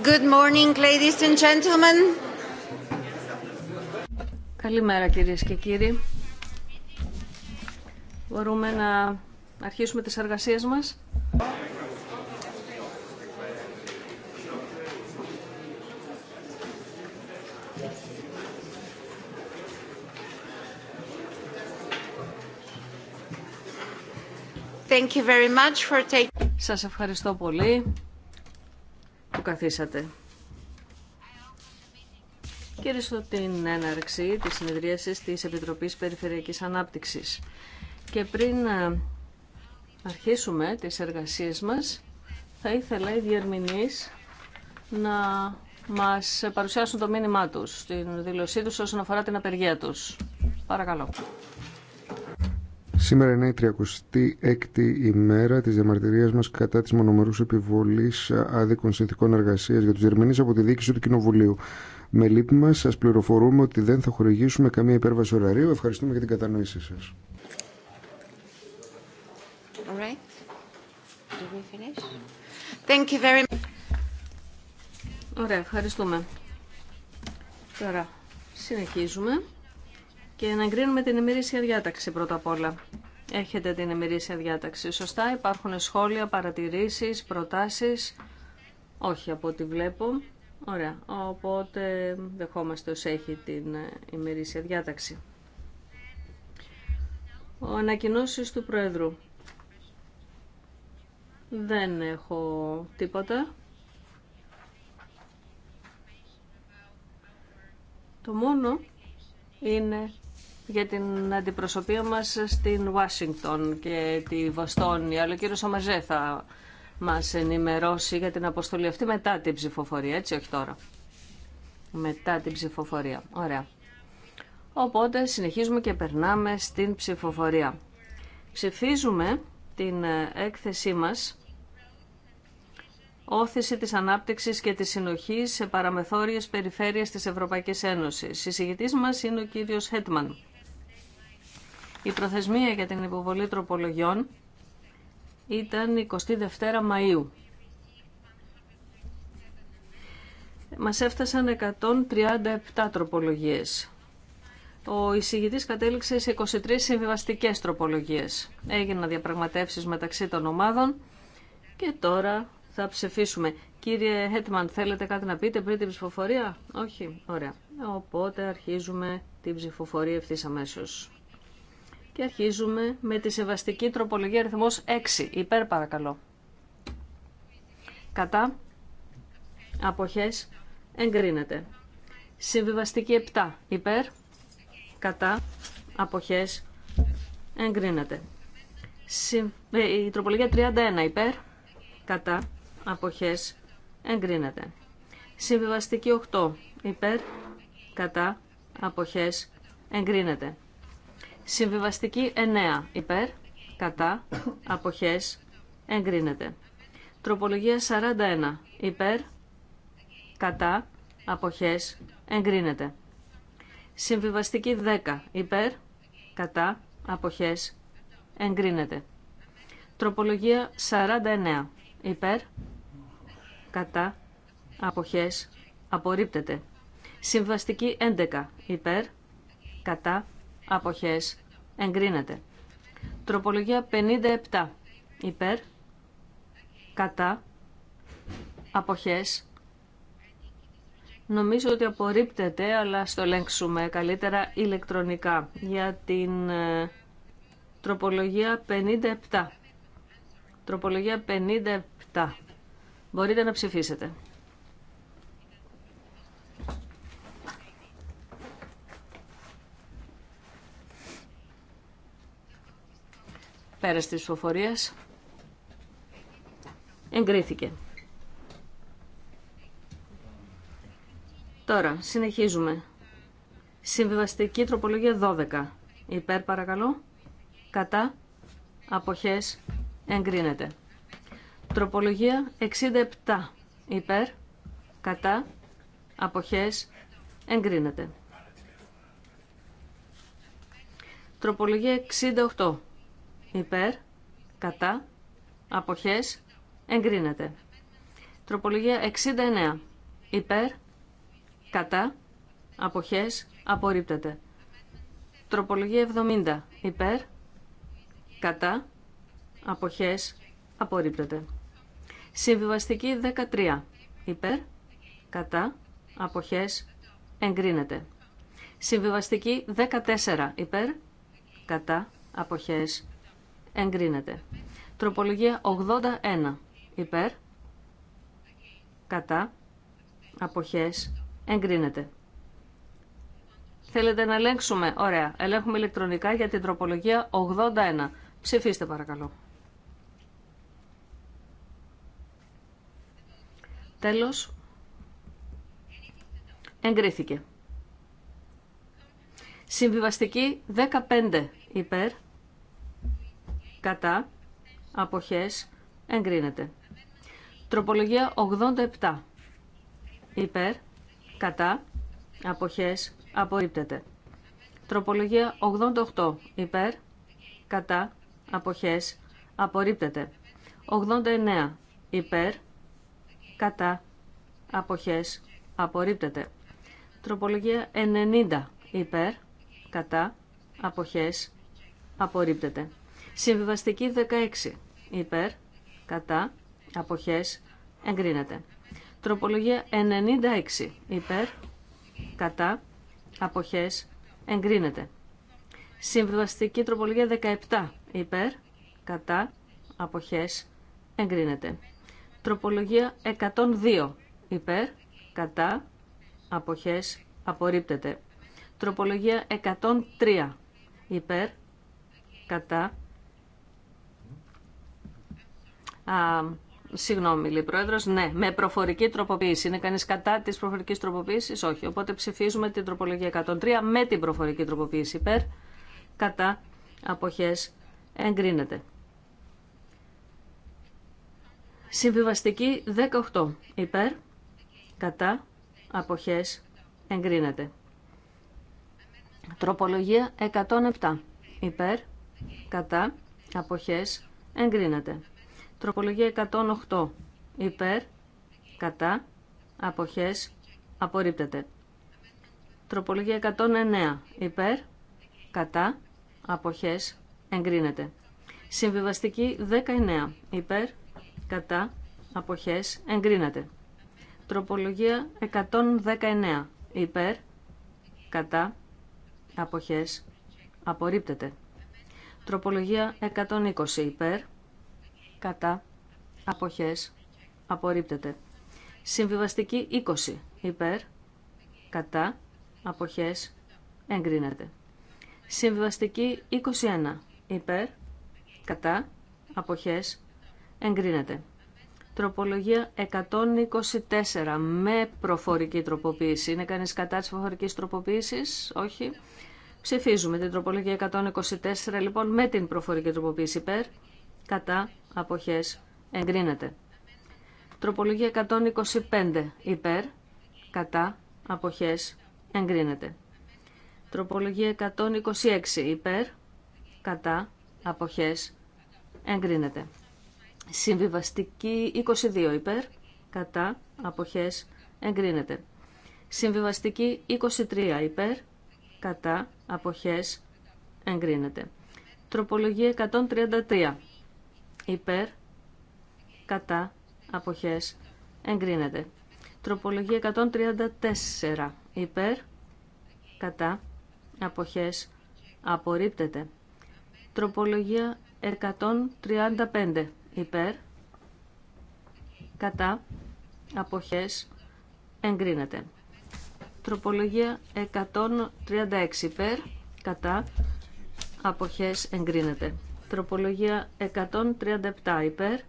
Good morning, ladies and gentlemen. Καλημέρα κυρίες και κύριοι. Μπορούμε να αρχίσουμε τις εργασίες μας. Thank you very much for taking... Σας ευχαριστώ πολύ που καθίσατε. την έναρξη της συνεδρίασης της Επιτροπής Περιφερειακής Ανάπτυξης. Και πριν ε, αρχίσουμε τις εργασίες μας, θα ήθελα οι διερμηνείς να μας παρουσιάσουν το μήνυμά τους, την δήλωσή τους όσον αφορά την απεργία τους. Παρακαλώ. Σήμερα είναι η 36η ημέρα της διαμαρτυρία μας κατά τη μονομερούς επιβολής άδικων συνθηκών εργασία για του διερμηνεί από τη διοίκηση του Κοινοβουλίου. Με λύπη μας σας πληροφορούμε ότι δεν θα χορηγήσουμε καμία υπέρβαση ωραρίου. Ευχαριστούμε για την κατανόησή σας. Ωραία, ευχαριστούμε. Τώρα συνεχίζουμε και να εγκρίνουμε την ημερήσια διάταξη πρώτα απ' όλα. Έχετε την ημερήσια διάταξη. Σωστά, υπάρχουν σχόλια, παρατηρήσεις, προτάσεις. Όχι από ό,τι βλέπω. Ωραία, οπότε δεχόμαστε ως έχει την ε, ημερήσια διάταξη. Ο ανακοινώσεις του Προεδρού. Δεν έχω τίποτα. Το μόνο είναι για την αντιπροσωπεία μας στην Ουάσιγκτον και τη Βοστόνη. Αλλά ο κύριο Ομαζέ θα μας ενημερώσει για την αποστολή αυτή μετά την ψηφοφορία, έτσι όχι τώρα. Μετά την ψηφοφορία. Ωραία. Οπότε συνεχίζουμε και περνάμε στην ψηφοφορία. Ψηφίζουμε την ε, έκθεσή μας όθηση της ανάπτυξης και της συνοχής σε παραμεθόριες περιφέρειες της Ευρωπαϊκής Ένωσης. Συσηγητής μας είναι ο κύριος Χέτμαν. Η προθεσμία για την υποβολή τροπολογιών ήταν 22 Μαΐου. Μας έφτασαν 137 τροπολογίες. Ο εισηγητής κατέληξε σε 23 συμβιβαστικές τροπολογίες. Έγιναν διαπραγματεύσεις μεταξύ των ομάδων και τώρα θα ψηφίσουμε. Κύριε Χέτμαν, θέλετε κάτι να πείτε πριν την ψηφοφορία? Όχι, ωραία. Οπότε αρχίζουμε την ψηφοφορία ευθύ αμέσως. Και αρχίζουμε με τη σεβαστική τροπολογία αριθμός 6. Υπέρ παρακαλώ. Κατά. Αποχές. Εγκρίνεται. Συμβιβαστική 7. Υπέρ. Κατά. Αποχές. Εγκρίνεται. Ε, η τροπολογία 31. Υπέρ. Κατά. Αποχές. Εγκρίνεται. Συμβιβαστική 8. Υπέρ. Κατά. Αποχές. Εγκρίνεται. Συμβιβαστική 9 υπέρ, κατά, αποχές, εγκρίνεται. Τροπολογία 41 υπέρ, κατά, αποχές, εγκρίνεται. Συμβιβαστική 10 υπέρ, κατά, αποχές, εγκρίνεται. Τροπολογία 49 υπέρ, κατά, αποχές, απορρίπτεται. Συμβαστική 11 υπέρ, κατά, αποχές εγκρίνεται. Τροπολογία 57 υπέρ, κατά, αποχές. Νομίζω ότι απορρίπτεται, αλλά στο ελέγξουμε καλύτερα ηλεκτρονικά για την ε, τροπολογία 57. Τροπολογία 57. Μπορείτε να ψηφίσετε. Πέρας της ψηφοφορίες. Εγκρίθηκε. Τώρα, συνεχίζουμε. Συμβιβαστική τροπολογία 12. Υπέρ παρακαλώ. Κατά. Αποχές. Εγκρίνεται. Τροπολογία 67. Υπέρ. Κατά. Αποχές. Εγκρίνεται. Τροπολογία 68 υπέρ, κατά, αποχές, εγκρίνεται. Τροπολογία 69, υπέρ, κατά, αποχές, απορρίπτεται. Τροπολογία 70, υπέρ, κατά, αποχές, απορρίπτεται. Συμβιβαστική 13, υπέρ, κατά, αποχές, εγκρίνεται. Συμβιβαστική 14, υπέρ, κατά, αποχές, εγκρίνεται. Τροπολογία 81 υπέρ, κατά, αποχές, εγκρίνεται. Θέλετε να ελέγξουμε. Ωραία. Ελέγχουμε ηλεκτρονικά για την τροπολογία 81. Ψηφίστε παρακαλώ. Τέλος. Εγκρίθηκε. Συμβιβαστική 15 υπέρ, κατά, αποχές, εγκρίνεται. Τροπολογία 87. Υπέρ, κατά, αποχές, απορρίπτεται. Τροπολογία 88. Υπέρ, κατά, αποχές, απορρίπτεται. 89. Υπέρ, κατά, αποχές, απορρίπτεται. Τροπολογία 90. Υπέρ, κατά, αποχές, απορρίπτεται. Συμβιβαστική 16 υπέρ, κατά, αποχές, εγκρίνεται. Τροπολογία 96 υπέρ, κατά, αποχές, εγκρίνεται. Συμβιβαστική τροπολογία 17 υπέρ, κατά, αποχές, εγκρίνεται. Τροπολογία 102 υπέρ, κατά, αποχές, απορρίπτεται. Τροπολογία 103 υπέρ, κατά, Α, συγγνώμη, λέει πρόεδρο. Ναι, με προφορική τροποποίηση. Είναι κανεί κατά τη προφορική τροποποίηση, όχι. Οπότε ψηφίζουμε την τροπολογία 103 με την προφορική τροποποίηση. Υπέρ, κατά, αποχέ, εγκρίνεται. Συμβιβαστική 18. Υπέρ, κατά, αποχές, εγκρίνεται. Τροπολογία 107. Υπέρ, κατά, αποχές, εγκρίνεται. Τροπολογία 108. Υπέρ, κατά, αποχές, απορρίπτεται. Τροπολογία 109. Υπέρ, κατά, αποχές, εγκρίνεται. Συμβιβαστική 19. Υπέρ, κατά, αποχές, εγκρίνεται. Τροπολογία 119. Υπέρ, κατά, αποχές, απορρίπτεται. Τροπολογία 120. Υπέρ, κατά, αποχές, απορρίπτεται. Συμβιβαστική 20 υπέρ, κατά, αποχές, εγκρίνεται. Συμβιβαστική 21 υπέρ, κατά, αποχές, εγκρίνεται. Τροπολογία 124 με προφορική τροποποίηση. Είναι κανείς κατά της προφορικής τροποποίησης, όχι. Ψηφίζουμε την τροπολογία 124 λοιπόν με την προφορική τροποποίηση υπέρ, κατά αποχές εγκρίνεται. Τροπολογία 125 υπέρ κατά αποχές εγκρίνεται. Τροπολογία 126 υπέρ κατά αποχές εγκρίνεται. Συμβιβαστική 22 υπέρ κατά αποχές εγκρίνεται. Συμβιβαστική 23 υπέρ κατά αποχές εγκρίνεται. Τροπολογία 133 υπέρ, κατά, αποχές, εγκρίνεται. Τροπολογία 134, υπέρ, κατά, αποχές, απορρίπτεται. Τροπολογία 135, υπέρ, κατά, αποχές, εγκρίνεται. Τροπολογία 136, υπέρ, κατά, αποχές, εγκρίνεται. Τροπολογία 137 υπέρ,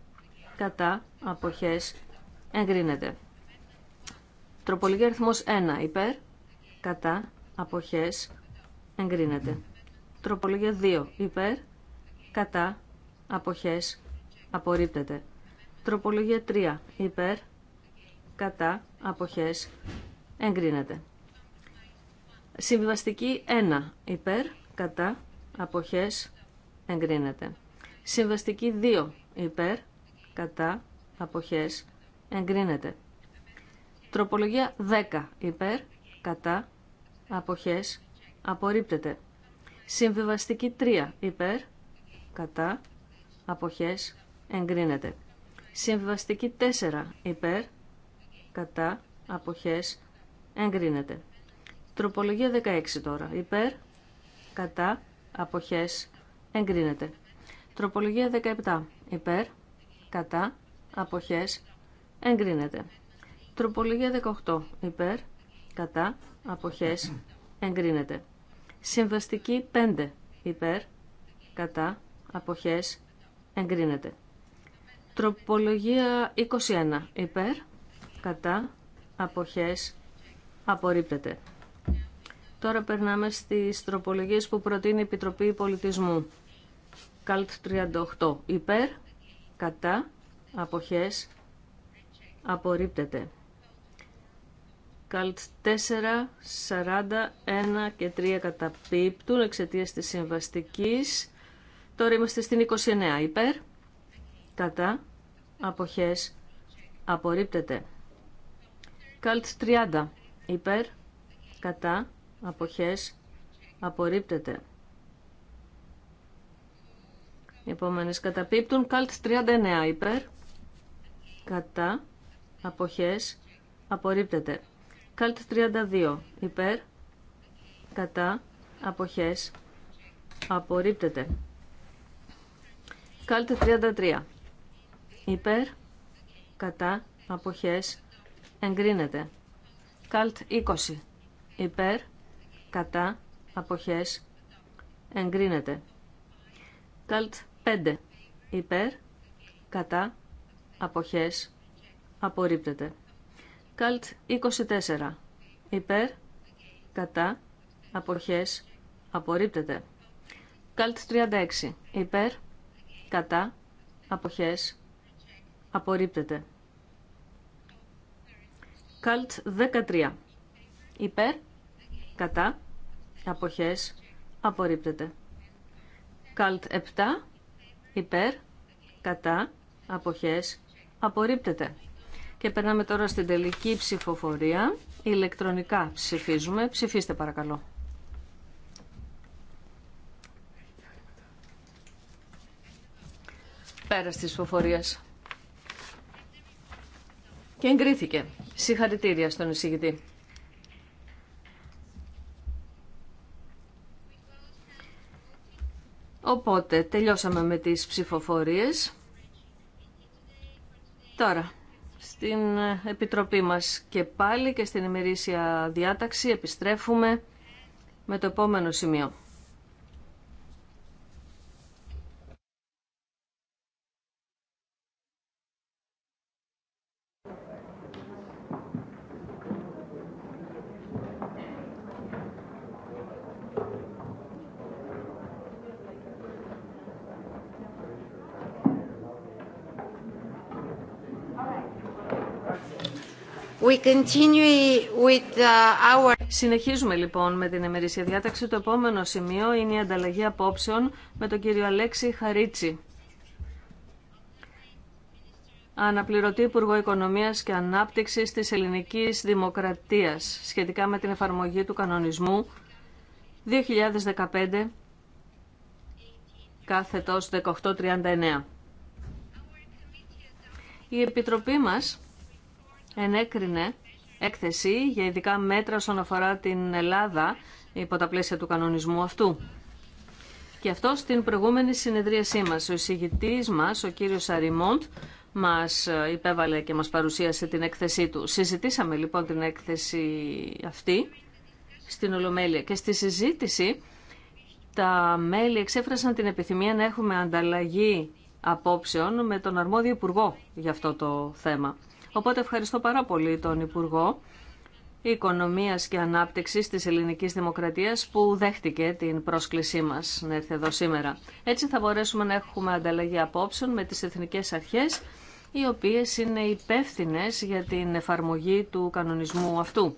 κατά, αποχές, εγκρίνεται. Τροπολογία αριθμός 1 υπέρ, κατά, αποχές, εγκρίνεται. Τροπολογία 2 υπέρ, κατά, αποχές, απορρίπτεται. Τροπολογία 3 υπέρ, κατά, αποχές, εγκρίνεται. Συμβιβαστική 1 υπέρ, κατά, αποχές, εγκρίνεται. Συμβαστική 2 υπέρ, κατά, αποχές, εγκρίνεται. Τροπολογία 10 υπέρ, κατά, αποχές, απορρίπτεται. Συμβιβαστική 3 υπέρ, κατά, αποχές, εγκρίνεται. Συμβιβαστική 4 υπέρ, κατά, αποχές, εγκρίνεται. Τροπολογία 16 τώρα. Υπέρ, κατά, αποχές, εγκρίνεται. Τροπολογία 17. Υπέρ, κατά, αποχές, εγκρίνεται. Τροπολογία 18. Υπέρ, κατά, αποχές, εγκρίνεται. Συμβαστική 5. Υπέρ, κατά, αποχές, εγκρίνεται. Τροπολογία 21. Υπέρ, κατά, αποχές, απορρίπτεται. Τώρα περνάμε στις τροπολογίες που προτείνει η Επιτροπή Πολιτισμού. Καλτ 38 υπέρ, κατά, αποχές, απορρίπτεται. Καλτ 4, 41 και 3 καταπίπτουν εξαιτίας της συμβαστικής. Τώρα είμαστε στην 29 υπέρ, κατά, αποχές, απορρίπτεται. Καλτ 30 υπέρ, κατά, αποχές, απορρίπτεται. Επόμενες καταπίπτουν. Καλτ 39 υπέρ. Κατά. Αποχές. Απορρίπτεται. Καλτ 32 υπέρ. Κατά. Αποχές. Απορρίπτεται. Καλτ 33 υπέρ. Κατά. Αποχές. Εγκρίνεται. Καλτ 20 υπέρ. Κατά. Αποχές. Εγκρίνεται. Καλτ 5 υπέρ, κατά, αποχές, απορρίπτεται. Καλτ 24 υπέρ, κατά, αποχές, απορρίπτεται. Καλτ 36 υπέρ, κατά, αποχές, απορρίπτεται. Καλτ 13 υπέρ, κατά, αποχές, απορρίπτεται. Καλτ 7 υπέρ, κατά, αποχές, απορρίπτεται. Και περνάμε τώρα στην τελική ψηφοφορία. Ηλεκτρονικά ψηφίζουμε. Ψηφίστε παρακαλώ. Πέρα της ψηφοφορίας. Και εγκρίθηκε. Συγχαρητήρια στον εισηγητή. Οπότε τελειώσαμε με τις ψηφοφορίες. Τώρα, στην Επιτροπή μας και πάλι και στην ημερήσια διάταξη επιστρέφουμε με το επόμενο σημείο. Uh, Συνεχίζουμε λοιπόν με την ημερήσια διάταξη. Το επόμενο σημείο είναι η ανταλλαγή απόψεων με τον κύριο Αλέξη Χαρίτσι. Αναπληρωτή Υπουργό Οικονομία και Ανάπτυξης της Ελληνικής Δημοκρατίας σχετικά με την εφαρμογή του κανονισμού 2015 κάθετος 1839. Η Επιτροπή μας ενέκρινε έκθεση για ειδικά μέτρα όσον αφορά την Ελλάδα υπό τα πλαίσια του κανονισμού αυτού. Και αυτό στην προηγούμενη συνεδρίασή μας. Ο εισηγητής μας, ο κύριος Αριμόντ, μας υπέβαλε και μας παρουσίασε την έκθεσή του. Συζητήσαμε λοιπόν την έκθεση αυτή στην Ολομέλεια και στη συζήτηση τα μέλη εξέφρασαν την επιθυμία να έχουμε ανταλλαγή απόψεων με τον αρμόδιο υπουργό για αυτό το θέμα. Οπότε ευχαριστώ πάρα πολύ τον Υπουργό Οικονομίας και Ανάπτυξης της Ελληνικής Δημοκρατίας που δέχτηκε την πρόσκλησή μας να έρθει εδώ σήμερα. Έτσι θα μπορέσουμε να έχουμε ανταλλαγή απόψεων με τις εθνικές αρχές οι οποίες είναι υπεύθυνε για την εφαρμογή του κανονισμού αυτού.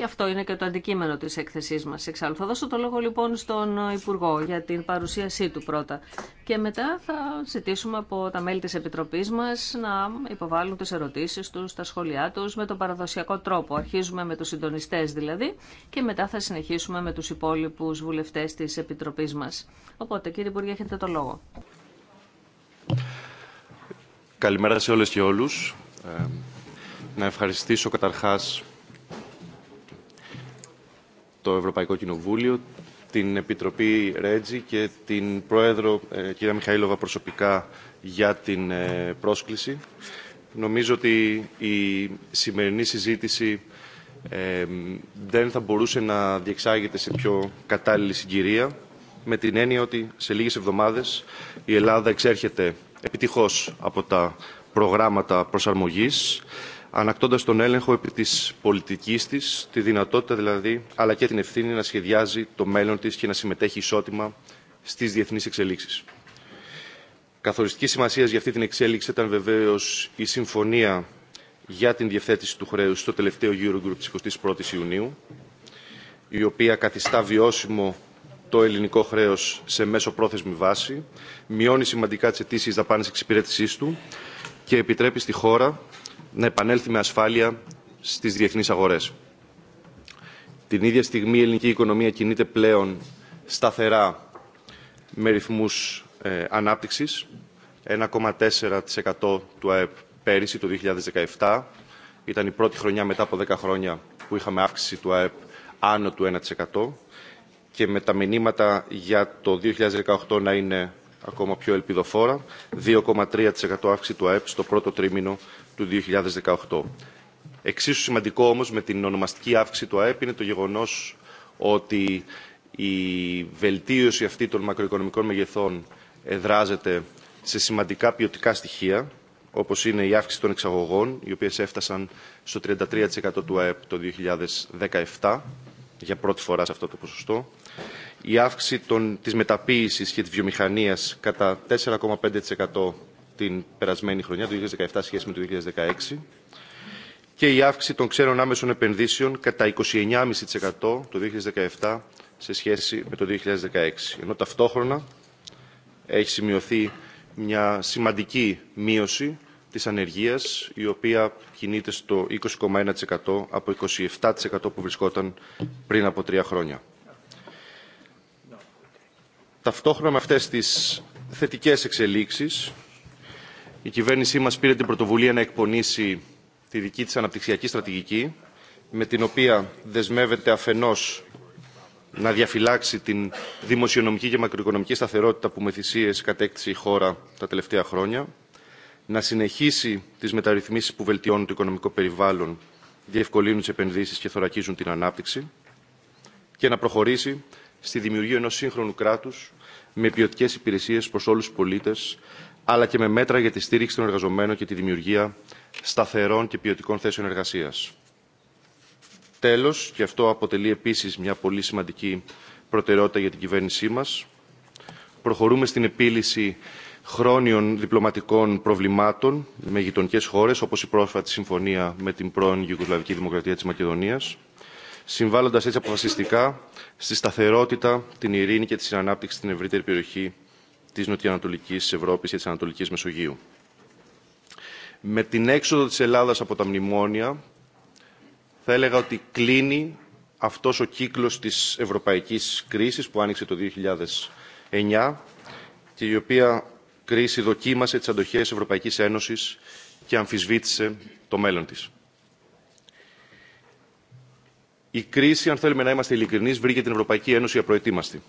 Και αυτό είναι και το αντικείμενο της έκθεσής μας εξάλλου. Θα δώσω το λόγο λοιπόν στον Υπουργό για την παρουσίασή του πρώτα. Και μετά θα ζητήσουμε από τα μέλη της Επιτροπής μας να υποβάλουν τις ερωτήσεις τους, τα σχόλιά τους με τον παραδοσιακό τρόπο. Αρχίζουμε με τους συντονιστές δηλαδή και μετά θα συνεχίσουμε με τους υπόλοιπους βουλευτές της Επιτροπής μας. Οπότε κύριε Υπουργέ έχετε το λόγο. Καλημέρα σε όλες και όλους. Ε, να ευχαριστήσω καταρχάς το Ευρωπαϊκό Κοινοβούλιο, την Επιτροπή Ρέτζη και την Πρόεδρο ε, κυρία Μιχαήλοβα προσωπικά για την ε, πρόσκληση. Νομίζω ότι η σημερινή συζήτηση ε, δεν θα μπορούσε να διεξάγεται σε πιο κατάλληλη συγκυρία με την έννοια ότι σε λίγες εβδομάδες η Ελλάδα εξέρχεται επιτυχώς από τα προγράμματα προσαρμογής ανακτώντας τον έλεγχο επί της πολιτικής της, τη δυνατότητα δηλαδή, αλλά και την ευθύνη να σχεδιάζει το μέλλον της και να συμμετέχει ισότιμα στις διεθνείς εξελίξεις. Καθοριστική σημασία για αυτή την εξέλιξη ήταν βεβαίω η συμφωνία για την διευθέτηση του χρέου στο τελευταίο Eurogroup τη 21η Ιουνίου, η οποία καθιστά βιώσιμο το ελληνικό χρέο σε μέσο πρόθεσμη βάση, μειώνει σημαντικά τι αιτήσει δαπάνε εξυπηρέτησή του και επιτρέπει στη χώρα να επανέλθει με ασφάλεια στις διεθνείς αγορές. Την ίδια στιγμή η ελληνική οικονομία κινείται πλέον σταθερά με ρυθμούς ε, ανάπτυξης, 1,4% του ΑΕΠ πέρυσι το 2017. Ήταν η πρώτη χρονιά μετά από 10 χρόνια που είχαμε αύξηση του ΑΕΠ άνω του 1% και με τα μηνύματα για το 2018 να είναι ακόμα πιο ελπιδοφόρα, 2,3% αύξηση του ΑΕΠ στο πρώτο τρίμηνο του 2018. Εξίσου σημαντικό όμως με την ονομαστική αύξηση του ΑΕΠ είναι το γεγονός ότι η βελτίωση αυτή των μακροοικονομικών μεγεθών εδράζεται σε σημαντικά ποιοτικά στοιχεία, όπως είναι η αύξηση των εξαγωγών, οι οποίες έφτασαν στο 33% του ΑΕΠ το 2017, για πρώτη φορά σε αυτό το ποσοστό, η αύξηση των, της μεταποίησης και της βιομηχανίας κατά 4,5% την περασμένη χρονιά, το 2017 σχέση με το 2016 και η αύξηση των ξένων άμεσων επενδύσεων κατά 29,5% το 2017 σε σχέση με το 2016. Ενώ ταυτόχρονα έχει σημειωθεί μια σημαντική μείωση της ανεργίας, η οποία κινείται στο 20,1% από 27% που βρισκόταν πριν από τρία χρόνια. Ταυτόχρονα με αυτές τις θετικές εξελίξεις, η κυβέρνησή μας πήρε την πρωτοβουλία να εκπονήσει τη δική της αναπτυξιακή στρατηγική, με την οποία δεσμεύεται αφενός να διαφυλάξει την δημοσιονομική και μακροοικονομική σταθερότητα που με θυσίες κατέκτησε η χώρα τα τελευταία χρόνια, να συνεχίσει τις μεταρρυθμίσεις που βελτιώνουν το οικονομικό περιβάλλον, διευκολύνουν τις επενδύσεις και θωρακίζουν την ανάπτυξη και να προχωρήσει στη δημιουργία ενός σύγχρονου κράτους με ποιοτικέ υπηρεσίες προς όλους τους πολίτες, αλλά και με μέτρα για τη στήριξη των εργαζομένων και τη δημιουργία σταθερών και ποιοτικών θέσεων εργασία. Τέλο, και αυτό αποτελεί επίση μια πολύ σημαντική προτεραιότητα για την κυβέρνησή μα, προχωρούμε στην επίλυση χρόνιων διπλωματικών προβλημάτων με γειτονικέ χώρε, όπω η πρόσφατη συμφωνία με την πρώην Ιουγκοσλαβική Δημοκρατία τη Μακεδονία, συμβάλλοντα έτσι αποφασιστικά στη σταθερότητα, την ειρήνη και τη συνανάπτυξη στην ευρύτερη περιοχή της Νοτιοανατολικής Ευρώπης και της Ανατολικής Μεσογείου. Με την έξοδο της Ελλάδας από τα μνημόνια, θα έλεγα ότι κλείνει αυτός ο κύκλος της ευρωπαϊκής κρίσης που άνοιξε το 2009 και η οποία κρίση δοκίμασε τις αντοχές Ευρωπαϊκής Ένωσης και αμφισβήτησε το μέλλον της. Η κρίση, αν θέλουμε να είμαστε ειλικρινεί, βρήκε την Ευρωπαϊκή Ένωση απροετοίμαστη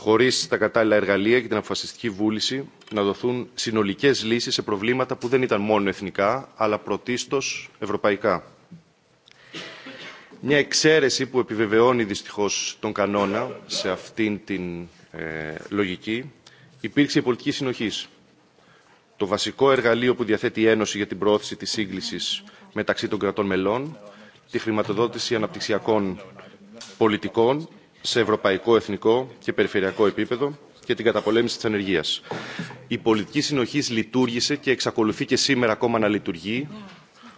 χωρί τα κατάλληλα εργαλεία και την αποφασιστική βούληση να δοθούν συνολικές λύσει σε προβλήματα που δεν ήταν μόνο εθνικά, αλλά πρωτίστως ευρωπαϊκά. Μια εξαίρεση που επιβεβαιώνει δυστυχώ τον κανόνα σε αυτήν την ε, λογική υπήρξε η πολιτική συνοχή. Το βασικό εργαλείο που διαθέτει η Ένωση για την προώθηση τη σύγκληση μεταξύ των κρατών μελών, τη χρηματοδότηση αναπτυξιακών πολιτικών σε ευρωπαϊκό, εθνικό και περιφερειακό επίπεδο και την καταπολέμηση της ανεργίας. Η πολιτική συνοχής λειτουργήσε και εξακολουθεί και σήμερα ακόμα να λειτουργεί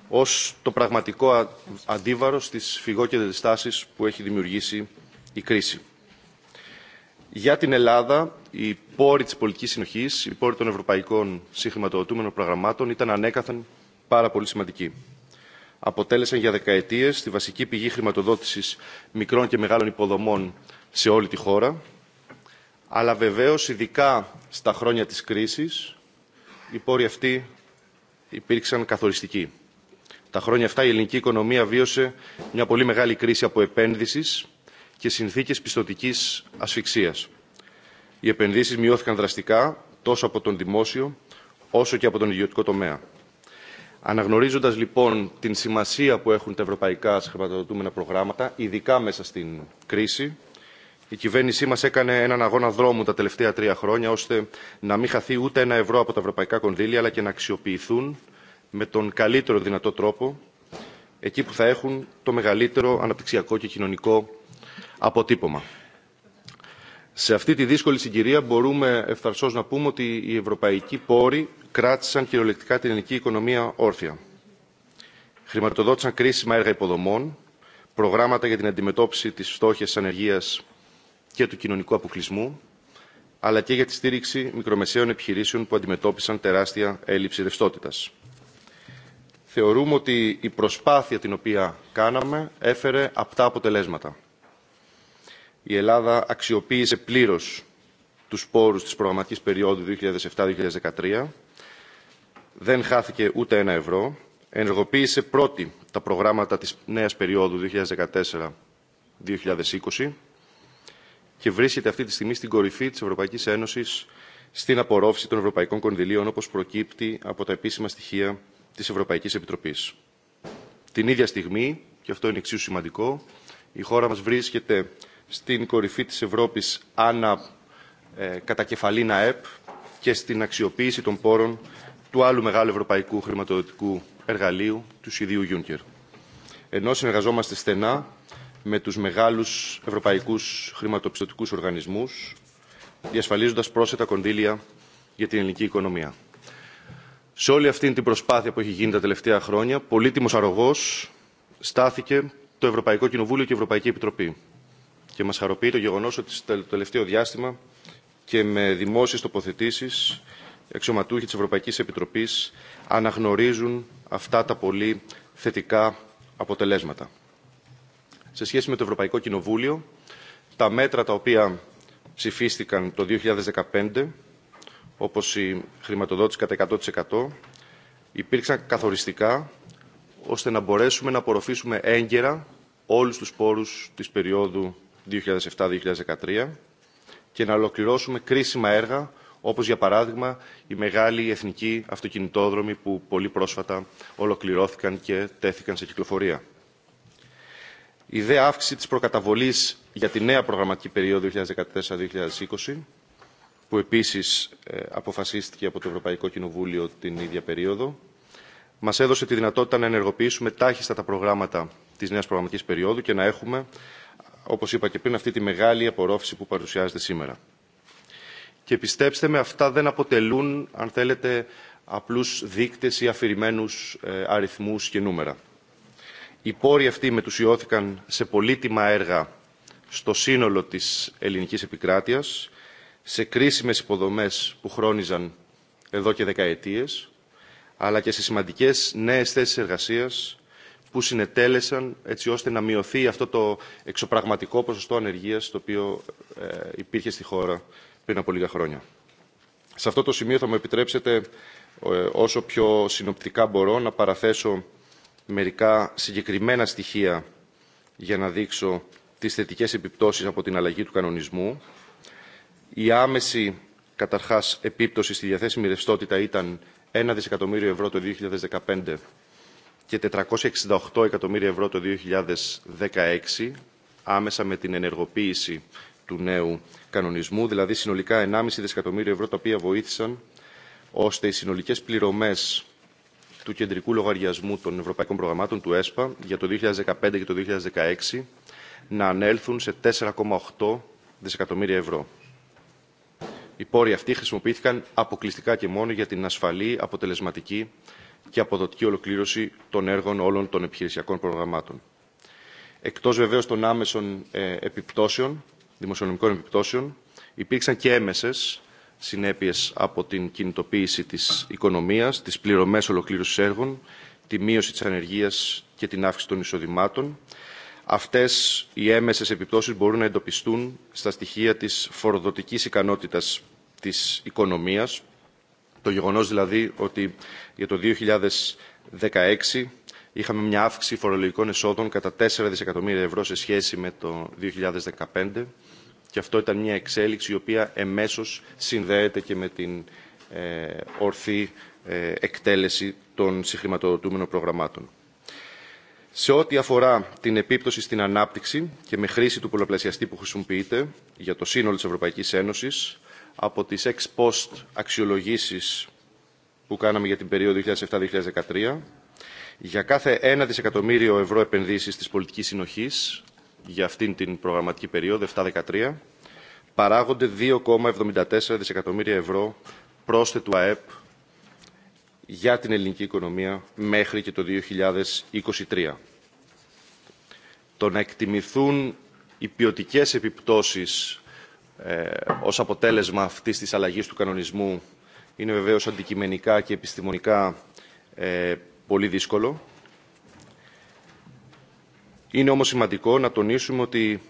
ως το πραγματικό αντίβαρο στις φυγόκεντες τάσεις που έχει δημιουργήσει η κρίση. Για την Ελλάδα, η πόροι της πολιτικής συνοχής, οι πόροι των ευρωπαϊκών συγχρηματοδοτούμενων προγραμμάτων ήταν ανέκαθεν πάρα πολύ σημαντικοί αποτέλεσαν για δεκαετίες τη βασική πηγή χρηματοδότησης μικρών και μεγάλων υποδομών σε όλη τη χώρα. Αλλά βεβαίως, ειδικά στα χρόνια της κρίσης, οι πόροι αυτοί υπήρξαν καθοριστικοί. Τα χρόνια αυτά η ελληνική οικονομία βίωσε μια πολύ μεγάλη κρίση από επένδυση και συνθήκες πιστοτική ασφυξίας. Οι επενδύσει μειώθηκαν δραστικά τόσο από τον δημόσιο όσο και από τον ιδιωτικό τομέα. Αναγνωρίζοντα λοιπόν την σημασία που έχουν τα ευρωπαϊκά χρηματοδοτούμενα προγράμματα, ειδικά μέσα στην κρίση, η κυβέρνησή μα έκανε έναν αγώνα δρόμου τα τελευταία τρία χρόνια, ώστε να μην χαθεί ούτε ένα ευρώ από τα ευρωπαϊκά κονδύλια, αλλά και να αξιοποιηθούν με τον καλύτερο δυνατό τρόπο εκεί που θα έχουν το μεγαλύτερο αναπτυξιακό και κοινωνικό αποτύπωμα. Σε αυτή τη δύσκολη συγκυρία μπορούμε ευθαρσώς να πούμε ότι οι ευρωπαϊκοί πόροι κράτησαν κυριολεκτικά την ελληνική οικονομία όρθια. Χρηματοδότησαν κρίσιμα έργα υποδομών, προγράμματα για την αντιμετώπιση της φτώχειας, της ανεργίας και του κοινωνικού αποκλεισμού, αλλά και για τη στήριξη μικρομεσαίων επιχειρήσεων που αντιμετώπισαν τεράστια έλλειψη ρευστότητα. Θεωρούμε ότι η προσπάθεια την οποία κάναμε έφερε απτά αποτελέσματα. Η Ελλάδα αξιοποίησε πλήρως τους πόρους της προγραμματικής περίοδου 2007-2013 δεν χάθηκε ούτε ένα ευρώ. Ενεργοποίησε πρώτη τα προγράμματα της νέας περίοδου 2014-2020 και βρίσκεται αυτή τη στιγμή στην κορυφή της Ευρωπαϊκής Ένωσης στην απορρόφηση των ευρωπαϊκών κονδυλίων όπως προκύπτει από τα επίσημα στοιχεία της Ευρωπαϊκής Επιτροπής. Την ίδια στιγμή, και αυτό είναι εξίσου σημαντικό, η χώρα μας βρίσκεται στην κορυφή της Ευρώπης ανά ε, κατακεφαλήν ΑΕΠ και στην αξιοποίηση των πόρων του άλλου μεγάλου ευρωπαϊκού χρηματοδοτικού εργαλείου, του Σιδίου Juncker. Ενώ συνεργαζόμαστε στενά με τους μεγάλους ευρωπαϊκούς χρηματοπιστωτικούς οργανισμούς, διασφαλίζοντας πρόσθετα κονδύλια για την ελληνική οικονομία. Σε όλη αυτή την προσπάθεια που έχει γίνει τα τελευταία χρόνια, πολύτιμος αρρωγός στάθηκε το Ευρωπαϊκό Κοινοβούλιο και η Ευρωπαϊκή Επιτροπή. Και μα χαροποιεί το γεγονός ότι στο τελευταίο διάστημα και με δημόσιες τοποθετήσεις Εξωματούχοι της Ευρωπαϊκής Επιτροπής αναγνωρίζουν αυτά τα πολύ θετικά αποτελέσματα. Σε σχέση με το Ευρωπαϊκό Κοινοβούλιο, τα μέτρα τα οποία ψηφίστηκαν το 2015, όπως η χρηματοδότηση κατά 100%, υπήρξαν καθοριστικά ώστε να μπορέσουμε να απορροφήσουμε έγκαιρα όλους τους πόρους της περίοδου 2007-2013 και να ολοκληρώσουμε κρίσιμα έργα όπως για παράδειγμα οι μεγάλοι εθνικοί αυτοκινητόδρομοι που πολύ πρόσφατα ολοκληρώθηκαν και τέθηκαν σε κυκλοφορία. Η δε αύξηση της προκαταβολής για τη νέα προγραμματική περίοδο 2014-2020 που επίσης ε, αποφασίστηκε από το Ευρωπαϊκό Κοινοβούλιο την ίδια περίοδο, μας έδωσε τη δυνατότητα να ενεργοποιήσουμε τάχιστα τα προγράμματα της νέας προγραμματικής περίοδου και να έχουμε, όπως είπα και πριν, αυτή τη μεγάλη απορρόφηση που παρουσιάζεται σήμερα και πιστέψτε με αυτά δεν αποτελούν αν θέλετε απλούς δείκτες ή αφηρημένους ε, αριθμούς και νούμερα. Οι πόροι αυτοί μετουσιώθηκαν σε πολύτιμα έργα στο σύνολο της ελληνικής επικράτειας, σε κρίσιμες υποδομές που χρόνιζαν εδώ και δεκαετίες, αλλά και σε σημαντικές νέες θέσεις εργασίας που συνετέλεσαν έτσι ώστε να μειωθεί αυτό το εξωπραγματικό ποσοστό ανεργίας το οποίο ε, υπήρχε στη χώρα πριν από λίγα χρόνια. Σε αυτό το σημείο θα μου επιτρέψετε ε, όσο πιο συνοπτικά μπορώ να παραθέσω μερικά συγκεκριμένα στοιχεία για να δείξω τις θετικές επιπτώσεις από την αλλαγή του κανονισμού. Η άμεση καταρχάς επίπτωση στη διαθέσιμη ρευστότητα ήταν 1 δισεκατομμύριο ευρώ το 2015 και 468 εκατομμύρια ευρώ το 2016 άμεσα με την ενεργοποίηση του νέου κανονισμού, δηλαδή συνολικά 1,5 δισεκατομμύριο ευρώ τα οποία βοήθησαν ώστε οι συνολικές πληρωμές του κεντρικού λογαριασμού των ευρωπαϊκών προγραμμάτων του ΕΣΠΑ για το 2015 και το 2016 να ανέλθουν σε 4,8 δισεκατομμύρια ευρώ. Οι πόροι αυτοί χρησιμοποιήθηκαν αποκλειστικά και μόνο για την ασφαλή, αποτελεσματική και αποδοτική ολοκλήρωση των έργων όλων των επιχειρησιακών προγραμμάτων. Εκτός βεβαίως των άμεσων ε, επιπτώσεων, δημοσιονομικών επιπτώσεων, υπήρξαν και έμεσε συνέπειες από την κινητοποίηση της οικονομίας, τις πληρωμές ολοκλήρωσης έργων, τη μείωση της ανεργία και την αύξηση των εισοδημάτων. Αυτές οι έμεσε επιπτώσεις μπορούν να εντοπιστούν στα στοιχεία της φοροδοτικής ικανότητας της οικονομίας. Το γεγονό δηλαδή ότι για το 2016 είχαμε μια αύξηση φορολογικών εσόδων κατά 4 δισεκατομμύρια ευρώ σε σχέση με το 2015 και αυτό ήταν μια εξέλιξη η οποία εμέσως συνδέεται και με την ε, ορθή ε, εκτέλεση των συγχρηματοδοτούμενων προγραμμάτων. Σε ό,τι αφορά την επίπτωση στην ανάπτυξη και με χρήση του πολλαπλασιαστή που χρησιμοποιείται για το σύνολο της Ευρωπαϊκής Ένωσης, από τις ex post αξιολογήσεις που κάναμε για την περίοδο 2007-2013, για κάθε 1 δισεκατομμύριο ευρώ επενδύσεις της πολιτικής συνοχής, για αυτήν την προγραμματική περίοδο 7-13 παράγονται 2,74 δισεκατομμύρια ευρώ πρόσθετου ΑΕΠ για την ελληνική οικονομία μέχρι και το 2023. Το να εκτιμηθούν οι ποιοτικέ επιπτώσεις ε, ως αποτέλεσμα αυτής της αλλαγής του κανονισμού είναι βεβαίως αντικειμενικά και επιστημονικά ε, πολύ δύσκολο. Είναι όμως σημαντικό να τονίσουμε ότι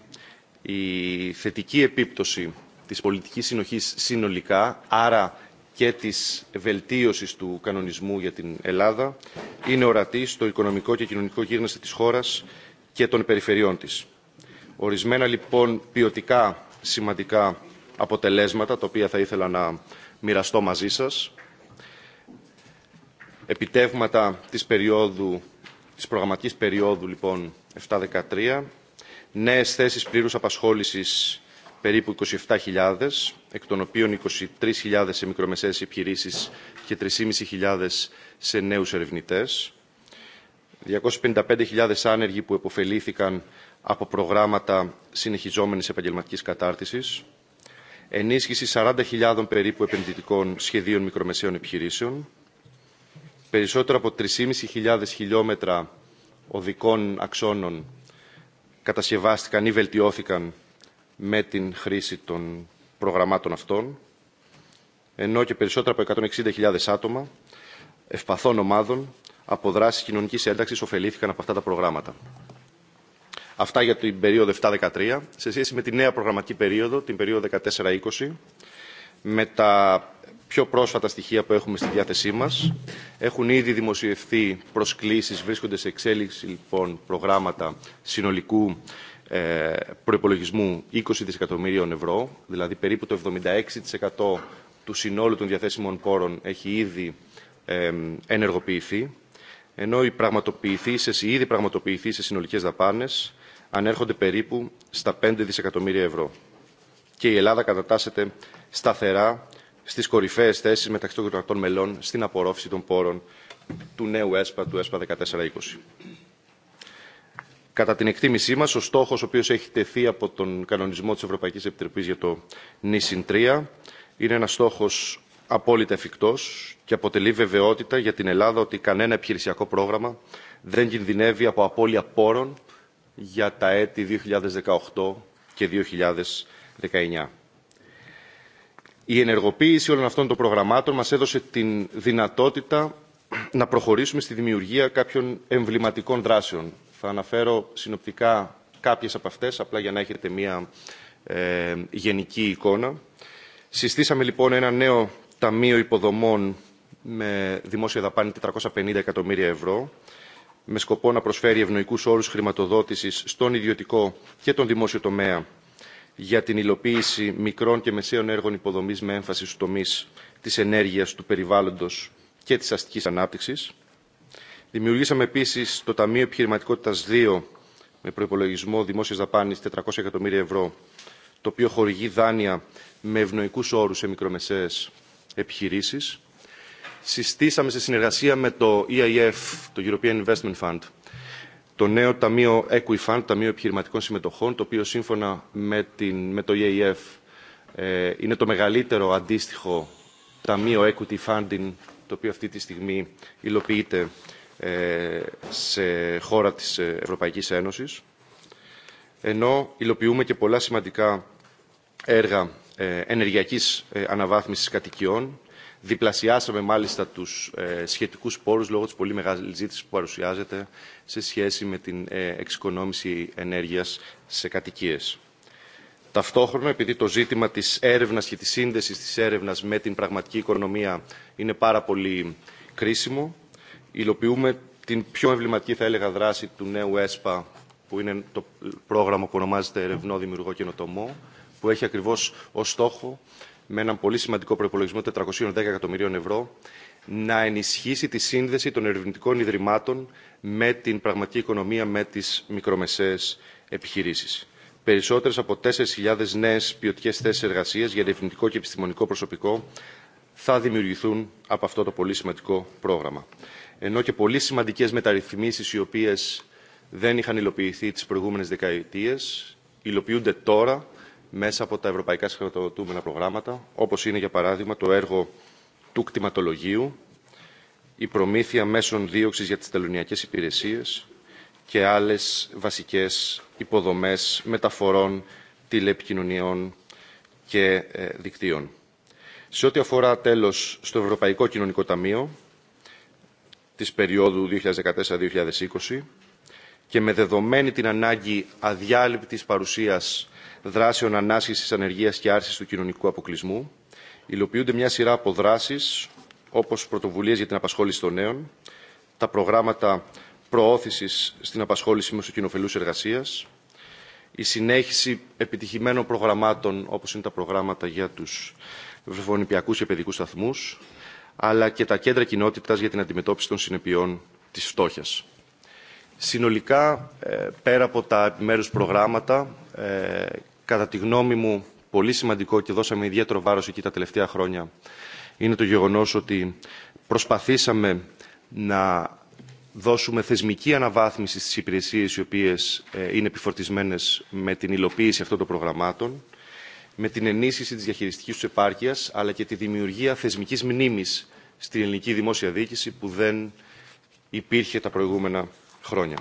η θετική επίπτωση της πολιτικής συνοχής συνολικά, άρα και της βελτίωσης του κανονισμού για την Ελλάδα, είναι ορατή στο οικονομικό και κοινωνικό γύρνεσθε της χώρας και των περιφερειών της. Ορισμένα λοιπόν ποιοτικά σημαντικά αποτελέσματα, τα οποία θα ήθελα να μοιραστώ μαζί σας. Επιτεύγματα της, περίοδου, της προγραμματικής περίοδου λοιπόν 713, νέες θέσεις πλήρους απασχόλησης περίπου 27.000, εκ των οποίων 23.000 σε μικρομεσαίες επιχειρήσεις και 3.500 σε νέους ερευνητές. 255.000 άνεργοι που επωφελήθηκαν από προγράμματα συνεχιζόμενης επαγγελματικής κατάρτισης. Ενίσχυση 40.000 περίπου επενδυτικών σχεδίων μικρομεσαίων επιχειρήσεων. Περισσότερο από 3.500 χιλιόμετρα οδικών αξώνων κατασκευάστηκαν ή βελτιώθηκαν με την χρήση των προγραμμάτων αυτών, ενώ και περισσότερα από 160.000 άτομα ευπαθών ομάδων από δράσει κοινωνική ένταξη ωφελήθηκαν από αυτά τα προγράμματα. Αυτά για την περίοδο 7-13. Σε σχέση με τη νέα προγραμματική περίοδο, την περίοδο 14-20, με τα πιο πρόσφατα στοιχεία που έχουμε στη διάθεσή μας. Έχουν ήδη δημοσιευθεί προσκλήσεις, βρίσκονται σε εξέλιξη λοιπόν προγράμματα συνολικού ε, προπολογισμού 20 δισεκατομμυρίων ευρώ, δηλαδή περίπου το 76% του συνόλου των διαθέσιμων πόρων έχει ήδη ενεργοποιηθεί, ενώ οι πραγματοποιηθήσεις, οι ήδη σε συνολικές δαπάνες ανέρχονται περίπου στα 5 δισεκατομμύρια ευρώ. Και η Ελλάδα κατατάσσεται σταθερά στι κορυφαίε θέσει μεταξύ των κρατών μελών στην απορρόφηση των πόρων του νέου ΕΣΠΑ, του ΕΣΠΑ 1420. Κατά την εκτίμησή μα, ο στόχο, ο οποίο έχει τεθεί από τον κανονισμό τη Ευρωπαϊκή Επιτροπή για το ΝΙΣΙΝ 3, είναι ένα στόχο απόλυτα εφικτό και αποτελεί βεβαιότητα για την Ελλάδα ότι κανένα επιχειρησιακό πρόγραμμα δεν κινδυνεύει από απώλεια πόρων για τα έτη 2018 και 2019 η ενεργοποίηση όλων αυτών των προγραμμάτων μας έδωσε τη δυνατότητα να προχωρήσουμε στη δημιουργία κάποιων εμβληματικών δράσεων. Θα αναφέρω συνοπτικά κάποιες από αυτές, απλά για να έχετε μία ε, γενική εικόνα. Συστήσαμε λοιπόν ένα νέο Ταμείο Υποδομών με δημόσια δαπάνη 450 εκατομμύρια ευρώ με σκοπό να προσφέρει ευνοϊκούς όρους χρηματοδότησης στον ιδιωτικό και τον δημόσιο τομέα για την υλοποίηση μικρών και μεσαίων έργων υποδομής με έμφαση στους τομείς της ενέργειας, του περιβάλλοντος και της αστικής ανάπτυξης. Δημιουργήσαμε επίσης το Ταμείο Επιχειρηματικότητας 2 με προϋπολογισμό δημόσιας δαπάνης 400 εκατομμύρια ευρώ, το οποίο χορηγεί δάνεια με ευνοϊκούς όρους σε μικρομεσαίες επιχειρήσεις. Συστήσαμε σε συνεργασία με το EIF, το European Investment Fund, το νέο Ταμείο Equifund, Ταμείο Επιχειρηματικών Συμμετοχών, το οποίο σύμφωνα με, την, το EAF ε, είναι το μεγαλύτερο αντίστοιχο Ταμείο Equity Funding, το οποίο αυτή τη στιγμή υλοποιείται ε, σε χώρα της ε, Ευρωπαϊκής Ένωσης. Ενώ υλοποιούμε και πολλά σημαντικά έργα ε, ενεργειακής αναβάθμισης κατοικιών, Διπλασιάσαμε μάλιστα του σχετικού σχετικούς πόρους λόγω τη πολύ μεγάλη ζήτηση που παρουσιάζεται σε σχέση με την ε, εξοικονόμηση ενέργεια σε κατοικίε. Ταυτόχρονα, επειδή το ζήτημα της έρευνα και της σύνδεση της έρευνα με την πραγματική οικονομία είναι πάρα πολύ κρίσιμο, υλοποιούμε την πιο εμβληματική, θα έλεγα, δράση του νέου ΕΣΠΑ, που είναι το πρόγραμμα που ονομάζεται Ερευνό Δημιουργό Καινοτομό, που έχει ακριβώ ω στόχο με έναν πολύ σημαντικό προπολογισμό 410 εκατομμυρίων ευρώ να ενισχύσει τη σύνδεση των ερευνητικών ιδρυμάτων με την πραγματική οικονομία, με τις μικρομεσαίες επιχειρήσεις. Περισσότερες από 4.000 νέες ποιοτικέ θέσεις εργασίας για ερευνητικό και επιστημονικό προσωπικό θα δημιουργηθούν από αυτό το πολύ σημαντικό πρόγραμμα. Ενώ και πολύ σημαντικές μεταρρυθμίσεις οι οποίες δεν είχαν υλοποιηθεί τις προηγούμενες δεκαετίες, υλοποιούνται τώρα μέσα από τα ευρωπαϊκά συγχρηματοδοτούμενα προγράμματα, όπως είναι για παράδειγμα το έργο του κτηματολογίου, η προμήθεια μέσων δίωξης για τις τελωνιακές υπηρεσίες και άλλες βασικές υποδομές μεταφορών, τηλεπικοινωνιών και ε, δικτύων. Σε ό,τι αφορά τέλος στο Ευρωπαϊκό Κοινωνικό Ταμείο της περίοδου 2014-2020 και με δεδομένη την ανάγκη αδιάλειπτης παρουσίας δράσεων ανάσχεση ανεργία και άρση του κοινωνικού αποκλεισμού, υλοποιούνται μια σειρά από δράσεις, όπως πρωτοβουλίες για την απασχόληση των νέων, τα προγράμματα προώθησης στην απασχόληση του κοινοφελούς εργασίας, η συνέχιση επιτυχημένων προγραμμάτων, όπως είναι τα προγράμματα για τους βρεφονιπιακούς και παιδικούς σταθμού, αλλά και τα κέντρα κοινότητα για την αντιμετώπιση των συνεπειών της φτώχεια. Συνολικά, ε, πέρα από τα επιμέρους προγράμματα ε, κατά τη γνώμη μου, πολύ σημαντικό και δώσαμε ιδιαίτερο βάρος εκεί τα τελευταία χρόνια, είναι το γεγονός ότι προσπαθήσαμε να δώσουμε θεσμική αναβάθμιση στις υπηρεσίες οι οποίες ε, είναι επιφορτισμένες με την υλοποίηση αυτών των προγραμμάτων, με την ενίσχυση της διαχειριστικής του επάρκειας, αλλά και τη δημιουργία θεσμικής μνήμης στην ελληνική δημόσια διοίκηση που δεν υπήρχε τα προηγούμενα χρόνια.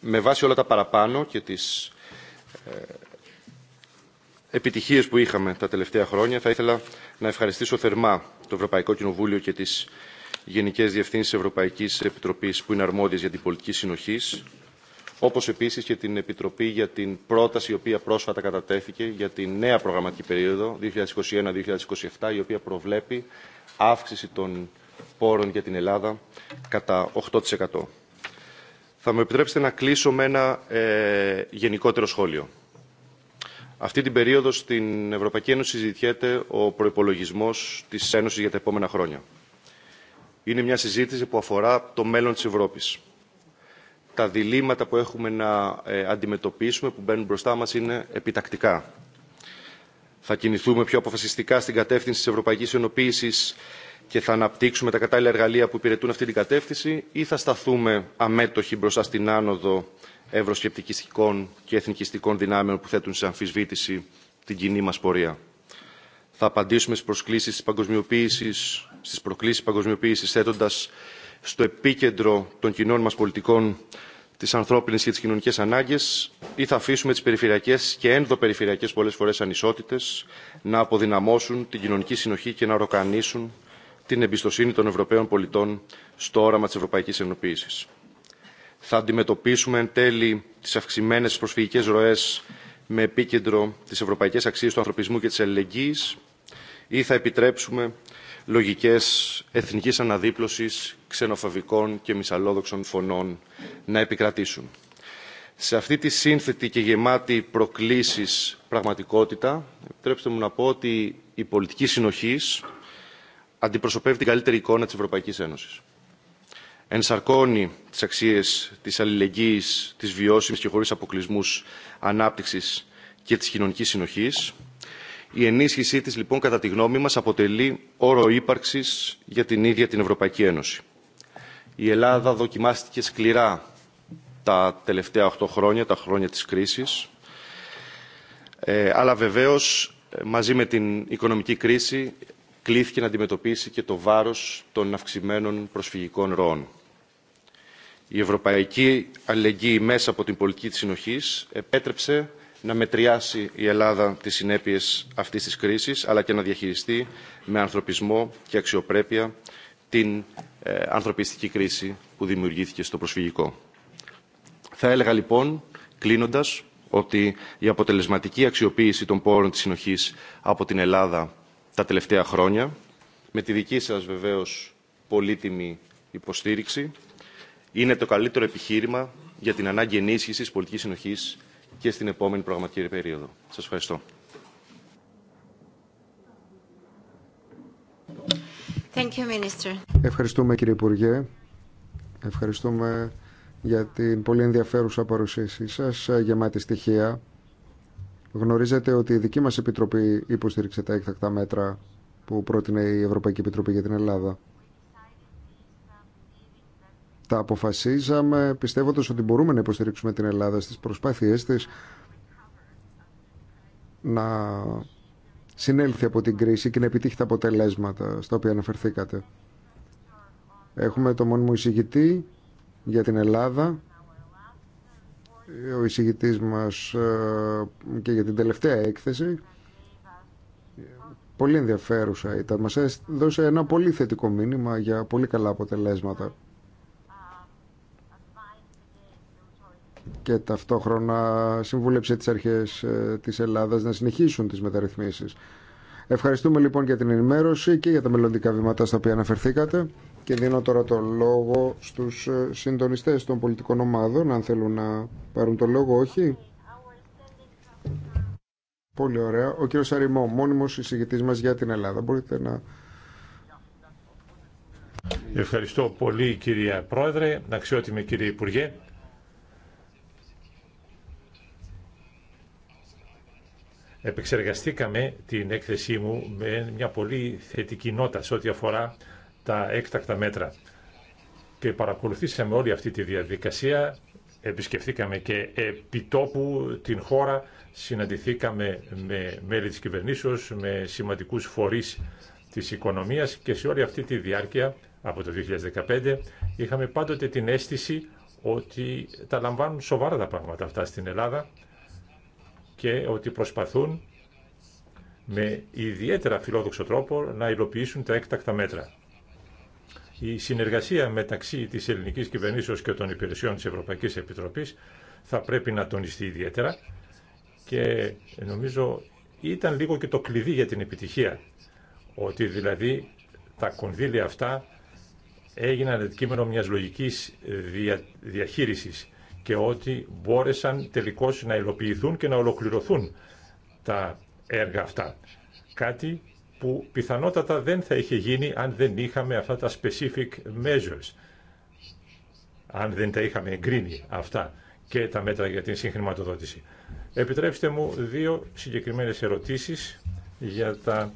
Με βάση όλα τα παραπάνω και τις ε, επιτυχίες που είχαμε τα τελευταία χρόνια. Θα ήθελα να ευχαριστήσω θερμά το Ευρωπαϊκό Κοινοβούλιο και τις Γενικές Διευθύνσεις Ευρωπαϊκής Επιτροπής που είναι αρμόδιες για την πολιτική συνοχή, όπως επίσης και την Επιτροπή για την πρόταση η οποία πρόσφατα κατατέθηκε για τη νέα προγραμματική περίοδο 2021-2027 η οποία προβλέπει αύξηση των πόρων για την Ελλάδα κατά 8%. Θα μου επιτρέψετε να κλείσω με ένα ε, γενικότερο σχόλιο. Αυτή την περίοδο στην Ευρωπαϊκή Ένωση συζητιέται ο προπολογισμό τη Ένωση για τα επόμενα χρόνια. Είναι μια συζήτηση που αφορά το μέλλον τη Ευρώπη. Τα διλήμματα που έχουμε να ε, αντιμετωπίσουμε, που μπαίνουν μπροστά μα, είναι επιτακτικά. Θα κινηθούμε πιο αποφασιστικά στην κατεύθυνση τη Ευρωπαϊκή Ενωποίηση και θα αναπτύξουμε τα κατάλληλα εργαλεία που υπηρετούν αυτή την κατεύθυνση ή θα σταθούμε αμέτωχοι μπροστά στην άνοδο ευρωσκεπτικιστικών και εθνικιστικών δυνάμεων που θέτουν σε αμφισβήτηση την κοινή μας πορεία. Θα απαντήσουμε στις προσκλήσεις της παγκοσμιοποίησης, στις προκλήσεις παγκοσμιοποίησης θέτοντας στο επίκεντρο των κοινών μας πολιτικών τις ανθρώπινες και τις κοινωνικές ανάγκες ή θα αφήσουμε τις περιφερειακές και ενδοπεριφερειακές πολλές φορές ανισότητες να αποδυναμώσουν την κοινωνική συνοχή και να ροκανίσουν την εμπιστοσύνη των Ευρωπαίων πολιτών στο όραμα της Ευρωπαϊκής Ενοποίησης θα αντιμετωπίσουμε εν τέλει τις αυξημένες προσφυγικές ροές με επίκεντρο τις ευρωπαϊκές αξίες του ανθρωπισμού και της αλληλεγγύης ή θα επιτρέψουμε λογικές εθνικής αναδίπλωσης ξενοφοβικών και μυσαλόδοξων φωνών να επικρατήσουν. Σε αυτή τη σύνθετη και γεμάτη προκλήσεις πραγματικότητα, επιτρέψτε μου να πω ότι η πολιτική συνοχής αντιπροσωπεύει την καλύτερη εικόνα της Ευρωπαϊκής Ένωσης ενσαρκώνει τι αξίε της αλληλεγγύη, της βιώσιμη και χωρί αποκλεισμού ανάπτυξη και τη κοινωνική συνοχής. Η ενίσχυσή της, λοιπόν, κατά τη γνώμη μα αποτελεί όρο ύπαρξη για την ίδια την Ευρωπαϊκή Ένωση. Η Ελλάδα δοκιμάστηκε σκληρά τα τελευταία 8 χρόνια, τα χρόνια της κρίσης. Ε, αλλά βεβαίως, ε, μαζί με την οικονομική κρίση, κλήθηκε να αντιμετωπίσει και το βάρος των αυξημένων προσφυγικών ροών. Η ευρωπαϊκή αλληλεγγύη μέσα από την πολιτική της συνοχής επέτρεψε να μετριάσει η Ελλάδα τις συνέπειες αυτής της κρίσης, αλλά και να διαχειριστεί με ανθρωπισμό και αξιοπρέπεια την ε, ανθρωπιστική κρίση που δημιουργήθηκε στο προσφυγικό. Θα έλεγα λοιπόν, κλείνοντας, ότι η αποτελεσματική αξιοποίηση των πόρων της συνοχής από την Ελλάδα τα τελευταία χρόνια, με τη δική σας βεβαίως πολύτιμη υποστήριξη, είναι το καλύτερο επιχείρημα για την ανάγκη ενίσχυση τη πολιτική συνοχή και στην επόμενη προγραμματική περίοδο. Σα ευχαριστώ. Thank you, Ευχαριστούμε κύριε Υπουργέ. Ευχαριστούμε για την πολύ ενδιαφέρουσα παρουσίασή σας, γεμάτη στοιχεία. Γνωρίζετε ότι η δική μας Επιτροπή υποστήριξε τα έκτακτα μέτρα που πρότεινε η Ευρωπαϊκή Επιτροπή για την Ελλάδα τα αποφασίζαμε πιστεύοντας ότι μπορούμε να υποστηρίξουμε την Ελλάδα στις προσπάθειές της να συνέλθει από την κρίση και να επιτύχει τα αποτελέσματα στα οποία αναφερθήκατε. Έχουμε το μόνιμο εισηγητή για την Ελλάδα, ο εισηγητής μας ε, και για την τελευταία έκθεση. Πολύ ενδιαφέρουσα ήταν. Μας έδωσε ένα πολύ θετικό μήνυμα για πολύ καλά αποτελέσματα. και ταυτόχρονα συμβούλεψε τις αρχές ε, της Ελλάδας να συνεχίσουν τις μεταρρυθμίσεις. Ευχαριστούμε λοιπόν για την ενημέρωση και για τα μελλοντικά βήματα στα οποία αναφερθήκατε και δίνω τώρα το λόγο στους ε, συντονιστές των πολιτικών ομάδων αν θέλουν να πάρουν το λόγο, όχι. Πολύ ωραία. Ο κύριος Σαριμό, μόνιμος εισηγητής μας για την Ελλάδα. Μπορείτε να... Ευχαριστώ πολύ κυρία Πρόεδρε, αξιότιμη κύριε Υπουργέ. επεξεργαστήκαμε την έκθεσή μου με μια πολύ θετική νότα σε ό,τι αφορά τα έκτακτα μέτρα. Και παρακολουθήσαμε όλη αυτή τη διαδικασία, επισκεφθήκαμε και επιτόπου την χώρα, συναντηθήκαμε με μέλη της κυβερνήσεως, με σημαντικούς φορείς της οικονομίας και σε όλη αυτή τη διάρκεια από το 2015 είχαμε πάντοτε την αίσθηση ότι τα λαμβάνουν σοβαρά τα πράγματα αυτά στην Ελλάδα και ότι προσπαθούν με ιδιαίτερα φιλόδοξο τρόπο να υλοποιήσουν τα έκτακτα μέτρα. Η συνεργασία μεταξύ της ελληνικής κυβερνήσεως και των υπηρεσιών της Ευρωπαϊκής Επιτροπής θα πρέπει να τονιστεί ιδιαίτερα και νομίζω ήταν λίγο και το κλειδί για την επιτυχία, ότι δηλαδή τα κονδύλια αυτά έγιναν αντικείμενο μιας λογικής διαχείρισης και ότι μπόρεσαν τελικώς να υλοποιηθούν και να ολοκληρωθούν τα έργα αυτά. Κάτι που πιθανότατα δεν θα είχε γίνει αν δεν είχαμε αυτά τα specific measures, αν δεν τα είχαμε εγκρίνει αυτά και τα μέτρα για την συγχρηματοδότηση. Επιτρέψτε μου δύο συγκεκριμένες ερωτήσεις για τα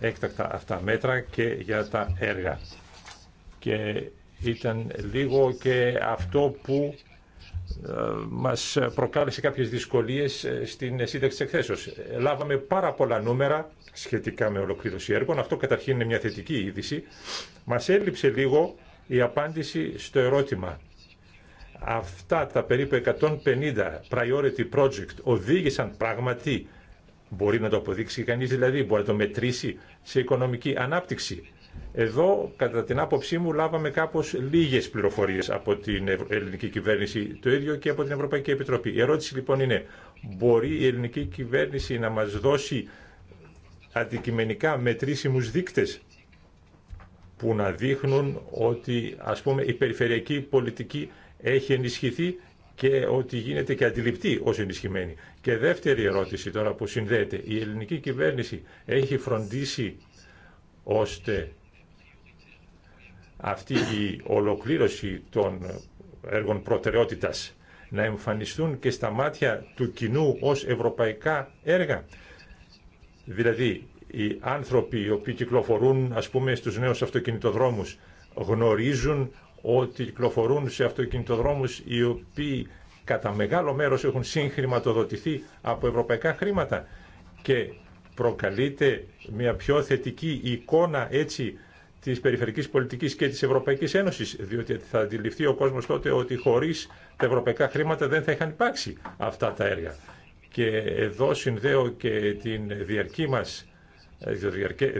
έκτακτα αυτά μέτρα και για τα έργα. Και ήταν λίγο και αυτό που ε, μας προκάλεσε κάποιες δυσκολίες ε, στην σύνταξη της εκθέσεως. Λάβαμε πάρα πολλά νούμερα σχετικά με ολοκλήρωση έργων. Αυτό καταρχήν είναι μια θετική είδηση. Μας έλειψε λίγο η απάντηση στο ερώτημα. Αυτά τα περίπου 150 priority project οδήγησαν πραγματι Μπορεί να το αποδείξει κανείς δηλαδή, μπορεί να το μετρήσει σε οικονομική ανάπτυξη. Εδώ, κατά την άποψή μου, λάβαμε κάπω λίγε πληροφορίε από την ελληνική κυβέρνηση, το ίδιο και από την Ευρωπαϊκή Επιτροπή. Η ερώτηση λοιπόν είναι, μπορεί η ελληνική κυβέρνηση να μα δώσει αντικειμενικά μετρήσιμου δείκτε που να δείχνουν ότι ας πούμε η περιφερειακή πολιτική έχει ενισχυθεί και ότι γίνεται και αντιληπτή ως ενισχυμένη. Και δεύτερη ερώτηση τώρα που συνδέεται. Η ελληνική κυβέρνηση έχει φροντίσει ώστε αυτή η ολοκλήρωση των έργων προτεραιότητας να εμφανιστούν και στα μάτια του κοινού ως ευρωπαϊκά έργα. Δηλαδή, οι άνθρωποι οι οποίοι κυκλοφορούν, ας πούμε, στους νέους αυτοκινητοδρόμους, γνωρίζουν ότι κυκλοφορούν σε αυτοκινητοδρόμους οι οποίοι κατά μεγάλο μέρος έχουν συγχρηματοδοτηθεί από ευρωπαϊκά χρήματα και προκαλείται μια πιο θετική εικόνα έτσι τη περιφερειακή πολιτική και τη Ευρωπαϊκή Ένωση. Διότι θα αντιληφθεί ο κόσμο τότε ότι χωρί τα ευρωπαϊκά χρήματα δεν θα είχαν υπάρξει αυτά τα έργα. Και εδώ συνδέω και την διαρκή μα το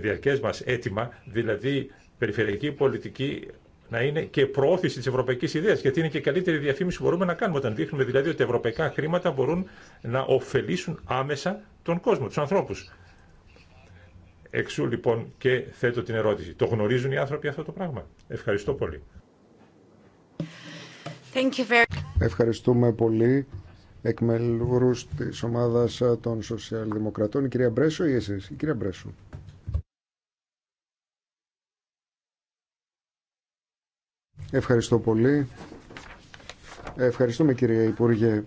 διαρκές μας αίτημα, δηλαδή περιφερειακή πολιτική να είναι και προώθηση τη ευρωπαϊκή ιδέα. Γιατί είναι και καλύτερη διαφήμιση που μπορούμε να κάνουμε όταν δείχνουμε δηλαδή ότι τα ευρωπαϊκά χρήματα μπορούν να ωφελήσουν άμεσα τον κόσμο, του ανθρώπου. Εξού λοιπόν και θέτω την ερώτηση. Το γνωρίζουν οι άνθρωποι αυτό το πράγμα. Ευχαριστώ πολύ. Thank you very... Ευχαριστούμε πολύ εκ τη ομάδα των Σοσιαλδημοκρατών. Η κυρία Μπρέσο ή εσεί, η κυρία Μπρέσο. Ευχαριστώ πολύ. Ευχαριστούμε κύριε Υπουργέ.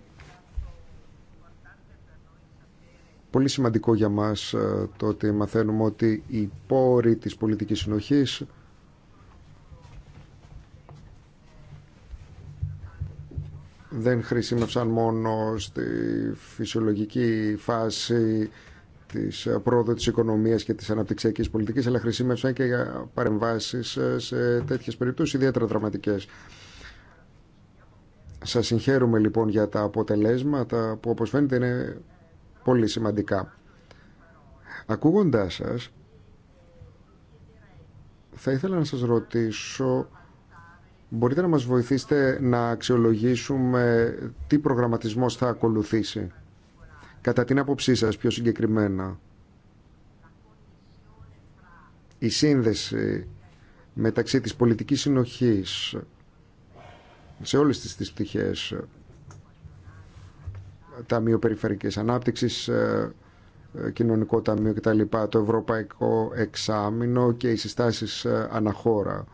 πολύ σημαντικό για μας ε, το ότι μαθαίνουμε ότι οι πόροι της πολιτικής συνοχής δεν χρησιμεύσαν μόνο στη φυσιολογική φάση της πρόοδου της οικονομίας και της αναπτυξιακής πολιτικής αλλά χρησιμεύσαν και για παρεμβάσεις ε, σε τέτοιες περιπτώσεις ιδιαίτερα δραματικές. Σας συγχαίρουμε λοιπόν για τα αποτελέσματα που όπως φαίνεται είναι πολύ σημαντικά. Ακούγοντάς σας, θα ήθελα να σας ρωτήσω, μπορείτε να μας βοηθήσετε να αξιολογήσουμε τι προγραμματισμός θα ακολουθήσει. Κατά την άποψή σας πιο συγκεκριμένα, η σύνδεση μεταξύ της πολιτικής συνοχής σε όλες τις τις πτυχές Ταμείο Περιφερικής Ανάπτυξης, ε, ε, Κοινωνικό Ταμείο κτλ. Το Ευρωπαϊκό Εξάμεινο και οι συστάσεις ε, αναχώρα.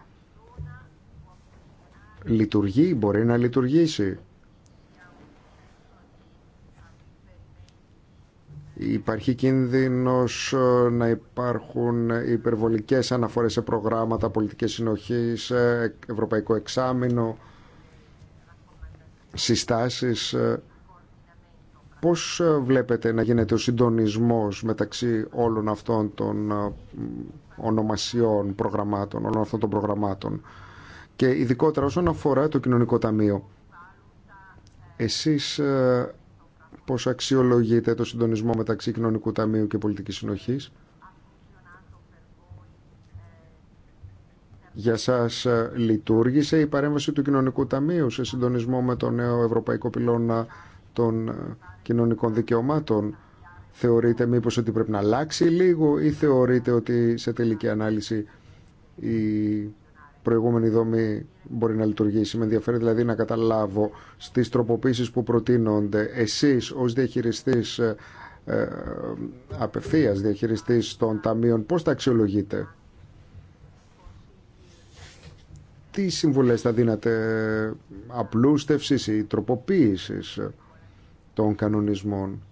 Λειτουργεί, μπορεί να λειτουργήσει. Υπάρχει κίνδυνος να υπάρχουν υπερβολικές αναφορές σε προγράμματα πολιτικής συνοχής, ευρωπαϊκό εξάμεινο, συστάσεις Πώς ε, βλέπετε να γίνεται ο συντονισμός μεταξύ όλων αυτών των ε, ονομασιών προγραμμάτων, όλων αυτών των προγραμμάτων και ειδικότερα όσον αφορά το κοινωνικό ταμείο. Εσείς ε, πώς αξιολογείτε το συντονισμό μεταξύ κοινωνικού ταμείου και πολιτικής συνοχής. Για σας λειτουργήσε η παρέμβαση του κοινωνικού ταμείου σε συντονισμό με το νέο ευρωπαϊκό πυλώνα των ε, κοινωνικών δικαιωμάτων. Θεωρείτε μήπως ότι πρέπει να αλλάξει λίγο ή θεωρείτε ότι σε τελική ανάλυση η προηγούμενη δομή μπορεί να λειτουργήσει. Με ενδιαφέρει δηλαδή να καταλάβω στις τροποποίησεις που προτείνονται εσείς ως διαχειριστής ε, ε απευθείας διαχειριστής των ταμείων πώς τα αξιολογείτε τι συμβουλές θα δίνατε απλούστευσης ή τροποποίησης των κανονισμών.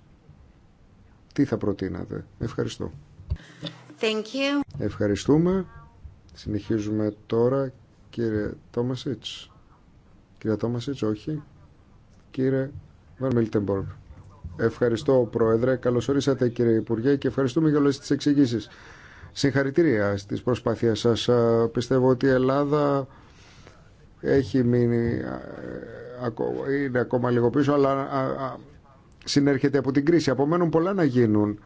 Τι θα προτείνατε. Ευχαριστώ. Thank you. Ευχαριστούμε. Συνεχίζουμε τώρα κύριε Τόμασιτς. Κύριε Τόμασιτς, όχι. Κύριε Βαρμιλτεμπορκ. Ευχαριστώ Πρόεδρε. Καλώς ορίσατε κύριε Υπουργέ και ευχαριστούμε για όλες τις εξηγήσει. Συγχαρητήρια στις προσπάθειες σας. Πιστεύω ότι η Ελλάδα έχει μείνει είναι ακόμα λίγο πίσω αλλά συνέρχεται από την κρίση. Απομένουν πολλά να γίνουν.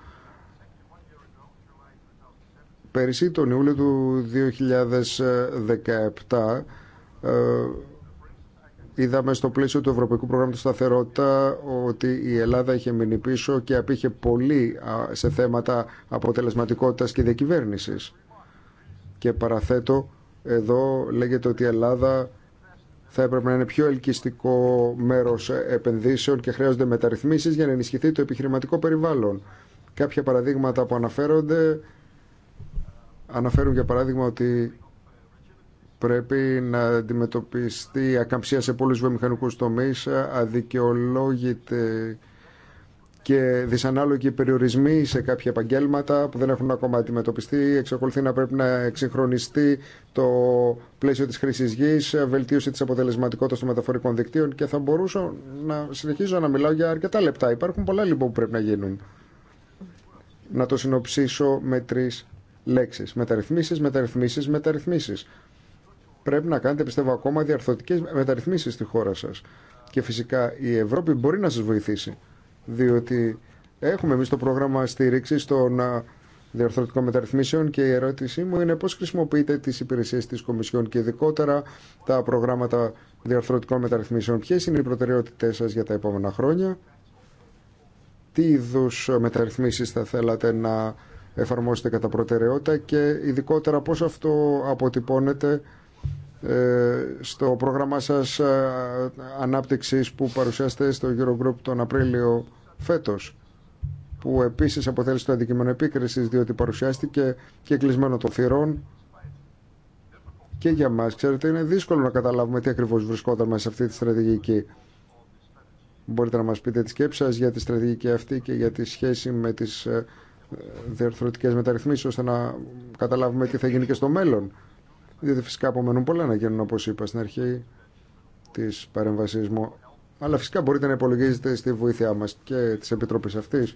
Πέρυσι, τον Ιούλιο του 2017, ε, είδαμε στο πλαίσιο του Ευρωπαϊκού Προγράμματος Σταθερότητα ότι η Ελλάδα είχε μείνει πίσω και απήχε πολύ σε θέματα αποτελεσματικότητας και διακυβέρνησης. Και παραθέτω, εδώ λέγεται ότι η Ελλάδα θα έπρεπε να είναι πιο ελκυστικό μέρος επενδύσεων και χρειάζονται μεταρρυθμίσεις για να ενισχυθεί το επιχειρηματικό περιβάλλον. Κάποια παραδείγματα που αναφέρονται αναφέρουν για παράδειγμα ότι πρέπει να αντιμετωπιστεί ακαμψία σε πολλούς βιομηχανικούς τομείς, αδικαιολόγητη και δυσανάλογοι περιορισμοί σε κάποια επαγγέλματα που δεν έχουν ακόμα αντιμετωπιστεί. Εξακολουθεί να πρέπει να εξυγχρονιστεί το πλαίσιο τη χρήση γη, βελτίωση τη αποτελεσματικότητα των μεταφορικών δικτύων και θα μπορούσα να συνεχίζω να μιλάω για αρκετά λεπτά. Υπάρχουν πολλά λοιπόν που πρέπει να γίνουν. Να το συνοψίσω με τρει λέξει. Μεταρρυθμίσει, μεταρρυθμίσει, μεταρρυθμίσει. Πρέπει να κάνετε, πιστεύω, ακόμα διαρθωτικέ μεταρρυθμίσει στη χώρα σα. Και φυσικά η Ευρώπη μπορεί να σα βοηθήσει διότι έχουμε εμεί το πρόγραμμα στήριξη των διορθωτικών μεταρρυθμίσεων και η ερώτησή μου είναι πώς χρησιμοποιείτε τις υπηρεσίες της Κομισιόν και ειδικότερα τα προγράμματα διορθωτικών μεταρρυθμίσεων. ποιε είναι οι προτεραιότητές σας για τα επόμενα χρόνια, τι είδου μεταρρυθμίσει θα θέλατε να εφαρμόσετε κατά προτεραιότητα και ειδικότερα πώς αυτό αποτυπώνεται ε, στο πρόγραμμά σας ε, ανάπτυξης που παρουσιάσετε στο Eurogroup τον Απρίλιο φέτος που επίσης αποτέλεσε το αντικείμενο επίκρισης διότι παρουσιάστηκε και κλεισμένο το θυρών και για μας. Ξέρετε είναι δύσκολο να καταλάβουμε τι ακριβώς βρισκόταν μέσα σε αυτή τη στρατηγική. Μπορείτε να μας πείτε τη σκέψη σας για τη στρατηγική αυτή και για τη σχέση με τις ε, διαρθρωτικές μεταρρυθμίσεις ώστε να καταλάβουμε τι θα γίνει και στο μέλλον διότι φυσικά απομένουν πολλά να γίνουν όπως είπα στην αρχή της παρέμβασή μου αλλά φυσικά μπορείτε να υπολογίζετε στη βοήθειά μας και τη επιτροπή αυτή,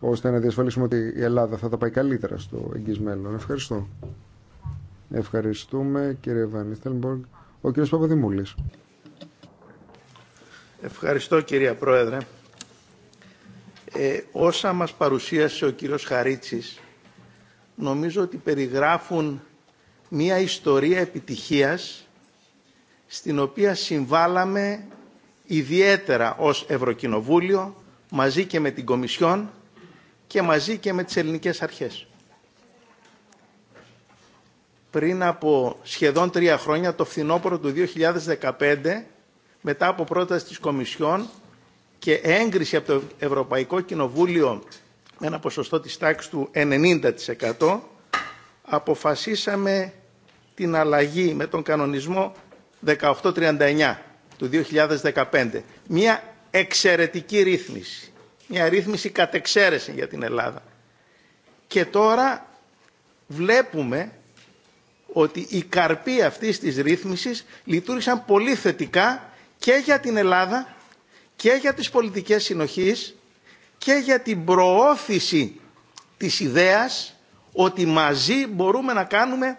ώστε να διασφαλίσουμε ότι η Ελλάδα θα τα πάει καλύτερα στο εγγυσμένο. Ευχαριστώ. Ευχαριστούμε κύριε Βανίστελμποργκ. Ο κύριο Παπαδημούλη. Ευχαριστώ κυρία Πρόεδρε. Ε, όσα μας παρουσίασε ο κύριος Χαρίτσης νομίζω ότι περιγράφουν μία ιστορία επιτυχίας στην οποία συμβάλαμε ιδιαίτερα ως Ευρωκοινοβούλιο μαζί και με την Κομισιόν και μαζί και με τις ελληνικές αρχές. Πριν από σχεδόν τρία χρόνια, το φθινόπωρο του 2015, μετά από πρόταση της Κομισιόν και έγκριση από το Ευρωπαϊκό Κοινοβούλιο με ένα ποσοστό της τάξης του 90%, αποφασίσαμε την αλλαγή με τον κανονισμό 1839 του 2015. Μια εξαιρετική ρύθμιση. Μια ρύθμιση κατεξαίρεση για την Ελλάδα. Και τώρα βλέπουμε ότι οι καρποί αυτής της ρύθμισης λειτουργήσαν πολύ θετικά και για την Ελλάδα και για τις πολιτικές συνοχής και για την προώθηση της ιδέας ότι μαζί μπορούμε να κάνουμε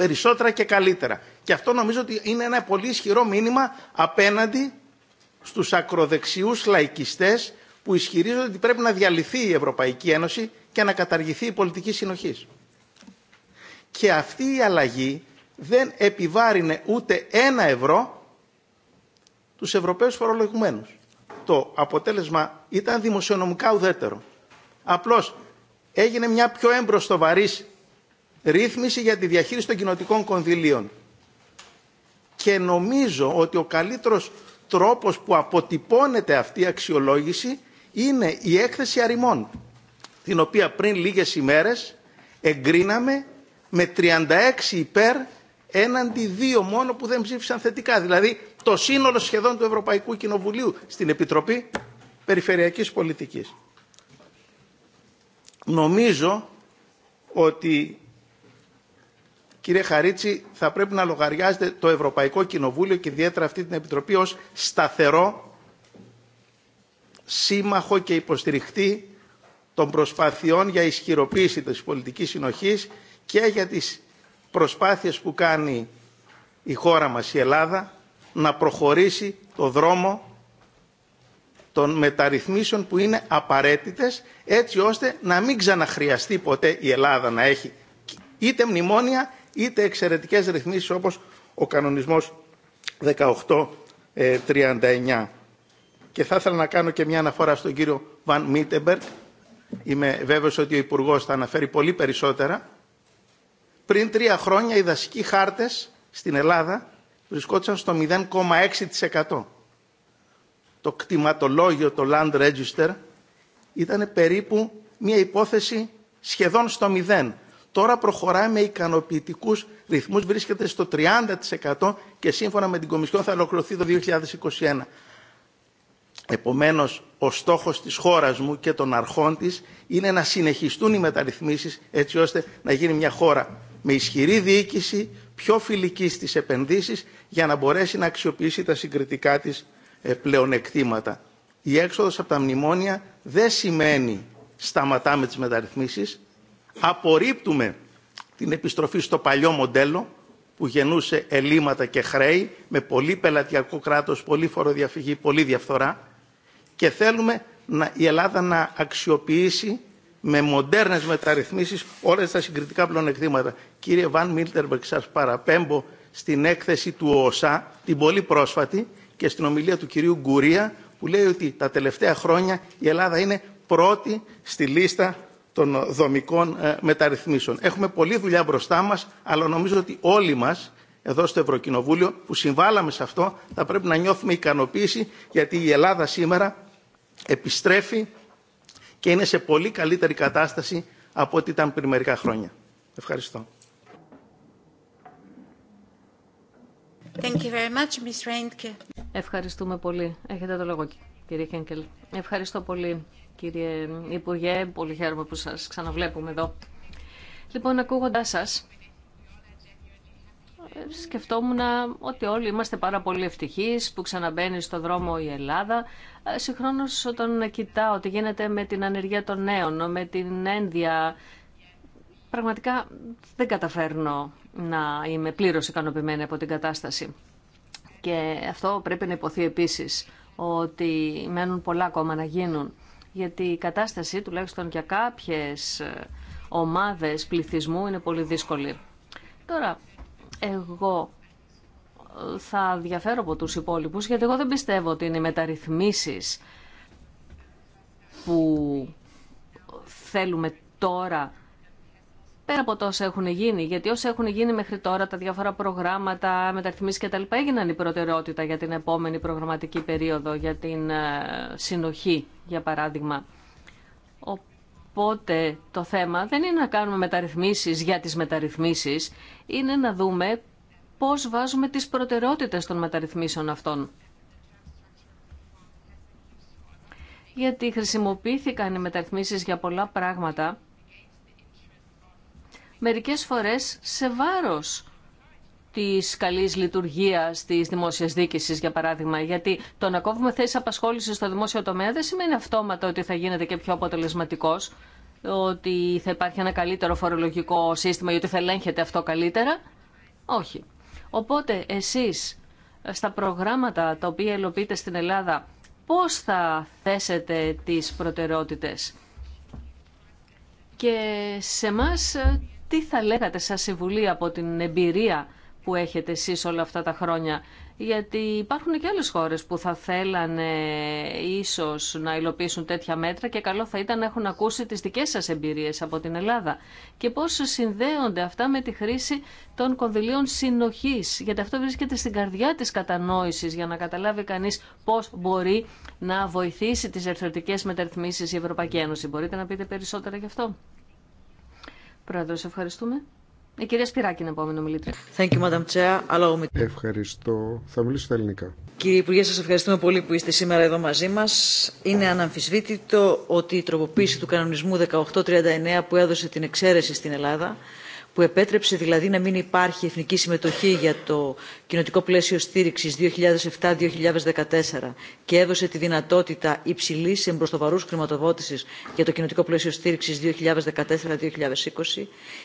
περισσότερα και καλύτερα. Και αυτό νομίζω ότι είναι ένα πολύ ισχυρό μήνυμα απέναντι στους ακροδεξιούς λαϊκιστές που ισχυρίζονται ότι πρέπει να διαλυθεί η Ευρωπαϊκή Ένωση και να καταργηθεί η πολιτική συνοχή. Και αυτή η αλλαγή δεν επιβάρυνε ούτε ένα ευρώ τους Ευρωπαίους φορολογουμένους. Το αποτέλεσμα ήταν δημοσιονομικά ουδέτερο. Απλώς έγινε μια πιο έμπροστοβαρής ρύθμιση για τη διαχείριση των κοινοτικών κονδυλίων. Και νομίζω ότι ο καλύτερος τρόπος που αποτυπώνεται αυτή η αξιολόγηση είναι η έκθεση αριμών, την οποία πριν λίγες ημέρες εγκρίναμε με 36 υπέρ έναντι δύο μόνο που δεν ψήφισαν θετικά. Δηλαδή το σύνολο σχεδόν του Ευρωπαϊκού Κοινοβουλίου στην Επιτροπή Περιφερειακής Πολιτικής. Νομίζω ότι κύριε Χαρίτσι, θα πρέπει να λογαριάζετε το Ευρωπαϊκό Κοινοβούλιο και ιδιαίτερα αυτή την Επιτροπή ως σταθερό σύμμαχο και υποστηριχτή των προσπαθειών για ισχυροποίηση της πολιτικής συνοχής και για τις προσπάθειες που κάνει η χώρα μας, η Ελλάδα, να προχωρήσει το δρόμο των μεταρρυθμίσεων που είναι απαραίτητες έτσι ώστε να μην ξαναχρειαστεί ποτέ η Ελλάδα να έχει είτε μνημόνια είτε εξαιρετικέ ρυθμίσει όπως ο κανονισμός 1839. Ε, και θα ήθελα να κάνω και μια αναφορά στον κύριο Βαν Μίτεμπερκ. Είμαι βέβαιος ότι ο Υπουργός θα αναφέρει πολύ περισσότερα. Πριν τρία χρόνια οι δασικοί χάρτες στην Ελλάδα βρισκόντουσαν στο 0,6%. Το κτηματολόγιο, το Land Register, ήταν περίπου μια υπόθεση σχεδόν στο 0% τώρα προχωράει με ικανοποιητικού ρυθμού. βρίσκεται στο 30% και σύμφωνα με την Κομισιόν θα ολοκληρωθεί το 2021. Επομένω, ο στόχος της χώρας μου και των αρχών τη είναι να συνεχιστούν οι μεταρρυθμίσεις έτσι ώστε να γίνει μια χώρα με ισχυρή διοίκηση, πιο φιλική στις επενδύσεις για να μπορέσει να αξιοποιήσει τα συγκριτικά της ε, πλεονεκτήματα. Η έξοδος από τα μνημόνια δεν σημαίνει σταματάμε τις μεταρρυθμίσεις, απορρίπτουμε την επιστροφή στο παλιό μοντέλο που γεννούσε ελλείμματα και χρέη με πολύ πελατειακό κράτος, πολύ φοροδιαφυγή, πολύ διαφθορά και θέλουμε να, η Ελλάδα να αξιοποιήσει με μοντέρνες μεταρρυθμίσεις όλες τα συγκριτικά πλονεκτήματα. Κύριε Βαν Μίλτερμπερκ, σας παραπέμπω στην έκθεση του ΟΣΑ, την πολύ πρόσφατη, και στην ομιλία του κυρίου Γκουρία, που λέει ότι τα τελευταία χρόνια η Ελλάδα είναι πρώτη στη λίστα των δομικών ε, μεταρρυθμίσεων. Έχουμε πολλή δουλειά μπροστά μας, αλλά νομίζω ότι όλοι μας εδώ στο Ευρωκοινοβούλιο που συμβάλαμε σε αυτό θα πρέπει να νιώθουμε ικανοποίηση γιατί η Ελλάδα σήμερα επιστρέφει και είναι σε πολύ καλύτερη κατάσταση από ό,τι ήταν πριν μερικά χρόνια. Ευχαριστώ. Thank you very much, Ms. Ευχαριστούμε πολύ. Έχετε το λόγο, κύριε Χένκελ. Ευχαριστώ πολύ, κύριε Υπουργέ. Πολύ χαίρομαι που σας ξαναβλέπουμε εδώ. Λοιπόν, ακούγοντάς σας, σκεφτόμουν ότι όλοι είμαστε πάρα πολύ ευτυχείς που ξαναμπαίνει στο δρόμο η Ελλάδα. Ε, συγχρόνως όταν κοιτάω τι γίνεται με την ανεργία των νέων, με την ένδια, πραγματικά δεν καταφέρνω να είμαι πλήρως ικανοποιημένη από την κατάσταση. Και αυτό πρέπει να υποθεί επίσης ότι μένουν πολλά ακόμα να γίνουν γιατί η κατάσταση, τουλάχιστον για κάποιες ε, ομάδες πληθυσμού, είναι πολύ δύσκολη. Τώρα, εγώ ε, θα διαφέρω από τους υπόλοιπους, γιατί εγώ δεν πιστεύω ότι είναι οι μεταρρυθμίσεις που θέλουμε τώρα πέρα από τόσα έχουν γίνει, γιατί όσα έχουν γίνει μέχρι τώρα, τα διάφορα προγράμματα, μεταρρυθμίσεις κτλ. έγιναν η προτεραιότητα για την επόμενη προγραμματική περίοδο, για την ε, συνοχή, για παράδειγμα. Οπότε το θέμα δεν είναι να κάνουμε μεταρρυθμίσει για τις μεταρρυθμίσει, είναι να δούμε πώς βάζουμε τι προτεραιότητες των μεταρρυθμίσεων αυτών. Γιατί χρησιμοποιήθηκαν οι μεταρρυθμίσεις για πολλά πράγματα, μερικές φορές σε βάρος της καλής λειτουργίας της δημόσιας δίκησης, για παράδειγμα. Γιατί το να κόβουμε θέσεις απασχόλησης στο δημόσιο τομέα δεν σημαίνει αυτόματα ότι θα γίνεται και πιο αποτελεσματικός, ότι θα υπάρχει ένα καλύτερο φορολογικό σύστημα ή ότι θα ελέγχεται αυτό καλύτερα. Όχι. Οπότε εσείς στα προγράμματα τα οποία ελοπείτε στην Ελλάδα, πώς θα θέσετε τις προτεραιότητες. Και σε μας τι θα λέγατε σαν συμβουλή από την εμπειρία που έχετε εσείς όλα αυτά τα χρόνια. Γιατί υπάρχουν και άλλες χώρες που θα θέλανε ίσως να υλοποιήσουν τέτοια μέτρα και καλό θα ήταν να έχουν ακούσει τις δικές σας εμπειρίες από την Ελλάδα. Και πώς συνδέονται αυτά με τη χρήση των κονδυλίων συνοχής. Γιατί αυτό βρίσκεται στην καρδιά της κατανόησης για να καταλάβει κανείς πώς μπορεί να βοηθήσει τις ερθρωτικές μεταρρυθμίσεις η Ευρωπαϊκή Ένωση. Μπορείτε να πείτε περισσότερα γι' αυτό. Πρόεδρος, ευχαριστούμε. Η κυρία Σπυράκη είναι επόμενο μιλήτρια. Thank you, Madam Ευχαριστώ. Θα μιλήσω στα ελληνικά. Κύριε Υπουργέ, σα ευχαριστούμε πολύ που είστε σήμερα εδώ μαζί μα. Είναι αναμφισβήτητο ότι η τροποποίηση του κανονισμού 1839 που έδωσε την εξαίρεση στην Ελλάδα που επέτρεψε δηλαδή να μην υπάρχει εθνική συμμετοχή για το κοινοτικό πλαίσιο στήριξης 2007-2014 και έδωσε τη δυνατότητα υψηλής εμπροστοβαρούς χρηματοδότησης για το κοινοτικό πλαίσιο στήριξης 2014-2020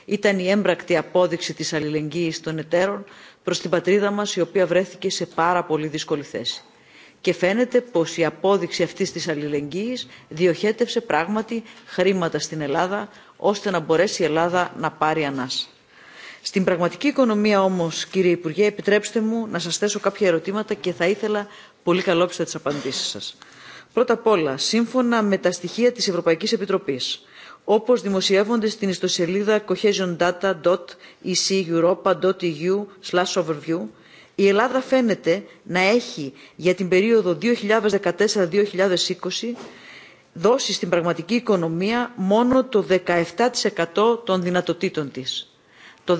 ήταν η έμπρακτη απόδειξη της αλληλεγγύης των εταίρων προς την πατρίδα μας η οποία βρέθηκε σε πάρα πολύ δύσκολη θέση και φαίνεται πως η απόδειξη αυτής της αλληλεγγύης διοχέτευσε πράγματι χρήματα στην Ελλάδα ώστε να μπορέσει η Ελλάδα να πάρει ανάσα. Στην πραγματική οικονομία όμως, κύριε Υπουργέ, επιτρέψτε μου να σας θέσω κάποια ερωτήματα και θα ήθελα πολύ καλόπιστα τις απαντήσεις σας. Πρώτα απ' όλα, σύμφωνα με τα στοιχεία της Ευρωπαϊκής Επιτροπής, όπως δημοσιεύονται στην ιστοσελίδα cohesiondata.eceuropa.eu/overview, η Ελλάδα φαίνεται να έχει για την περίοδο 2014-2020 δώσει στην πραγματική οικονομία μόνο το 17% των δυνατοτήτων της. Το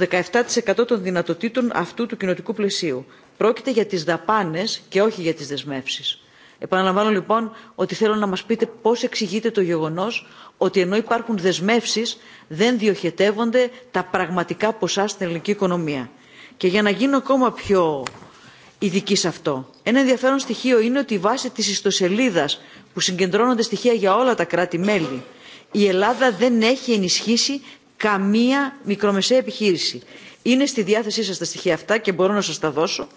17% των δυνατοτήτων αυτού του κοινοτικού πλαισίου. Πρόκειται για τις δαπάνες και όχι για τις δεσμεύσεις. Επαναλαμβάνω λοιπόν ότι θέλω να μας πείτε πώς εξηγείται το γεγονός ότι ενώ υπάρχουν δεσμεύσεις δεν διοχετεύονται τα πραγματικά ποσά στην ελληνική οικονομία. Και για να γίνω ακόμα πιο ειδική σε αυτό. Ένα ενδιαφέρον στοιχείο είναι ότι η βάση της ιστοσελίδας που συγκεντρώνονται στοιχεία για όλα τα κράτη μέλη η ελλάδα δεν έχει ενισχύσει καμία μικρομεσαία επιχείρηση. είναι στη διάθεσή σας τα στοιχεία αυτά και μπορώ να σας τα δώσω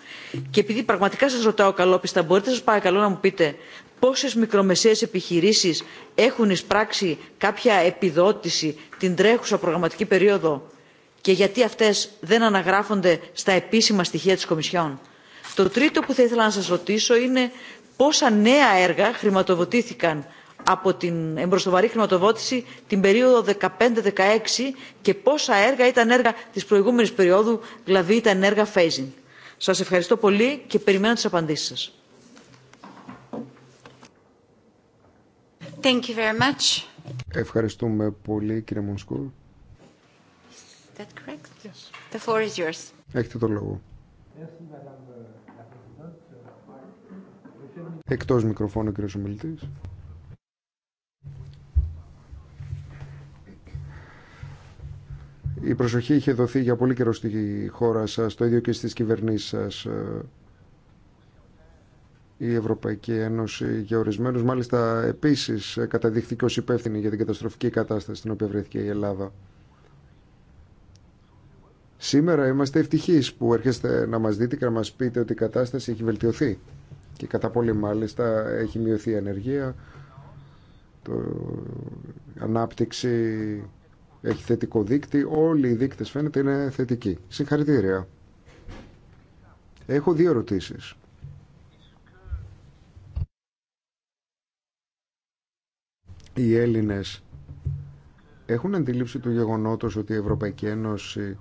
και επειδή πραγματικά σας ρωτάω καλόπιστα μπορείτε σας παρακαλώ να μου πείτε πόσες μικρομεσαίες επιχειρήσεις έχουν εισπράξει κάποια επιδότηση την τρέχουσα προγραμματική περίοδο και γιατί αυτές δεν αναγράφονται στα επίσημα στοιχεία της κομισιόν. το τρίτο που θα ήθελα να σας ρωτήσω είναι πόσα νέα έργα χρηματοδοτήθηκαν από την εμπροσοβαρή χρηματοδότηση την περίοδο 15-16 και πόσα έργα ήταν έργα της προηγούμενης περίοδου, δηλαδή ήταν έργα phasing. Σας ευχαριστώ πολύ και περιμένω τις απαντήσεις σας. Thank you very much. Ευχαριστούμε πολύ κύριε Μονσκούρ. Yes. Έχετε το λόγο. Yes, Εκτός μικροφώνου, κύριε ομιλητής. Η προσοχή είχε δοθεί για πολύ καιρό στη χώρα σας, το ίδιο και στις κυβερνήσεις σας. Ε, η Ευρωπαϊκή Ένωση για ορισμένους, μάλιστα επίσης, ε, καταδείχθηκε ως υπεύθυνη για την καταστροφική κατάσταση στην οποία βρέθηκε η Ελλάδα. Σήμερα είμαστε ευτυχείς που έρχεστε να μας δείτε και να μας πείτε ότι η κατάσταση έχει βελτιωθεί και κατά πολύ μάλιστα έχει μειωθεί η ανεργία, το ανάπτυξη έχει θετικό δείκτη, όλοι οι δείκτες φαίνεται είναι θετικοί. Συγχαρητήρια. Έχω δύο ερωτήσεις. Οι Έλληνες έχουν αντιλήψει του γεγονότος ότι η Ευρωπαϊκή Ένωση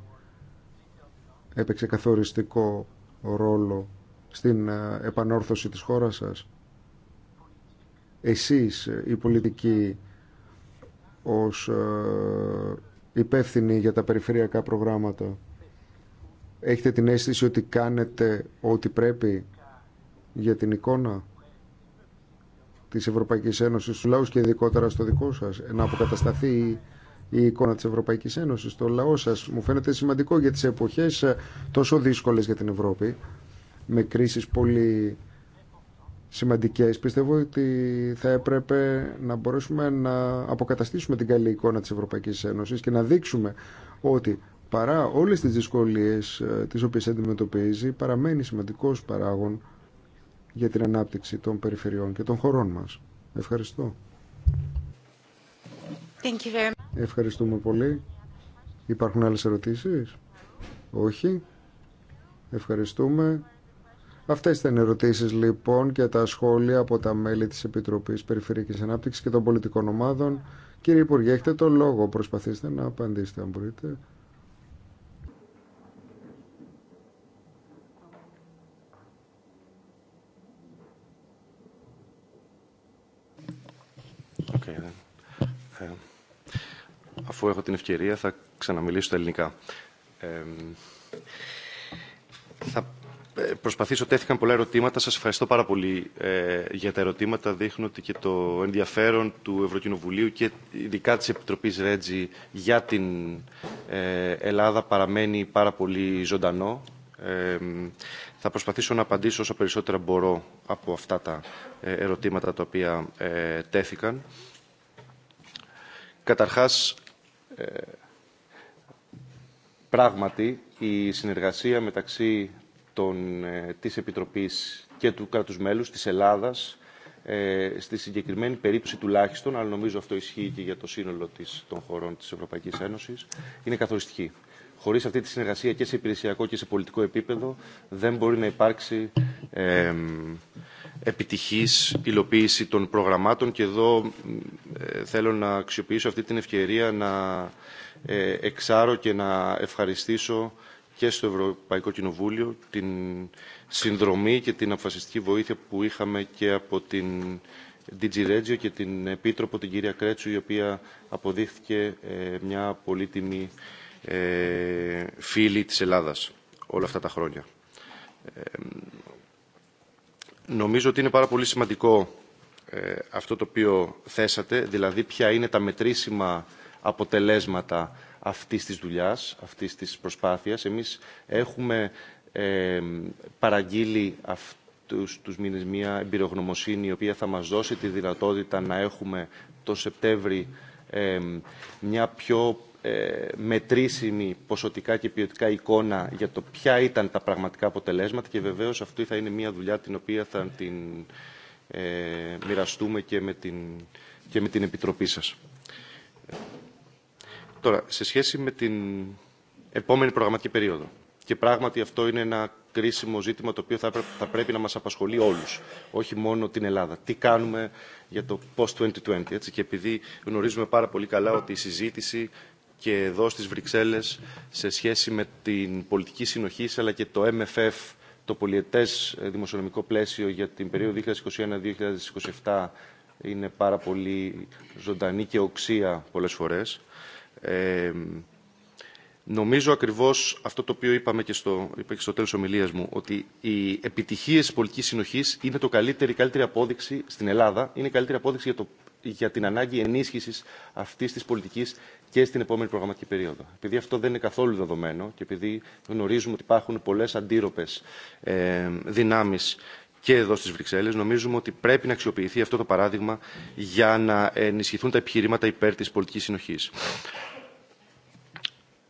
έπαιξε καθοριστικό ρόλο στην ε, επανόρθωση της χώρας σας. Εσείς, ε, οι πολιτικοί, ως ε, υπεύθυνοι για τα περιφερειακά προγράμματα, έχετε την αίσθηση ότι κάνετε ό,τι πρέπει για την εικόνα της Ευρωπαϊκής Ένωσης στους λαούς και ειδικότερα στο δικό σας, να αποκατασταθεί η εικόνα της Ευρωπαϊκής Ένωσης, στο λαό σας. Μου φαίνεται σημαντικό για τις εποχές τόσο δύσκολες για την Ευρώπη με κρίσεις πολύ σημαντικές. Πιστεύω ότι θα έπρεπε να μπορέσουμε να αποκαταστήσουμε την καλή εικόνα της Ευρωπαϊκής Ένωσης και να δείξουμε ότι παρά όλες τις δυσκολίες ε, τις οποίες αντιμετωπίζει παραμένει σημαντικός παράγων για την ανάπτυξη των περιφερειών και των χωρών μας. Ευχαριστώ. Thank you very Ευχαριστούμε πολύ. Υπάρχουν άλλες ερωτήσεις? Όχι. Ευχαριστούμε. Αυτέ ήταν οι ερωτήσει λοιπόν και τα σχόλια από τα μέλη τη Επιτροπή Περιφερειακή Ανάπτυξη και των Πολιτικών Ομάδων. Κύριε Υπουργέ, έχετε το λόγο. Προσπαθήστε να απαντήσετε αν μπορείτε. Okay, Ε, αφού έχω την ευκαιρία θα ξαναμιλήσω στα ελληνικά. Ε, θα ε, προσπαθήσω. Τέθηκαν πολλά ερωτήματα. Σας ευχαριστώ πάρα πολύ ε, για τα ερωτήματα. Δείχνω ότι και το ενδιαφέρον του Ευρωκοινοβουλίου και ειδικά της Επιτροπής Ρέτζη για την ε, Ελλάδα παραμένει πάρα πολύ ζωντανό. Ε, θα προσπαθήσω να απαντήσω όσο περισσότερα μπορώ από αυτά τα ερωτήματα τα οποία τέθηκαν. Καταρχάς, πράγματι, η συνεργασία μεταξύ των, ε, της Επιτροπής και του κράτους μέλους της Ελλάδας ε, στη συγκεκριμένη περίπτωση τουλάχιστον, αλλά νομίζω αυτό ισχύει και για το σύνολο της, των χωρών της Ευρωπαϊκής Ένωσης, είναι καθοριστική. Χωρίς αυτή τη συνεργασία και σε υπηρεσιακό και σε πολιτικό επίπεδο δεν μπορεί να υπάρξει ε, επιτυχής υλοποίηση των προγραμμάτων και εδώ ε, θέλω να αξιοποιήσω αυτή την ευκαιρία να εξάρω και να ευχαριστήσω και στο Ευρωπαϊκό Κοινοβούλιο την συνδρομή και την αποφασιστική βοήθεια που είχαμε και από την DG Regio και την Επίτροπο, την κυρία Κρέτσου, η οποία αποδείχθηκε ε, μια πολύτιμη ε, φίλη της Ελλάδας όλα αυτά τα χρόνια. Ε, νομίζω ότι είναι πάρα πολύ σημαντικό αυτό το οποίο θέσατε, δηλαδή ποια είναι τα μετρήσιμα αποτελέσματα αυτής της δουλειάς, αυτής της προσπάθειας. Εμείς έχουμε ε, παραγγείλει αυτούς τους μήνες μια εμπειρογνωμοσύνη η οποία θα μας δώσει τη δυνατότητα να έχουμε το Σεπτέμβρη ε, μια πιο ε, μετρήσιμη ποσοτικά και ποιοτικά εικόνα για το ποια ήταν τα πραγματικά αποτελέσματα και βεβαίως αυτή θα είναι μια δουλειά την οποία θα την μοιραστούμε και με την, και με την Επιτροπή σας. Τώρα, σε σχέση με την επόμενη προγραμματική περίοδο. Και πράγματι αυτό είναι ένα κρίσιμο ζήτημα το οποίο θα, θα πρέπει να μας απασχολεί όλους, όχι μόνο την Ελλάδα. Τι κάνουμε για το post-2020, έτσι, και επειδή γνωρίζουμε πάρα πολύ καλά ότι η συζήτηση και εδώ στις Βρυξέλλες σε σχέση με την πολιτική συνοχή αλλά και το MFF, το πολιετές ε, δημοσιονομικό πλαίσιο για την περίοδο 2021-2027 είναι πάρα πολύ ζωντανή και οξία πολλές φορές νομίζω ακριβώς αυτό το οποίο είπαμε και στο, είπα και στο τέλος ομιλίας μου, ότι οι επιτυχίες της πολιτικής συνοχής είναι το καλύτερη, καλύτερη απόδειξη στην Ελλάδα, είναι η καλύτερη απόδειξη για, το, για την ανάγκη ενίσχυσης αυτής της πολιτικής και στην επόμενη προγραμματική περίοδο. Επειδή αυτό δεν είναι καθόλου δεδομένο και επειδή γνωρίζουμε ότι υπάρχουν πολλές αντίρροπες ε, δυνάμεις και εδώ στις Βρυξέλλες νομίζουμε ότι πρέπει να αξιοποιηθεί αυτό το παράδειγμα για να ενισχυθούν τα επιχειρήματα υπέρ της πολιτικής συνοχή.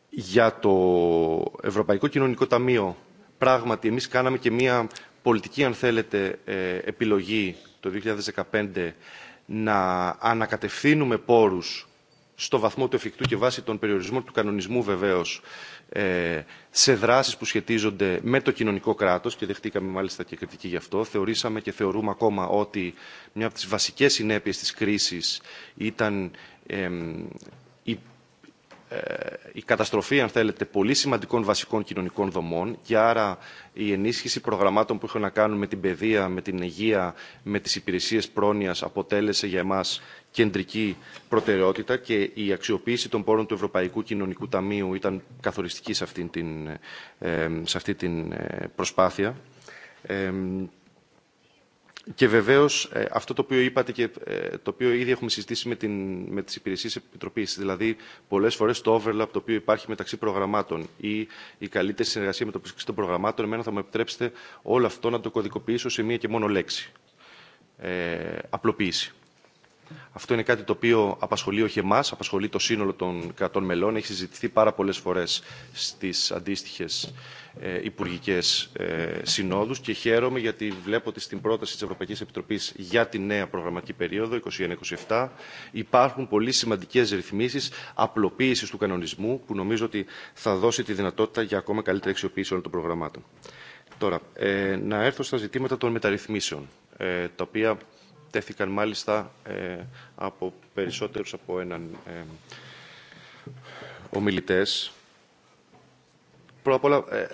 Για το Ευρωπαϊκό Κοινωνικό Ταμείο πράγματι εμείς κάναμε και μία πολιτική αν θέλετε ε, επιλογή το 2015 να ανακατευθύνουμε πόρους στο βαθμό του εφικτού και βάσει των περιορισμών του κανονισμού βεβαίω ε, σε δράσει που σχετίζονται με το κοινωνικό κράτο και δεχτήκαμε μάλιστα και κριτική γι' αυτό. Θεωρήσαμε και θεωρούμε ακόμα ότι μια από τι βασικέ συνέπειε τη κρίση ήταν η ε, η καταστροφή, αν θέλετε, πολύ σημαντικών βασικών κοινωνικών δομών και άρα η ενίσχυση προγραμμάτων που είχαν να κάνουν με την παιδεία, με την υγεία, με τι υπηρεσίε πρόνοια αποτέλεσε για εμά κεντρική προτεραιότητα και η αξιοποίηση των πόρων του Ευρωπαϊκού Κοινωνικού Ταμείου ήταν καθοριστική σε αυτή την, ε, σε αυτή την ε, προσπάθεια. Και βεβαίως ε, αυτό το οποίο είπατε και το οποίο ήδη έχουμε συζητήσει με, την, με τις υπηρεσίες επιτροπής, δηλαδή πολλές φορές το overlap το οποίο υπάρχει μεταξύ προγραμμάτων ή η καλύτερη συνεργασία με μεταξύ των προγραμμάτων, εμένα θα μου επιτρέψετε όλο αυτό να το κωδικοποιήσω σε μία και μόνο λέξη. Ε, απλοποίηση. Αυτό είναι κάτι το οποίο απασχολεί όχι εμά, απασχολεί το σύνολο των κρατών μελών. Έχει συζητηθεί πάρα πολλέ φορέ στι αντίστοιχε ε, υπουργικέ ε, συνόδου και χαίρομαι γιατί βλέπω ότι στην πρόταση τη Ευρωπαϊκή Επιτροπή για τη νέα προγραμματική περίοδο 2021-2027 υπάρχουν πολύ σημαντικέ ρυθμίσει απλοποίηση του κανονισμού που νομίζω ότι θα δώσει τη δυνατότητα για ακόμα καλύτερη αξιοποίηση όλων των προγραμμάτων. Τώρα, ε, να έρθω στα ζητήματα των μεταρρυθμίσεων, τα οποία τέθηκαν μάλιστα ε, από περισσότερους από έναν ε, ομιλητές. Πρώτα απ' όλα ε,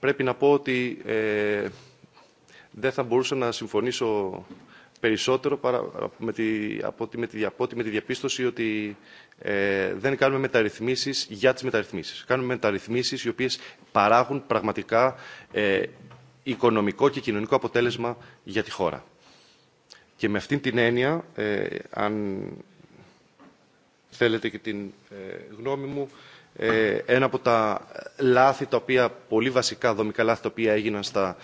πρέπει να πω ότι δεν θα μπορούσα να συμφωνήσω περισσότερο παρά με τη, από, τη, με τη, διαπίστωση ότι δεν κάνουμε μεταρρυθμίσεις για τις μεταρρυθμίσεις. Κάνουμε μεταρρυθμίσεις οι οποίες παράγουν πραγματικά ε, οικονομικό και κοινωνικό αποτέλεσμα για τη χώρα. Και με αυτήν την έννοια, ε, αν θέλετε και την ε, γνώμη μου, ε, ένα από τα λάθη τα οποία, πολύ βασικά δομικά λάθη τα οποία έγιναν στα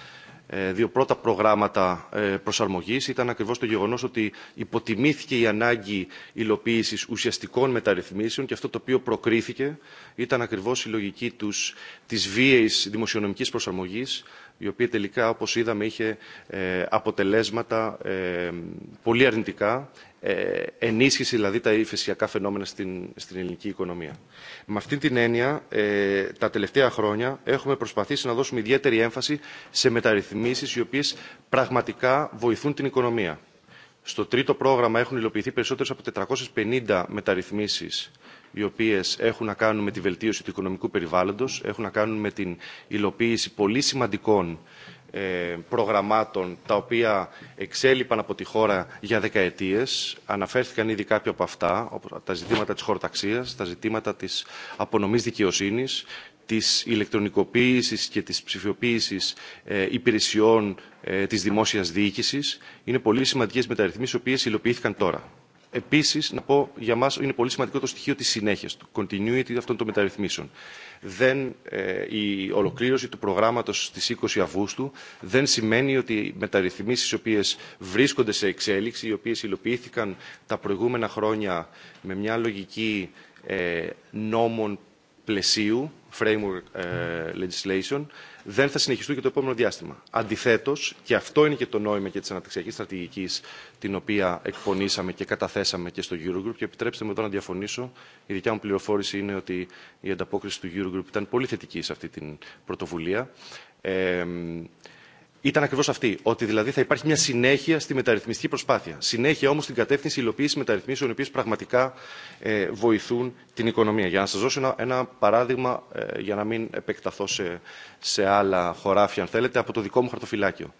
ε, δύο πρώτα προγράμματα ε, προσαρμογής ήταν ακριβώς το γεγονός ότι υποτιμήθηκε η ανάγκη υλοποίησης ουσιαστικών μεταρρυθμίσεων και αυτό το οποίο προκρίθηκε ήταν ακριβώς η λογική τους, της βίαιης δημοσιονομικής προσαρμογής η οποία τελικά όπως είδαμε είχε ε, αποτελέσματα πολύ αρνητικά ε, ενίσχυση δηλαδή τα υφεσιακά φαινόμενα στην, στην ελληνική οικονομία. Με αυτή την έννοια, ε, τα τελευταία χρόνια έχουμε προσπαθήσει να δώσουμε ιδιαίτερη έμφαση σε μεταρρυθμίσεις οι οποίες πραγματικά βοηθούν την οικονομία. Στο τρίτο πρόγραμμα έχουν υλοποιηθεί περισσότερες από 450 μεταρρυθμίσεις οι οποίες έχουν να κάνουν με τη βελτίωση του οικονομικού περιβάλλοντος, έχουν να κάνουν με την υλοποίηση πολύ σημαντικών ε, προγραμμάτων τα οποία εξέλιπαν από τη χώρα για δεκαετίες. Αναφέρθηκαν ήδη κάποια από αυτά, τα ζητήματα της χωροταξίας, τα ζητήματα της απονομής δικαιοσύνης, της ηλεκτρονικοποίησης και της ψηφιοποίησης ε, υπηρεσιών ε, της δημόσιας διοίκησης. Είναι πολύ σημαντικές μεταρρυθμίσεις, οι οποίες υλοποιήθηκαν τώρα. Επίση, να πω για μα είναι πολύ σημαντικό το στοιχείο τη συνέχεια, του continuity αυτών των μεταρρυθμίσεων. Δεν, ε, η ολοκλήρωση του προγράμματο στι 20 Αυγούστου δεν σημαίνει ότι οι μεταρρυθμίσει οι οποίε βρίσκονται σε εξέλιξη, οι οποίε υλοποιήθηκαν τα προηγούμενα χρόνια με μια λογική ε, νόμων πλαισίου, framework ε, legislation δεν θα συνεχιστούν και το επόμενο διάστημα. Αντιθέτω, και αυτό είναι και το νόημα και τη αναπτυξιακή στρατηγική την οποία εκπονήσαμε και καταθέσαμε και στο Eurogroup. Και επιτρέψτε μου εδώ να διαφωνήσω. Η δικιά μου πληροφόρηση είναι ότι η ανταπόκριση του Eurogroup ήταν πολύ θετική σε αυτή την πρωτοβουλία. Ε, ήταν ακριβώ αυτή. Ότι δηλαδή θα υπάρχει μια συνέχεια στη μεταρρυθμιστική προσπάθεια. Συνέχεια όμω στην κατεύθυνση υλοποίηση μεταρρυθμίσεων, οι οποίε πραγματικά ε, βοηθούν την οικονομία. Για να σα δώσω ένα, ένα παράδειγμα, ε, για να μην επεκταθώ σε, σε άλλα χωράφια, αν θέλετε, από το δικό μου χαρτοφυλάκιο.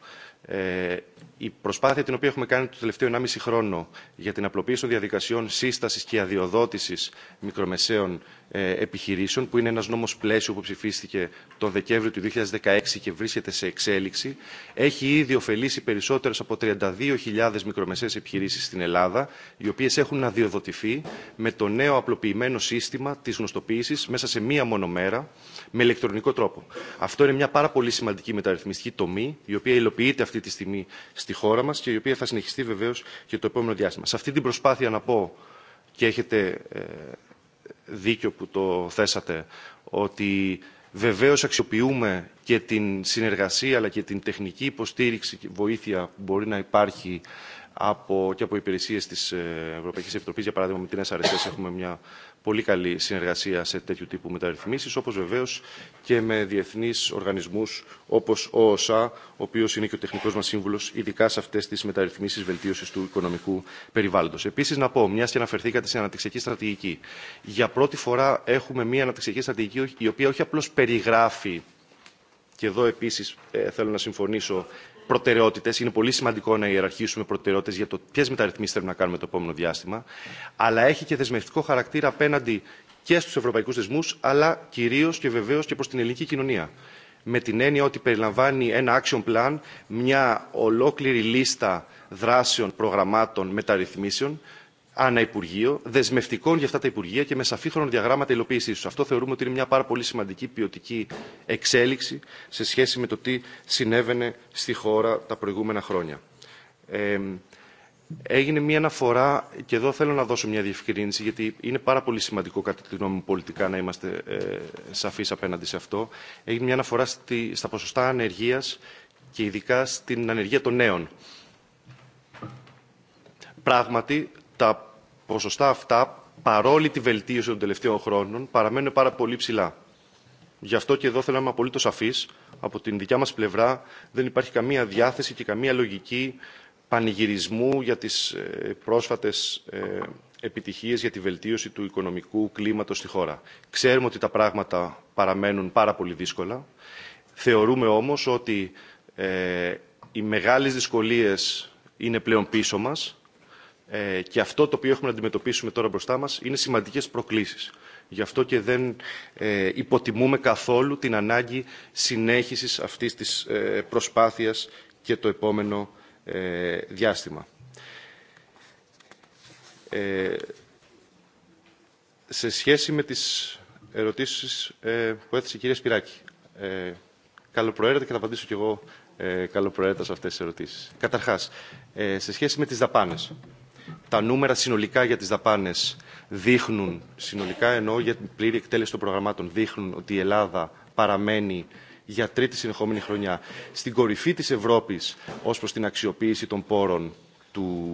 Ε, η προσπάθεια την οποία έχουμε κάνει το τελευταίο 1,5 χρόνο για την απλοποίηση των διαδικασιών σύσταση και αδειοδότηση μικρομεσαίων ε, επιχειρήσεων, που είναι ένας νόμος πλαίσιο που ψηφίστηκε τον Δεκέμβριο του 2016 και βρίσκεται σε εξέλιξη, έχει ήδη ωφελήσει περισσότερες από 32.000 μικρομεσαίες επιχειρήσεις στην Ελλάδα, οι οποίες έχουν αδειοδοτηθεί με το νέο απλοποιημένο σύστημα της γνωστοποίησης μέσα σε μία μόνο μέρα, με ηλεκτρονικό τρόπο. Αυτό είναι μια πάρα πολύ σημαντική μεταρρυθμιστική τομή, η οποία υλοποιείται αυτή τη στιγμή στη χώρα μας και η οποία θα συνεχιστεί βεβαίως και το επόμενο διάστημα. Σε αυτή την προσπάθεια να πω και έχετε ε, δίκιο που το θέσατε, ότι βεβαίως αξιοποιούμε και την συνεργασία αλλά και την τεχνική υποστήριξη και βοήθεια που μπορεί να υπάρχει από, και από υπηρεσίες της ε, Ευρωπαϊκής Επιτροπής. Για παράδειγμα, με την SRSS έχουμε μια πολύ καλή συνεργασία σε τέτοιου τύπου μεταρρυθμίσεις, όπως βεβαίως και με διεθνείς οργανισμούς όπως ο ΩΣΑ, ο οποίος είναι και ο τεχνικός μας σύμβουλος, ειδικά σε αυτές τις μεταρρυθμίσεις βελτίωσης του οικονομικού περιβάλλοντος. Επίσης, να πω, μιας και αναφερθήκατε στην αναπτυξιακή στρατηγική, για πρώτη φορά έχουμε μια αναπτυξιακή στρατηγική η οποία όχι απλώς περιγράφει και εδώ επίσης ε, θέλω να συμφωνήσω προτεραιότητε. Είναι πολύ σημαντικό να ιεραρχήσουμε προτεραιότητε για το ποιε μεταρρυθμίσει θέλουμε να κάνουμε το επόμενο διάστημα. Αλλά έχει και δεσμευτικό χαρακτήρα απέναντι και στου ευρωπαϊκού θεσμού, αλλά κυρίω και βεβαίω και προ την ελληνική κοινωνία. Με την έννοια ότι περιλαμβάνει ένα action plan, μια ολόκληρη λίστα δράσεων, προγραμμάτων, μεταρρυθμίσεων, ανά Υπουργείο, δεσμευτικών για αυτά τα Υπουργεία και με σαφή χρονοδιαγράμματα υλοποίησή του. Αυτό θεωρούμε ότι είναι μια πάρα πολύ σημαντική ποιοτική εξέλιξη σε σχέση με το τι συνέβαινε στη χώρα τα προηγούμενα χρόνια. Ε, έγινε μια αναφορά, και εδώ θέλω να δώσω μια διευκρίνηση, γιατί είναι πάρα πολύ σημαντικό κατά τη γνώμη μου πολιτικά να είμαστε ε, σαφείς απέναντι σε αυτό. Έγινε μια αναφορά στη, στα ποσοστά ανεργία και ειδικά στην ανεργία των νέων. Πράγματι, τα ποσοστά αυτά, παρόλη τη βελτίωση των τελευταίων χρόνων, παραμένουν πάρα πολύ ψηλά. Γι' αυτό και εδώ θέλω να είμαι απολύτω σαφή. Από την δικιά μα πλευρά δεν υπάρχει καμία διάθεση και καμία λογική πανηγυρισμού για τι ε, πρόσφατε επιτυχίε για τη βελτίωση του οικονομικού κλίματο στη χώρα. Ξέρουμε ότι τα πράγματα παραμένουν πάρα πολύ δύσκολα. Θεωρούμε όμω ότι ε, οι μεγάλε δυσκολίε είναι πλέον πίσω μας ε, και αυτό το οποίο έχουμε να αντιμετωπίσουμε τώρα μπροστά μας είναι σημαντικές προκλήσεις. Γι' αυτό και δεν ε, υποτιμούμε καθόλου την ανάγκη συνέχισης αυτής της ε, προσπάθειας και το επόμενο ε, διάστημα. Σε σχέση με τις ερωτήσεις που έθεσε η κυρία Σπυράκη, καλοπροαίρετα και θα απαντήσω κι εγώ καλοπροαίρετα σε αυτές τις ερωτήσεις. Καταρχάς, σε σχέση με τις δαπάνες τα νούμερα συνολικά για τις δαπάνες δείχνουν, συνολικά ενώ για την πλήρη εκτέλεση των προγραμμάτων, δείχνουν ότι η Ελλάδα παραμένει για τρίτη συνεχόμενη χρονιά στην κορυφή της Ευρώπης ως προς την αξιοποίηση των πόρων του,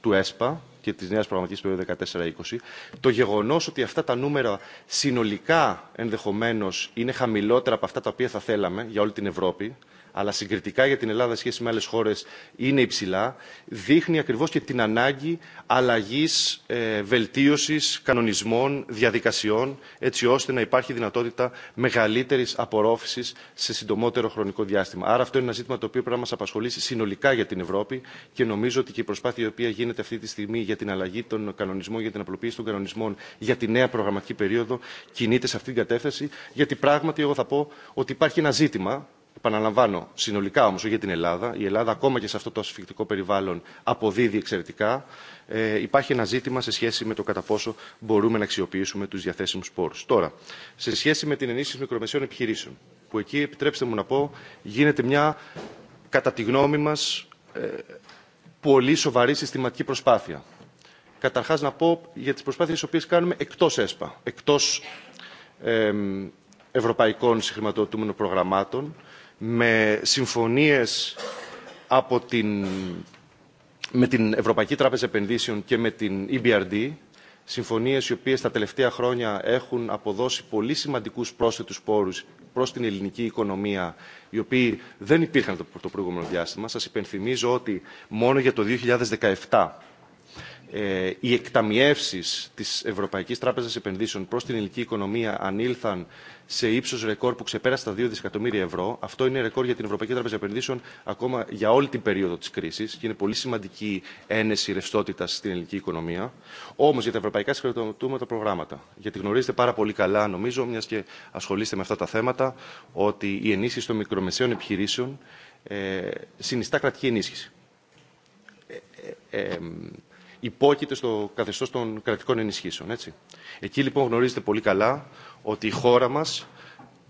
του ΕΣΠΑ και της νέας προγραμματικής περίοδου 14-20, το γεγονός ότι αυτά τα νούμερα συνολικά ενδεχομένως είναι χαμηλότερα από αυτά τα οποία θα θέλαμε για όλη την Ευρώπη, αλλά συγκριτικά για την Ελλάδα σχέση με άλλε χώρε είναι υψηλά, δείχνει ακριβώ και την ανάγκη αλλαγή ε, βελτίωση κανονισμών, διαδικασιών, έτσι ώστε να υπάρχει δυνατότητα μεγαλύτερη απορρόφηση σε συντομότερο χρονικό διάστημα. Άρα αυτό είναι ένα ζήτημα το οποίο πρέπει να μα απασχολήσει συνολικά για την Ευρώπη και νομίζω ότι και η προσπάθεια η οποία γίνεται αυτή τη στιγμή για την αλλαγή των κανονισμών, για την απλοποίηση των κανονισμών για τη νέα προγραμματική περίοδο κινείται σε αυτή την κατεύθυνση, γιατί πράγματι εγώ θα πω ότι υπάρχει ένα ζήτημα Παναλαμβάνω, συνολικά όμω, για την Ελλάδα. Η Ελλάδα, ακόμα και σε αυτό το ασφικτικό περιβάλλον, αποδίδει εξαιρετικά. Ε, υπάρχει ένα ζήτημα σε σχέση με το κατά πόσο μπορούμε να αξιοποιήσουμε του διαθέσιμου πόρου. Τώρα, σε σχέση με την ενίσχυση μικρομεσαίων επιχειρήσεων, που εκεί, επιτρέψτε μου να πω, γίνεται μια, κατά τη γνώμη μα, ε, πολύ σοβαρή συστηματική προσπάθεια. Καταρχά, να πω για τι προσπάθειε τι οποίε κάνουμε εκτό ΕΣΠΑ, εκτό ε, ευρωπαϊκών συγχρηματοδοτούμενων προγραμμάτων με συμφωνίες με την Ευρωπαϊκή Τράπεζα Επενδύσεων και με την EBRD, συμφωνίες οι οποίες τα τελευταία χρόνια έχουν αποδώσει πολύ σημαντικούς πρόσθετους πόρους προς την ελληνική οικονομία, οι οποίοι δεν υπήρχαν το προηγούμενο διάστημα. Σας υπενθυμίζω ότι μόνο για το 2017 ε, οι εκταμιεύσεις της Ευρωπαϊκής Τράπεζας Επενδύσεων προς την ελληνική οικονομία ανήλθαν σε ύψος ρεκόρ που ξεπέρασε τα 2 δισεκατομμύρια ευρώ. Αυτό είναι ρεκόρ για την Ευρωπαϊκή Τράπεζα Επενδύσεων ακόμα για όλη την περίοδο της κρίσης και είναι πολύ σημαντική ένεση ρευστότητα στην ελληνική οικονομία. Όμως για τα ευρωπαϊκά τα προγράμματα, γιατί γνωρίζετε πάρα πολύ καλά νομίζω, μια και ασχολείστε με αυτά τα θέματα, ότι η ενίσχυση των μικρομεσαίων επιχειρήσεων ε, συνιστά κρατική ενίσχυση. Ε, ε, ε υπόκειται στο καθεστώς των κρατικών ενισχύσεων. Έτσι. Εκεί λοιπόν γνωρίζετε πολύ καλά ότι η χώρα μας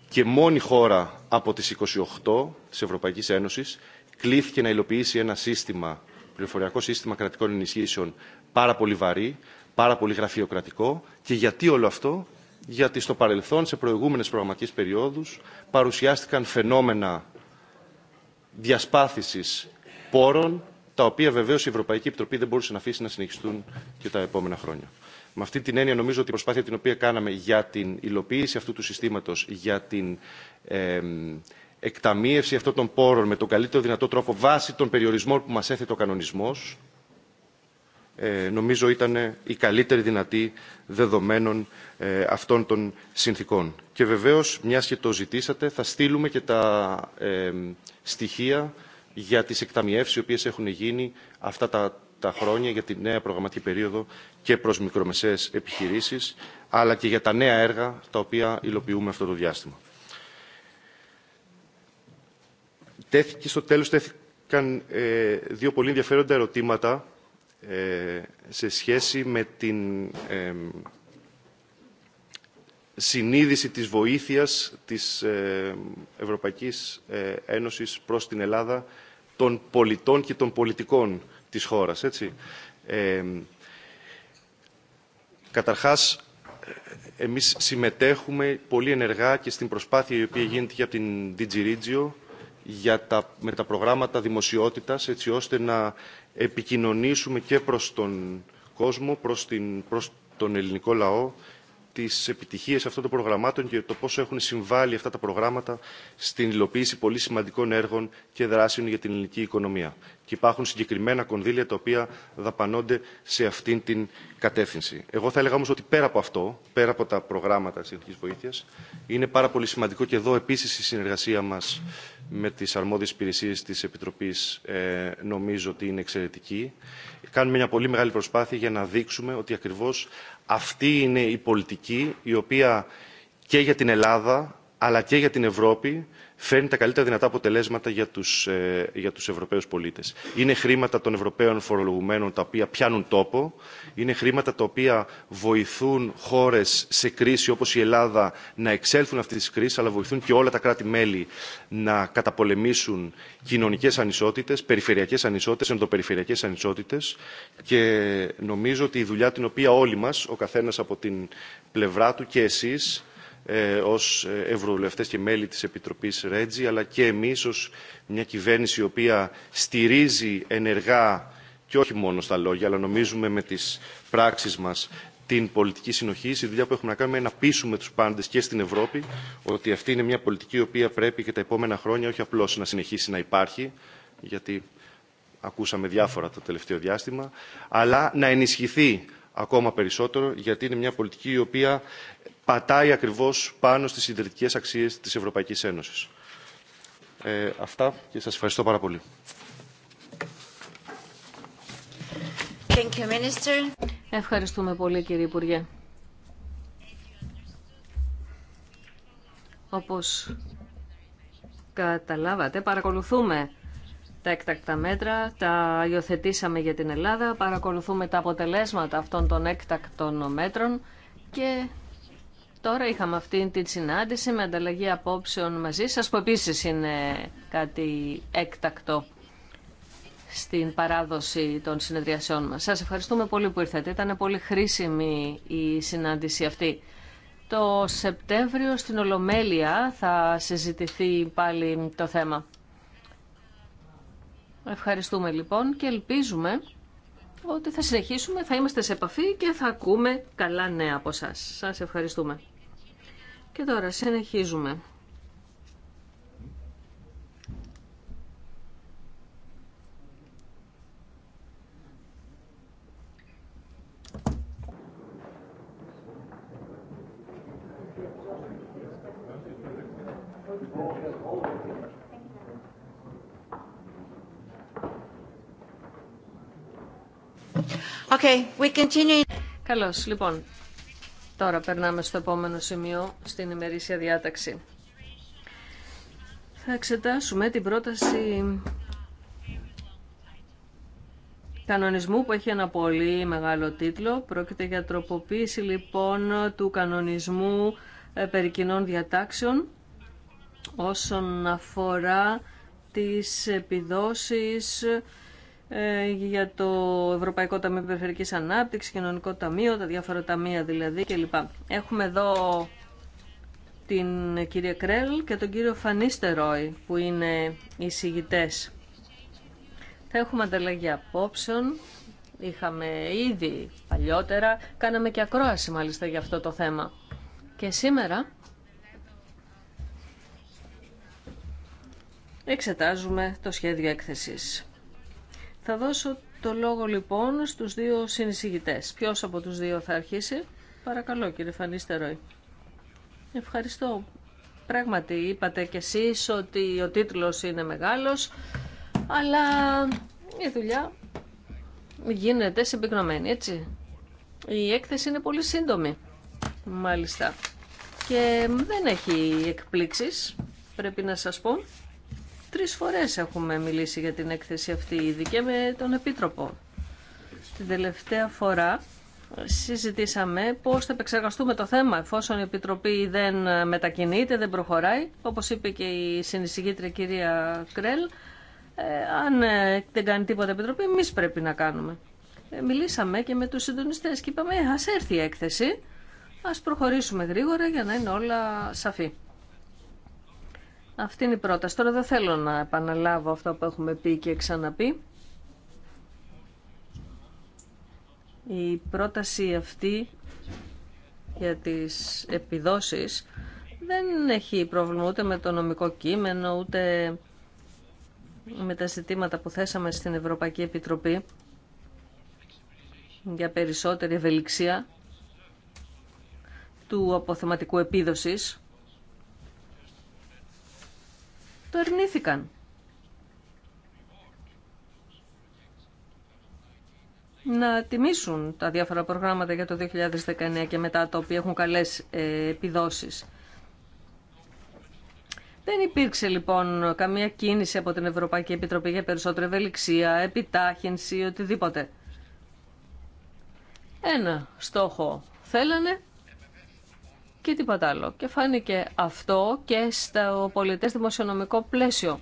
και μόνη χώρα από τις 28 της Ευρωπαϊκής Ένωσης κλήθηκε να υλοποιήσει ένα σύστημα, πληροφοριακό σύστημα κρατικών ενισχύσεων πάρα πολύ βαρύ, πάρα πολύ γραφειοκρατικό και γιατί όλο αυτό γιατί στο παρελθόν, σε προηγούμενες προγραμματικές περιόδους, παρουσιάστηκαν φαινόμενα διασπάθησης πόρων τα οποία βεβαίω η Ευρωπαϊκή Επιτροπή δεν μπορούσε να αφήσει να συνεχιστούν και τα επόμενα χρόνια. Με αυτή την έννοια νομίζω ότι η προσπάθεια την οποία κάναμε για την υλοποίηση αυτού του συστήματο, για την ε, εκταμείευση αυτών των πόρων με τον καλύτερο δυνατό τρόπο βάσει των περιορισμών που μα έθετε ο κανονισμό, ε, νομίζω ήταν η καλύτερη δυνατή δεδομένων ε, αυτών των συνθήκων. Και βεβαίω, μια και το ζητήσατε, θα στείλουμε και τα στοιχεία για τις εκταμιεύσεις οι οποίες έχουν γίνει αυτά τα, τα χρόνια για τη νέα προγραμματική περίοδο και προς μικρομεσαίες επιχειρήσεις, αλλά και για τα νέα έργα τα οποία υλοποιούμε αυτό το διάστημα. Τέθηκε στο τέλος τέθηκαν ε, δύο πολύ ενδιαφέροντα ερωτήματα ε, σε σχέση με την ε, συνείδηση της βοήθειας της ε, Ευρωπαϊκής ε, Ένωσης προς την Ελλάδα των πολιτών και των πολιτικών της χώρας. Έτσι. Ε, καταρχάς, εμείς συμμετέχουμε πολύ ενεργά και στην προσπάθεια η οποία γίνεται και από την DigiRigio για τα, με τα προγράμματα δημοσιότητας, έτσι ώστε να επικοινωνήσουμε και προς τον κόσμο, προς, την, προς τον ελληνικό λαό τις επιτυχίες αυτών των προγραμμάτων και το πόσο έχουν συμβάλει αυτά τα προγράμματα στην υλοποίηση πολύ σημαντικών έργων και δράσεων για την ελληνική οικονομία. Και υπάρχουν συγκεκριμένα κονδύλια τα οποία δαπανώνται σε αυτήν την κατεύθυνση. Εγώ θα έλεγα όμω ότι πέρα από αυτό, πέρα από τα προγράμματα τη ελληνική βοήθεια, είναι πάρα πολύ σημαντικό και εδώ επίση η συνεργασία μα με τις αρμόδιες υπηρεσίε της Επιτροπής ε, νομίζω ότι είναι εξαιρετική. Κάνουμε μια πολύ μεγάλη προσπάθεια για να δείξουμε ότι ακριβώς αυτή είναι η πολιτική η οποία και για την Ελλάδα αλλά και για την Ευρώπη φέρνει τα καλύτερα δυνατά αποτελέσματα για τους, ε, για τους Ευρωπαίους πολίτες. Είναι χρήματα των Ευρωπαίων φορολογουμένων τα οποία πιάνουν τόπο, είναι χρήματα τα οποία βοηθούν χώρες σε κρίση όπως η Ελλάδα να εξέλθουν αυτή τη κρίση, αλλά βοηθούν και όλα τα κράτη-μέλη να καταπολεμήσουν κοινωνικές ανισότητες, περιφερειακές ανισότητες, ενδοπεριφερειακές ανισότητες και νομίζω ότι η δουλειά την οποία όλοι μας, ο καθένας από την πλευρά του και εσεί. Ε, ως ε, ευρωβουλευτές και μέλη της Επιτροπής Ρέτζη αλλά και εμείς ως μια κυβέρνηση η οποία στηρίζει ενεργά και όχι μόνο στα λόγια αλλά νομίζουμε με τις πράξεις μας την πολιτική συνοχή. Η δουλειά που έχουμε να κάνουμε είναι να πείσουμε τους πάντε και στην Ευρώπη ότι αυτή είναι μια πολιτική η οποία πρέπει και τα επόμενα χρόνια όχι απλώς να συνεχίσει να υπάρχει, γιατί ακούσαμε διάφορα το τελευταίο διάστημα, αλλά να ενισχυθεί ακόμα περισσότερο, γιατί είναι μια πολιτική η οποία πατάει ακριβώς πάνω στις ιδρυτικές αξίες της Ευρωπαϊκής Ένωσης. Ε, αυτά και σας ευχαριστώ πάρα πολύ. Ευχαριστούμε πολύ κύριε Υπουργέ. Όπως καταλάβατε, παρακολουθούμε τα έκτακτα μέτρα, τα υιοθετήσαμε για την Ελλάδα, παρακολουθούμε τα αποτελέσματα αυτών των έκτακτων μέτρων και Τώρα είχαμε αυτή την συνάντηση με ανταλλαγή απόψεων μαζί σας, που επίση είναι κάτι έκτακτο στην παράδοση των συνεδριασιών μας. Σας ευχαριστούμε πολύ που ήρθατε. Ήταν πολύ χρήσιμη η συνάντηση αυτή. Το Σεπτέμβριο στην Ολομέλεια θα συζητηθεί πάλι το θέμα. Ευχαριστούμε λοιπόν και ελπίζουμε ότι θα συνεχίσουμε, θα είμαστε σε επαφή και θα ακούμε καλά νέα από σας. Σας ευχαριστούμε. Και τώρα συνεχίζουμε. Okay, we continue. Καλώς, λοιπόν, Τώρα περνάμε στο επόμενο σημείο στην ημερήσια διάταξη. Θα εξετάσουμε την πρόταση κανονισμού που έχει ένα πολύ μεγάλο τίτλο. Πρόκειται για τροποποίηση λοιπόν του κανονισμού ε, περί κοινών διατάξεων όσον αφορά τις επιδόσεις ε, για το Ευρωπαϊκό Ταμείο Περιφερειακής Ανάπτυξης, Κοινωνικό Ταμείο, τα διάφορα ταμεία δηλαδή κλπ. Έχουμε εδώ την κυρία Κρέλ και τον κύριο Φανίστερόι που είναι οι συγητές. Θα έχουμε ανταλλαγή απόψεων. Είχαμε ήδη παλιότερα, κάναμε και ακρόαση μάλιστα για αυτό το θέμα. Και σήμερα εξετάζουμε το σχέδιο έκθεσης. Θα δώσω το λόγο λοιπόν στους δύο συνεισηγητές. Ποιος από τους δύο θα αρχίσει. Παρακαλώ κύριε Φανίστεροι. Ευχαριστώ. Πράγματι είπατε κι εσείς ότι ο τίτλος είναι μεγάλος, αλλά η δουλειά γίνεται συμπυκνωμένη, έτσι. Η έκθεση είναι πολύ σύντομη, μάλιστα. Και δεν έχει εκπλήξεις, πρέπει να σας πω. Τρεις φορές έχουμε μιλήσει για την έκθεση αυτή ήδη και με τον Επίτροπο. Την τελευταία φορά συζητήσαμε πώς θα επεξεργαστούμε το θέμα εφόσον η Επιτροπή δεν μετακινείται, δεν προχωράει. Όπως είπε και η συνεισηγήτρια κυρία Κρέλ, ε, αν ε, δεν κάνει τίποτα Επιτροπή, εμεί πρέπει να κάνουμε. Ε, μιλήσαμε και με τους συντονιστές και είπαμε «Ε, ας έρθει η έκθεση, ας προχωρήσουμε γρήγορα για να είναι όλα σαφή. Αυτή είναι η πρόταση. Τώρα δεν θέλω να επαναλάβω αυτό που έχουμε πει και ξαναπεί. Η πρόταση αυτή για τις επιδόσεις δεν έχει πρόβλημα ούτε με το νομικό κείμενο, ούτε με τα ζητήματα που θέσαμε στην Ευρωπαϊκή Επιτροπή για περισσότερη ευελιξία του αποθεματικού επίδοσης να τιμήσουν τα διάφορα προγράμματα για το 2019 και μετά τα οποία έχουν καλές ε, επιδόσεις. Δεν υπήρξε λοιπόν καμία κίνηση από την Ευρωπαϊκή Επιτροπή για περισσότερη ευελιξία, επιτάχυνση, οτιδήποτε. Ένα στόχο θέλανε και τίποτα άλλο. Και φάνηκε αυτό και στο πολιτές δημοσιονομικό πλαίσιο.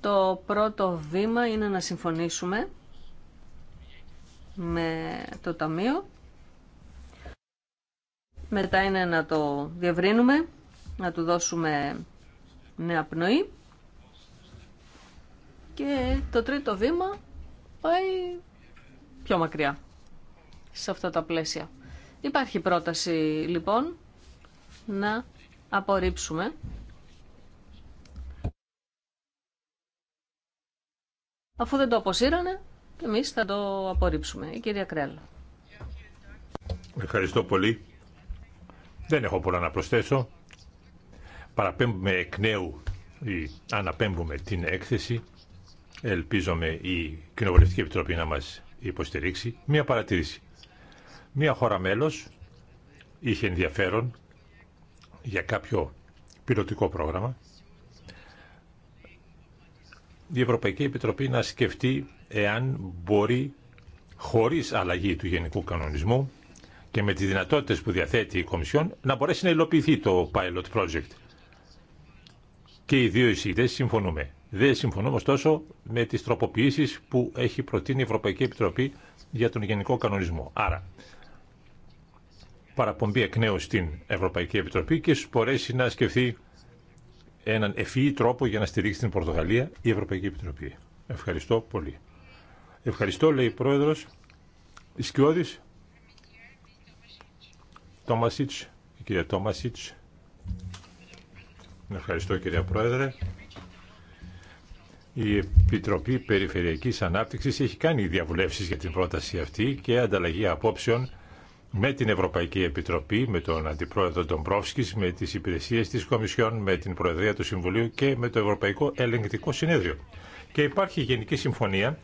Το πρώτο βήμα είναι να συμφωνήσουμε με το Ταμείο. Μετά είναι να το διευρύνουμε, να του δώσουμε νέα πνοή. Και το τρίτο βήμα πάει πιο μακριά σε αυτά τα πλαίσια. Υπάρχει πρόταση λοιπόν να απορρίψουμε Αφού δεν το αποσύρανε, εμείς θα το απορρίψουμε. Η κυρία Κρέλ. Ευχαριστώ πολύ. Δεν έχω πολλά να προσθέσω. Παραπέμπουμε εκ νέου ή αναπέμπουμε την έκθεση ελπίζομαι η Κοινοβουλευτική Επιτροπή να μας υποστηρίξει, μία παρατήρηση. Μία χώρα μέλος είχε ενδιαφέρον για κάποιο πιλωτικό πρόγραμμα. Η Ευρωπαϊκή Επιτροπή να σκεφτεί εάν μπορεί χωρίς αλλαγή του γενικού κανονισμού και με τις δυνατότητες που διαθέτει η Κομισιόν να μπορέσει να υλοποιηθεί το pilot project. Και οι δύο εισηγητές συμφωνούμε. Δεν συμφωνώ, ωστόσο με τι τροποποιήσεις που έχει προτείνει η Ευρωπαϊκή Επιτροπή για τον Γενικό Κανονισμό. Άρα, παραπομπή εκ νέου στην Ευρωπαϊκή Επιτροπή και σου μπορέσει να σκεφτεί έναν ευφυή τρόπο για να στηρίξει την Πορτογαλία η Ευρωπαϊκή Επιτροπή. Ευχαριστώ πολύ. Ευχαριστώ, λέει η Πρόεδρος. τη Τόμασιτς. Η κυρία Ευχαριστώ, κυρία Πρόεδρε. Η Επιτροπή Περιφερειακής Ανάπτυξης έχει κάνει διαβουλεύσεις για την πρόταση αυτή και ανταλλαγή απόψεων με την Ευρωπαϊκή Επιτροπή, με τον Αντιπρόεδρο Ντομπρόφσκης, με τις υπηρεσίες της Κομισιόν, με την Προεδρία του Συμβουλίου και με το Ευρωπαϊκό Ελεγκτικό Συνέδριο. Και υπάρχει γενική συμφωνία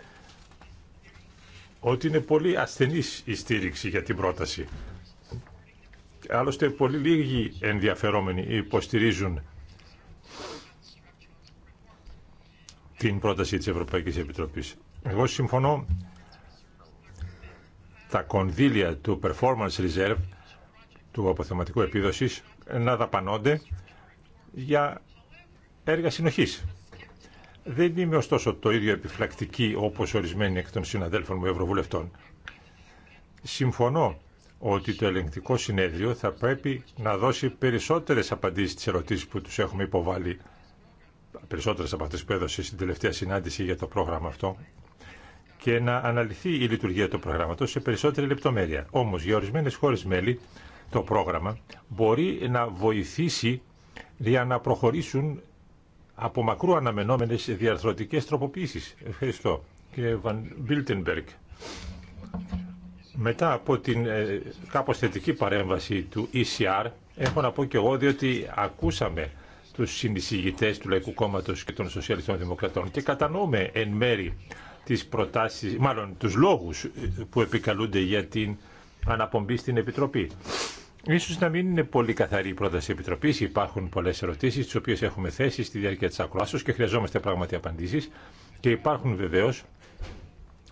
ότι είναι πολύ ασθενής η στήριξη για την πρόταση. Άλλωστε, πολύ λίγοι ενδιαφερόμενοι υποστηρίζουν την πρόταση της Ευρωπαϊκής Επιτροπής. Εγώ συμφωνώ τα κονδύλια του Performance Reserve, του αποθεματικού επίδοσης, να δαπανώνται για έργα συνοχής. Δεν είμαι ωστόσο το ίδιο επιφλακτική όπως ορισμένοι εκ των συναδέλφων μου Ευρωβουλευτών. Συμφωνώ ότι το ελεγκτικό συνέδριο θα πρέπει να δώσει περισσότερες απαντήσεις στις ερωτήσεις που τους έχουμε υποβάλει Περισσότερε από αυτέ που έδωσε στην τελευταία συνάντηση για το πρόγραμμα αυτό και να αναλυθεί η λειτουργία του προγράμματος σε περισσότερη λεπτομέρεια. Όμω, για ορισμένε χώρε μέλη το πρόγραμμα μπορεί να βοηθήσει για να προχωρήσουν από μακρού αναμενόμενες διαρθρωτικές τροποποιήσεις. Ευχαριστώ. Κύριε Βαν μετά από την ε, κάπως θετική παρέμβαση του ECR, έχω να πω και εγώ διότι ακούσαμε τους συνεισηγητέ του Λαϊκού κόμματο και των Σοσιαλιστών Δημοκρατών και κατανοούμε εν μέρη τις προτάσεις, μάλλον του λόγου που επικαλούνται για την αναπομπή στην Επιτροπή. Ίσως να μην είναι πολύ καθαρή η πρόταση Επιτροπής, υπάρχουν πολλές ερωτήσεις τις οποίες έχουμε θέσει στη διάρκεια της ακροάσεως και χρειαζόμαστε πράγματι απαντήσεις και υπάρχουν βεβαίως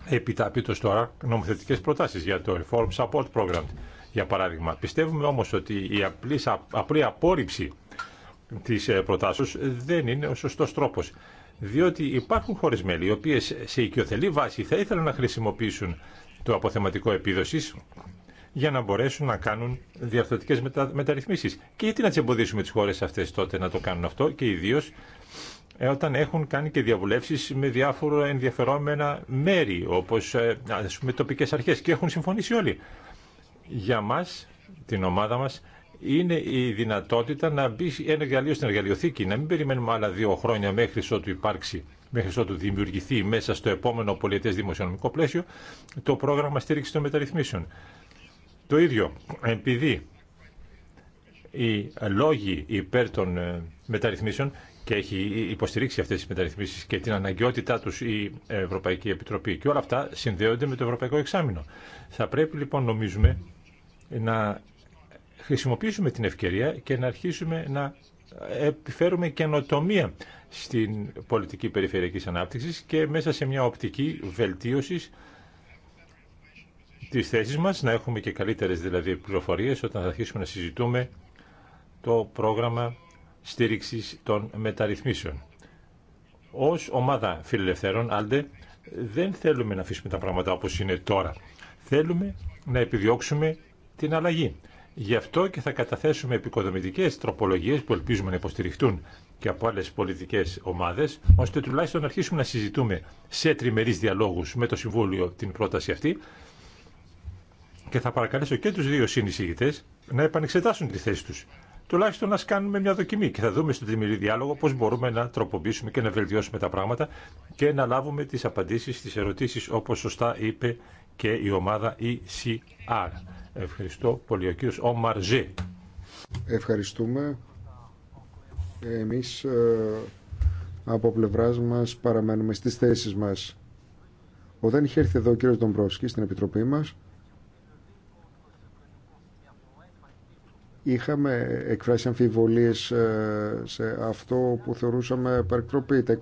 επιτάπητος τώρα νομοθετικές προτάσεις για το Reform Support Program για παράδειγμα. Πιστεύουμε όμως ότι η απλή, απλή απόρριψη Τη ε, προτάσεως ε, δεν είναι ο σωστός τρόπος. Διότι υπάρχουν χώρες μέλη οι οποίες σε οικειοθελή βάση θα ήθελαν να χρησιμοποιήσουν το αποθεματικό επίδοσης για να μπορέσουν να κάνουν διαρθρωτικές μετα... μεταρρυθμίσεις. Και γιατί να τι εμποδίσουμε τις χώρες αυτές τότε να το κάνουν αυτό και ιδίως ε, όταν έχουν κάνει και διαβουλεύσεις με διάφορα ενδιαφερόμενα μέρη, όπως με τοπικέ τοπικές αρχές και έχουν συμφωνήσει όλοι. Για μας, την ομάδα μας, είναι η δυνατότητα να μπει ένα εργαλείο στην εργαλειοθήκη, να μην περιμένουμε άλλα δύο χρόνια μέχρι ότου υπάρξει, μέχρι ότου δημιουργηθεί μέσα στο επόμενο πολιτεύσιο δημοσιονομικό πλαίσιο το πρόγραμμα στήριξη των μεταρρυθμίσεων. Το ίδιο, επειδή οι λόγοι υπέρ των ε, μεταρρυθμίσεων και έχει υποστηρίξει αυτές τις μεταρρυθμίσεις και την αναγκαιότητά τους η Ευρωπαϊκή Επιτροπή και όλα αυτά συνδέονται με το Ευρωπαϊκό Εξάμεινο. Θα πρέπει λοιπόν νομίζουμε να χρησιμοποιήσουμε την ευκαιρία και να αρχίσουμε να επιφέρουμε καινοτομία στην πολιτική περιφερειακής ανάπτυξης και μέσα σε μια οπτική βελτίωσης της θέσης μας, να έχουμε και καλύτερες δηλαδή πληροφορίες όταν θα αρχίσουμε να συζητούμε το πρόγραμμα στήριξης των μεταρρυθμίσεων. Ως ομάδα φιλελευθέρων, Άλντε, δεν θέλουμε να αφήσουμε τα πράγματα όπως είναι τώρα. Θέλουμε να επιδιώξουμε την αλλαγή. Γι' αυτό και θα καταθέσουμε επικοδομητικέ τροπολογίε που ελπίζουμε να υποστηριχτούν και από άλλε πολιτικέ ομάδε, ώστε τουλάχιστον να αρχίσουμε να συζητούμε σε τριμερεί διαλόγου με το Συμβούλιο την πρόταση αυτή και θα παρακαλέσω και του δύο συνεισηγητέ να επανεξετάσουν τη θέση του, Τουλάχιστον να κάνουμε μια δοκιμή και θα δούμε στο τριμερή διάλογο πώ μπορούμε να τροποποιήσουμε και να βελτιώσουμε τα πράγματα και να λάβουμε τι απαντήσει, στις ερωτήσει, όπω σωστά είπε και η ομάδα ECR. Ευχαριστώ πολύ. Ο κύριος Ομαρζή. Ευχαριστούμε. Εμείς ε, από πλευράς μας παραμένουμε στις θέσεις μας. Όταν είχε έρθει εδώ ο κύριος Ντομπρόσκη στην Επιτροπή μας, είχαμε εκφράσει αμφιβολίες ε, σε αυτό που θεωρούσαμε παρεκτροπή, τα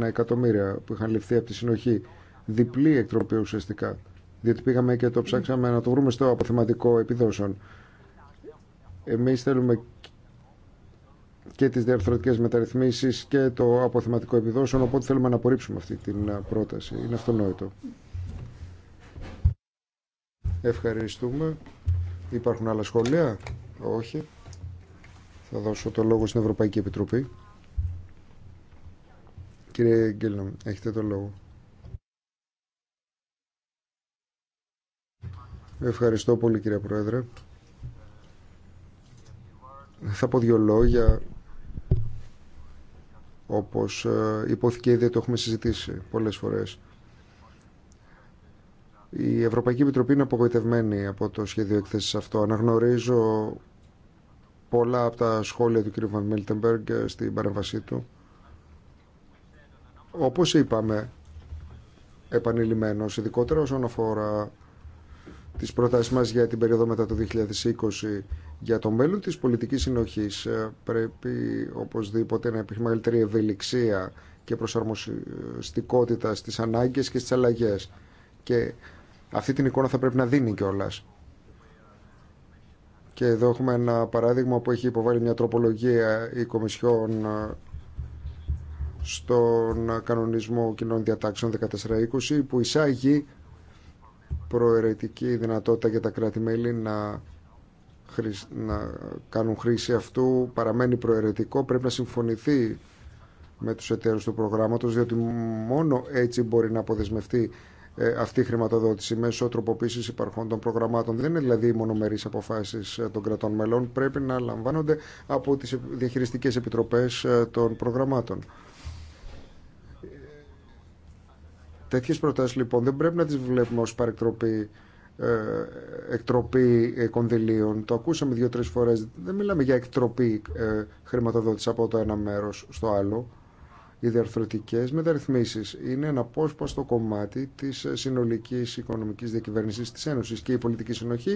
21 εκατομμύρια που είχαν ληφθεί από τη συνοχή, διπλή εκτροπή ουσιαστικά διότι πήγαμε και το ψάξαμε να το βρούμε στο αποθεματικό επιδόσεων. Εμείς θέλουμε και τις διαρθρωτικές μεταρρυθμίσεις και το αποθεματικό επιδόσεων, οπότε θέλουμε να απορρίψουμε αυτή την πρόταση. Είναι αυτονόητο. Ευχαριστούμε. Υπάρχουν άλλα σχόλια. Όχι. Θα δώσω το λόγο στην Ευρωπαϊκή Επιτροπή. Κύριε Γκέλνομ, έχετε το λόγο. Ευχαριστώ πολύ κύριε Πρόεδρε. Θα πω δύο λόγια. Όπως ε, υπόθηκε ήδη το έχουμε συζητήσει πολλές φορές. Η Ευρωπαϊκή Επιτροπή είναι απογοητευμένη από το σχέδιο εκθέσης αυτό. Αναγνωρίζω πολλά από τα σχόλια του κ. Βαν Μίλτεμπεργκ στην παρέμβασή του. Όπως είπαμε επανειλημμένος ειδικότερα όσον αφορά τις προτάσεις μας για την περίοδο μετά το 2020 για το μέλλον της πολιτικής συνοχής ε, πρέπει οπωσδήποτε να υπάρχει μεγαλύτερη ευελιξία και προσαρμοστικότητα στις ανάγκες και στις αλλαγές και αυτή την εικόνα θα πρέπει να δίνει κιόλα. Και εδώ έχουμε ένα παράδειγμα που έχει υποβάλει μια τροπολογία η Κομισιόν ε, στον κανονισμό κοινών διατάξεων 1420 που εισάγει προαιρετική δυνατότητα για τα κράτη-μέλη να, να κάνουν χρήση αυτού παραμένει προαιρετικό. Πρέπει να συμφωνηθεί με τους εταίρους του προγράμματος, διότι μόνο έτσι μπορεί να αποδεσμευτεί ε, αυτή η χρηματοδότηση μέσω τροποποίησης υπαρχών των προγραμμάτων. Δεν είναι δηλαδή μονομερείς αποφάσεις ε, των κρατών μελών. Πρέπει να λαμβάνονται από τις διαχειριστικές επιτροπές ε, των προγραμμάτων. Τέτοιε προτάσει λοιπόν δεν πρέπει να τι βλέπουμε ω παρεκτροπή ε, εκτροπή ε, κονδυλίων. Το ακούσαμε δύο-τρει φορέ. Δεν μιλάμε για εκτροπή ε, χρηματοδότηση από το ένα μέρο στο άλλο. Οι διαρθρωτικέ μεταρρυθμίσεις είναι ένα απόσπαστο κομμάτι τη συνολική οικονομική διακυβέρνηση τη Ένωση και η πολιτική συνοχή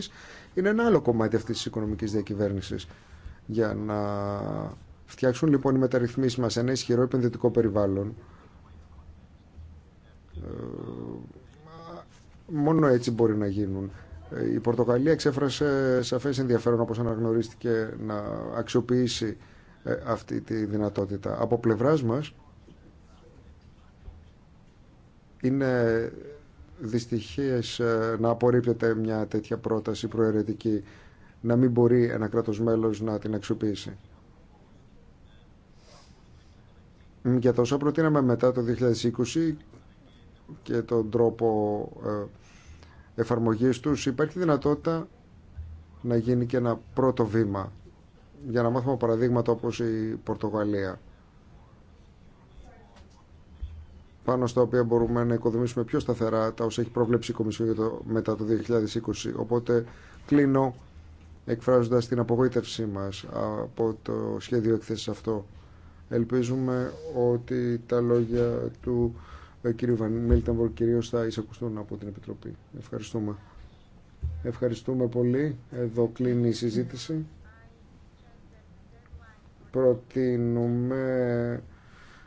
είναι ένα άλλο κομμάτι αυτή τη οικονομική διακυβέρνηση. Για να φτιάξουν λοιπόν οι μεταρρυθμίσεις μα ένα ισχυρό επενδυτικό περιβάλλον ε, μόνο έτσι μπορεί να γίνουν. Ε, η Πορτοκαλία εξέφρασε σαφές ενδιαφέρον όπως αναγνωρίστηκε να αξιοποιήσει ε, αυτή τη δυνατότητα. Από πλευράς μας είναι δυστυχίες να απορρίπτεται μια τέτοια πρόταση προαιρετική να μην μπορεί ένα κράτος μέλος να την αξιοποιήσει. Για τα όσα προτείναμε μετά το 2020 και τον τρόπο ε, εφαρμογής τους υπάρχει δυνατότητα να γίνει και ένα πρώτο βήμα για να μάθουμε παραδείγματα όπως η Πορτογαλία πάνω στα οποία μπορούμε να οικοδομήσουμε πιο σταθερά τα όσα έχει προβλέψει η Κομισιόν το, μετά το 2020. Οπότε κλείνω εκφράζοντας την απογοήτευσή μας από το σχέδιο εκθέσεις αυτό. Ελπίζουμε ότι τα λόγια του ε, κύριου Βαν Μίλτεμπορ κυρίως θα εισακουστούν από την Επιτροπή. Ευχαριστούμε. Ευχαριστούμε πολύ. Εδώ κλείνει η συζήτηση. Προτείνουμε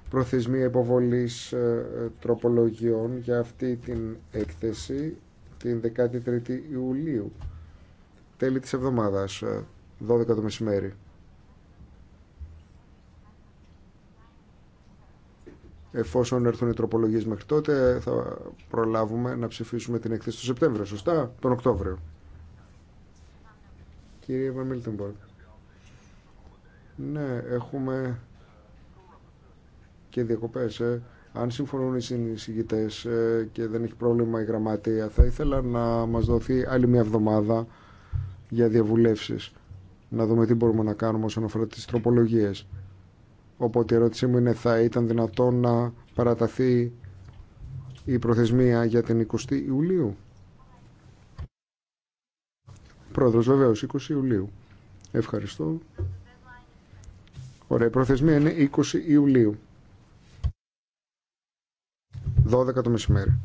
προθεσμία υποβολής ε, τροπολογιών για αυτή την έκθεση την 13η Ιουλίου. Τέλη της εβδομάδας, 12 ε, το μεσημέρι. εφόσον έρθουν οι τροπολογίε μέχρι τότε, θα προλάβουμε να ψηφίσουμε την εκθέση του Σεπτέμβριο, σωστά, τον Οκτώβριο. Κύριε Βαμίλτεμπορκ. Ναι, έχουμε και διακοπέ. Ε. Αν συμφωνούν οι συνεισηγητέ ε, και δεν έχει πρόβλημα η γραμματεία, θα ήθελα να μα δοθεί άλλη μια εβδομάδα για διαβουλεύσεις, Να δούμε τι μπορούμε να κάνουμε όσον αφορά τι τροπολογίε. Οπότε η ερώτησή μου είναι θα ήταν δυνατόν να παραταθεί η προθεσμία για την 20 Ιουλίου. Πρόεδρος βεβαίως, 20 Ιουλίου. Ευχαριστώ. Ωραία, η προθεσμία είναι 20 Ιουλίου. 12 το μεσημέρι.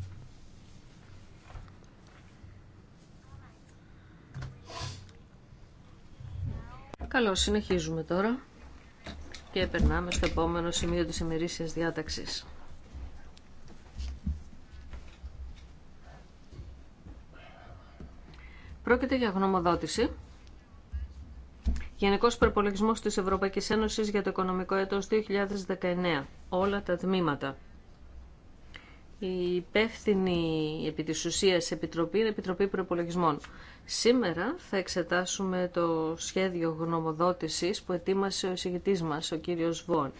Καλώς, συνεχίζουμε τώρα. Και περνάμε στο επόμενο σημείο της ημερήσιας διάταξης. Πρόκειται για γνωμοδότηση. Γενικό προπολογισμό τη Ευρωπαϊκή Ένωση για το οικονομικό έτος 2019. Όλα τα τμήματα η υπεύθυνη επί της ουσίας επιτροπή είναι Επιτροπή Προπολογισμών. Σήμερα θα εξετάσουμε το σχέδιο γνωμοδότησης που ετοίμασε ο εισηγητής μας, ο κύριος Βόν.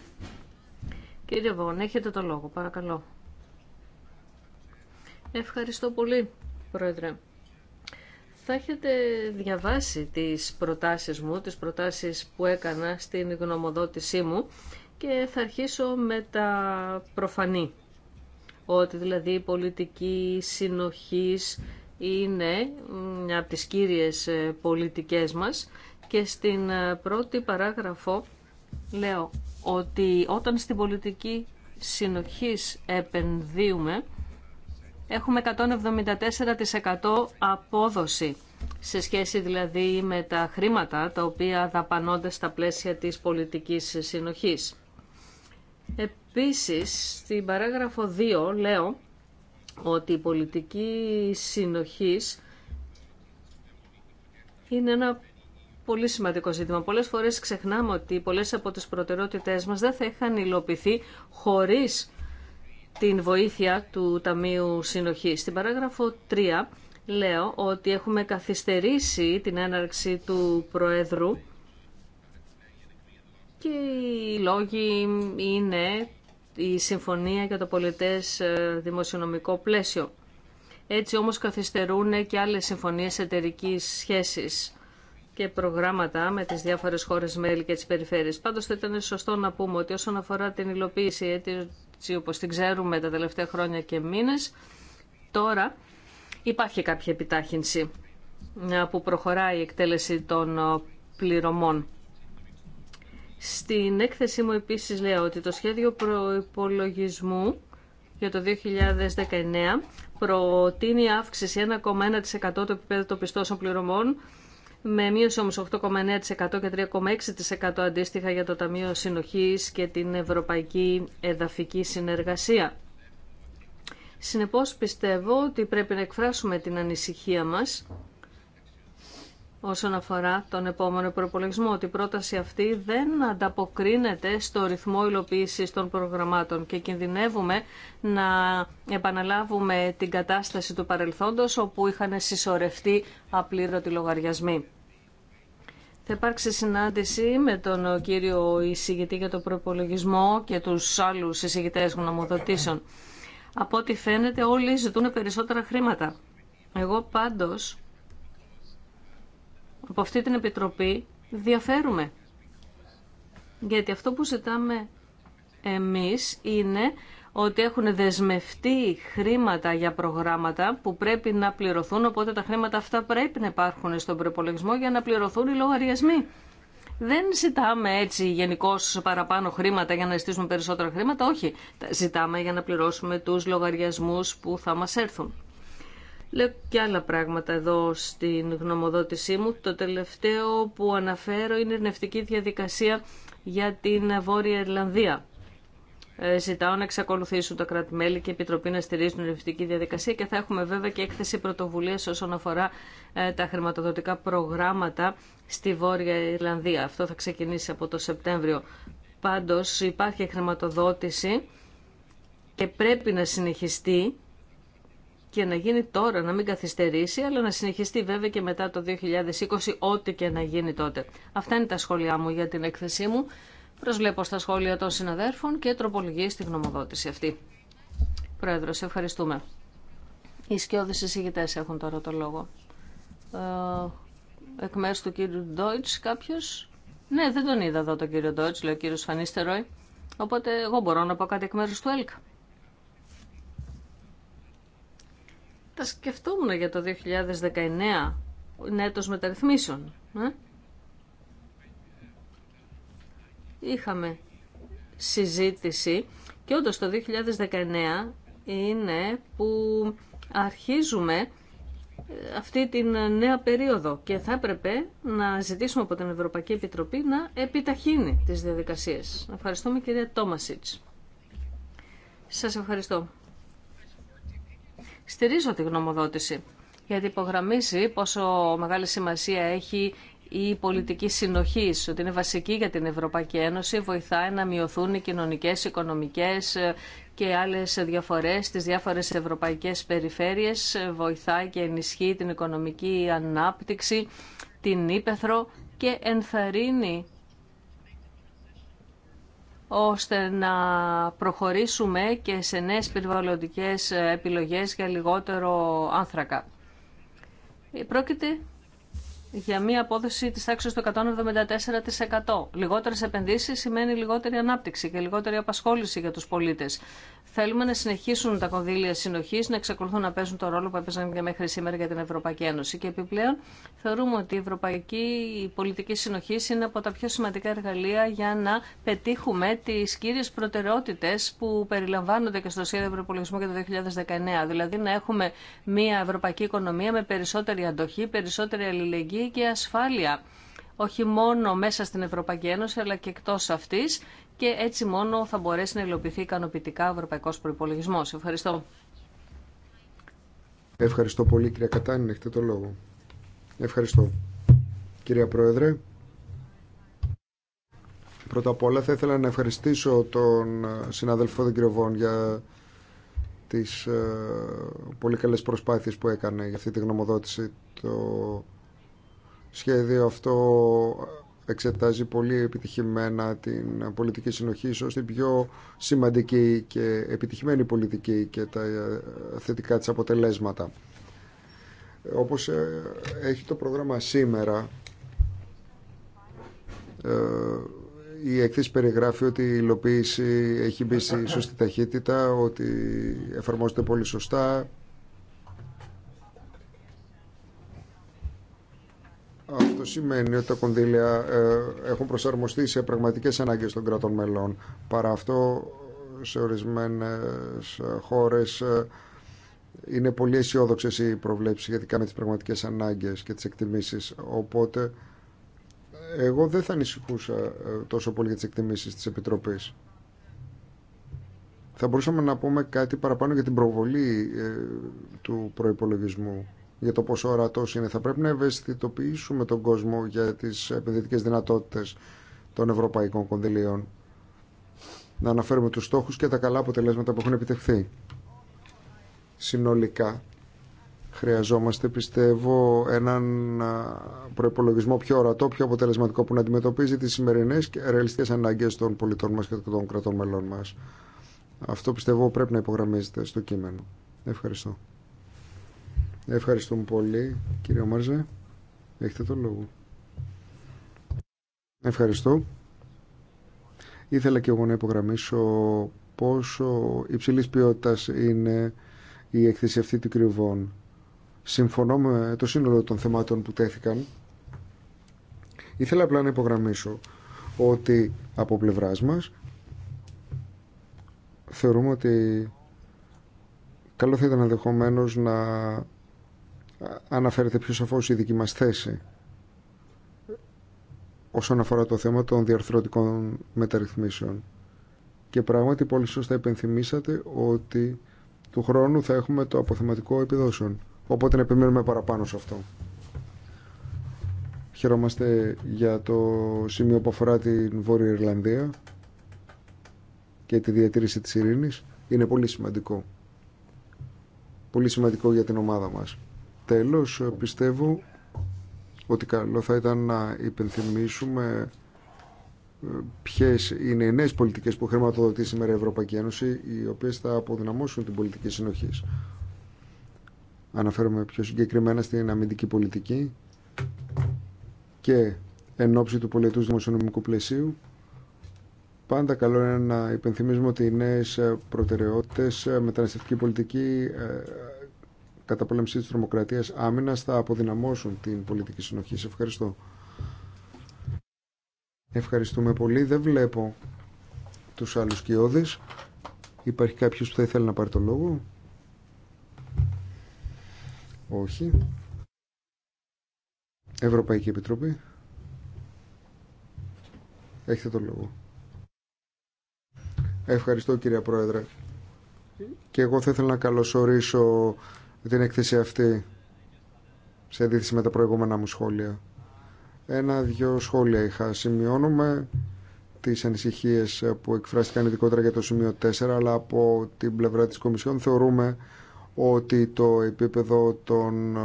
Κύριε Βόν, έχετε το λόγο, παρακαλώ. Ευχαριστώ πολύ, Πρόεδρε. Θα έχετε διαβάσει τις προτάσεις μου, τις προτάσεις που έκανα στην γνωμοδότησή μου και θα αρχίσω με τα προφανή ότι δηλαδή η πολιτική συνοχής είναι μια από τις κύριες ε, πολιτικές μας και στην ε, πρώτη παράγραφο λέω ότι όταν στην πολιτική συνοχής επενδύουμε έχουμε 174% απόδοση σε σχέση δηλαδή με τα χρήματα τα οποία δαπανώνται στα πλαίσια της πολιτικής συνοχής. Επίσης, στην παράγραφο 2 λέω ότι η πολιτική συνοχής είναι ένα πολύ σημαντικό ζήτημα. Πολλές φορές ξεχνάμε ότι πολλές από τις προτεραιότητές μας δεν θα είχαν υλοποιηθεί χωρίς την βοήθεια του Ταμείου Συνοχής. Στην παράγραφο 3 λέω ότι έχουμε καθυστερήσει την έναρξη του Προέδρου και οι λόγοι είναι η συμφωνία για το πολιτές ε, δημοσιονομικό πλαίσιο. Έτσι όμως καθυστερούν και άλλες συμφωνίες εταιρική σχέσης και προγράμματα με τις διάφορες χώρες μέλη και τις περιφέρειες. Πάντως θα ήταν σωστό να πούμε ότι όσον αφορά την υλοποίηση έτσι όπως την ξέρουμε τα τελευταία χρόνια και μήνες, τώρα υπάρχει κάποια επιτάχυνση που προχωράει η εκτέλεση των ε, πληρωμών. Στην έκθεσή μου επίσης λέω ότι το σχέδιο προϋπολογισμού για το 2019 προτείνει αύξηση 1,1% του επίπεδου των πιστώσεων πληρωμών με μείωση όμως 8,9% και 3,6% αντίστοιχα για το Ταμείο Συνοχής και την Ευρωπαϊκή Εδαφική Συνεργασία. Συνεπώς πιστεύω ότι πρέπει να εκφράσουμε την ανησυχία μας όσον αφορά τον επόμενο προπολογισμό, ότι η πρόταση αυτή δεν ανταποκρίνεται στο ρυθμό υλοποίησης των προγραμμάτων και κινδυνεύουμε να επαναλάβουμε την κατάσταση του παρελθόντος όπου είχαν συσσωρευτεί απλήρωτοι λογαριασμοί. Θα υπάρξει συνάντηση με τον κύριο εισηγητή για τον προπολογισμό και τους άλλους εισηγητές γνωμοδοτήσεων. Από ό,τι φαίνεται όλοι ζητούν περισσότερα χρήματα. Εγώ πάντως από αυτή την Επιτροπή διαφέρουμε. Γιατί αυτό που ζητάμε εμείς είναι ότι έχουν δεσμευτεί χρήματα για προγράμματα που πρέπει να πληρωθούν, οπότε τα χρήματα αυτά πρέπει να υπάρχουν στον προπολογισμό για να πληρωθούν οι λογαριασμοί. Δεν ζητάμε έτσι γενικώ παραπάνω χρήματα για να ζητήσουμε περισσότερα χρήματα, όχι. ζητάμε για να πληρώσουμε τους λογαριασμούς που θα μας έρθουν. Λέω και άλλα πράγματα εδώ στην γνωμοδότησή μου. Το τελευταίο που αναφέρω είναι η ερνευτική διαδικασία για την Βόρεια Ιρλανδία. Ε, ζητάω να εξακολουθήσουν τα κρατη και η Επιτροπή να στηρίζουν την ερνευτική διαδικασία και θα έχουμε βέβαια και έκθεση πρωτοβουλία όσον αφορά ε, τα χρηματοδοτικά προγράμματα στη Βόρεια Ιρλανδία. Αυτό θα ξεκινήσει από το Σεπτέμβριο. Πάντως υπάρχει χρηματοδότηση και πρέπει να συνεχιστεί και να γίνει τώρα, να μην καθυστερήσει, αλλά να συνεχιστεί βέβαια και μετά το 2020, ό,τι και να γίνει τότε. Αυτά είναι τα σχόλιά μου για την έκθεσή μου. Προσβλέπω στα σχόλια των συναδέρφων και τροπολογίε στη γνωμοδότηση αυτή. Πρόεδρος, ευχαριστούμε. Οι σκιώδεις εισηγητές έχουν τώρα το λόγο. Ε, εκ μέρους του κύριου Ντόιτς κάποιο. Ναι, δεν τον είδα εδώ τον κύριο Ντόιτς, λέει ο κύριος Φανίστεροι. Οπότε εγώ μπορώ να πω κάτι εκ μέρου του ΕΛΚΑ. θα σκεφτόμουν για το 2019, νέτο μεταρρυθμίσεων. Ε. Είχαμε συζήτηση και όντως το 2019 είναι που αρχίζουμε ε, αυτή την νέα περίοδο και θα έπρεπε να ζητήσουμε από την Ευρωπαϊκή Επιτροπή να επιταχύνει τις διαδικασίες. Ευχαριστούμε κυρία Τόμασιτς. Σας ευχαριστώ. Στηρίζω τη γνωμοδότηση γιατί υπογραμμίζει πόσο μεγάλη σημασία έχει η πολιτική συνοχή, ότι είναι βασική για την Ευρωπαϊκή Ένωση, βοηθάει να μειωθούν οι κοινωνικές, οικονομικές ε, και άλλες διαφορέ στι διάφορες ευρωπαϊκές περιφέρειες, ε, βοηθάει και ενισχύει την οικονομική ανάπτυξη, την ύπεθρο και ενθαρρύνει ώστε να προχωρήσουμε και σε νέες περιβαλλοντικές επιλογές για λιγότερο άνθρακα. Ε, πρόκειται για μία απόδοση της τάξης του 174%. Λιγότερες επενδύσεις σημαίνει λιγότερη ανάπτυξη και λιγότερη απασχόληση για τους πολίτες. Θέλουμε να συνεχίσουν τα κονδύλια συνοχής, να εξακολουθούν να παίζουν το ρόλο που έπαιζαν μέχρι σήμερα για την Ευρωπαϊκή Ένωση. Και επιπλέον θεωρούμε ότι η Ευρωπαϊκή Πολιτική Συνοχή είναι από τα πιο σημαντικά εργαλεία για να πετύχουμε τι κύριε προτεραιότητε που περιλαμβάνονται και στο σχέδιο προπολογισμού για το 2019. Δηλαδή να έχουμε μια ευρωπαϊκή οικονομία με περισσότερη αντοχή, περισσότερη αλληλεγγύη και ασφάλεια όχι μόνο μέσα στην Ευρωπαϊκή Ένωση αλλά και εκτός αυτής και έτσι μόνο θα μπορέσει να υλοποιηθεί ικανοποιητικά ο ευρωπαϊκός προϋπολογισμός. Ευχαριστώ. Ευχαριστώ πολύ κυρία Κατάνη, έχετε το λόγο. Ευχαριστώ. Κυρία Πρόεδρε, πρώτα απ' όλα θα ήθελα να ευχαριστήσω τον ε, συναδελφό τον κύριο για τις ε, πολύ καλές προσπάθειες που έκανε για αυτή τη γνωμοδότηση. Το σχέδιο αυτό εξετάζει πολύ επιτυχημένα την πολιτική συνοχή, ίσως την πιο σημαντική και επιτυχημένη πολιτική και τα ε, θετικά της αποτελέσματα. Όπως ε, έχει το πρόγραμμα σήμερα, ε, η εκθέση περιγράφει ότι η υλοποίηση έχει μπει στη σωστή ταχύτητα, ότι εφαρμόζεται πολύ σωστά, σημαίνει ότι τα κονδύλια ε, έχουν προσαρμοστεί σε πραγματικές ανάγκες των κρατών μελών. Παρά αυτό, σε ορισμένες χώρες ε, είναι πολύ αισιόδοξε οι προβλέψεις γιατί με τις πραγματικές ανάγκες και τις εκτιμήσεις. Οπότε, εγώ δεν θα ανησυχούσα ε, τόσο πολύ για τις εκτιμήσεις της Επιτροπής. Θα μπορούσαμε να πούμε κάτι παραπάνω για την προβολή του προϋπολογισμού για το πόσο ορατό είναι. Θα πρέπει να ευαισθητοποιήσουμε τον κόσμο για τι επενδυτικέ δυνατότητε των ευρωπαϊκών κονδυλίων. Να αναφέρουμε του στόχου και τα καλά αποτελέσματα που έχουν επιτευχθεί. Συνολικά χρειαζόμαστε πιστεύω έναν προπολογισμό πιο ορατό, πιο αποτελεσματικό που να αντιμετωπίζει τι σημερινέ και ρεαλιστικές ανάγκες των πολιτών μα και των κρατών μελών μα. Αυτό πιστεύω πρέπει να υπογραμμίζεται στο κείμενο. Ευχαριστώ. Ευχαριστούμε πολύ κύριε Μάρζε. Έχετε τον λόγο. Ευχαριστώ. Ήθελα και εγώ να υπογραμμίσω πόσο υψηλής ποιότητας είναι η έκθεση αυτή του κρυβών. Συμφωνώ με το σύνολο των θεμάτων που τέθηκαν. Ήθελα απλά να υπογραμμίσω ότι από πλευράς μας θεωρούμε ότι καλό θα ήταν να αναφέρεται πιο σαφώς η δική μας θέση όσον αφορά το θέμα των διαρθρωτικών μεταρρυθμίσεων. Και πράγματι πολύ σωστά υπενθυμίσατε ότι του χρόνου θα έχουμε το αποθεματικό επιδόσεων. Οπότε να επιμένουμε παραπάνω σε αυτό. Χαιρόμαστε για το σημείο που αφορά την Βόρεια Ιρλανδία και τη διατήρηση της ειρήνης. Είναι πολύ σημαντικό. Πολύ σημαντικό για την ομάδα μας. Τέλος, πιστεύω ότι καλό θα ήταν να υπενθυμίσουμε ε, ποιες είναι οι νέες πολιτικές που χρηματοδοτεί σήμερα η Ευρωπαϊκή Ένωση, οι οποίες θα αποδυναμώσουν την πολιτική συνοχή. Αναφέρομαι πιο συγκεκριμένα στην αμυντική πολιτική και εν ώψη του πολιτού δημοσιονομικού πλαισίου. Πάντα καλό είναι να υπενθυμίζουμε ότι οι νέε προτεραιότητε, ε, μεταναστευτική πολιτική, ε, καταπολέμηση της τρομοκρατίας άμυνας θα αποδυναμώσουν την πολιτική συνοχή. Σε ευχαριστώ. Ευχαριστούμε πολύ. Δεν βλέπω τους άλλους κοιόδες. Υπάρχει κάποιος που θα ήθελε να πάρει το λόγο. Όχι. Ευρωπαϊκή Επιτροπή. Έχετε το λόγο. Ευχαριστώ κύριε Πρόεδρε. Και εγώ θα ήθελα να καλωσορίσω την έκθεση αυτή σε αντίθεση με τα προηγούμενα μου σχόλια. Ένα-δυο σχόλια είχα. Σημειώνουμε τις ανησυχίες που εκφράστηκαν ειδικότερα για το σημείο 4, αλλά από την πλευρά τη Κομισιόν θεωρούμε ότι το επίπεδο των ε,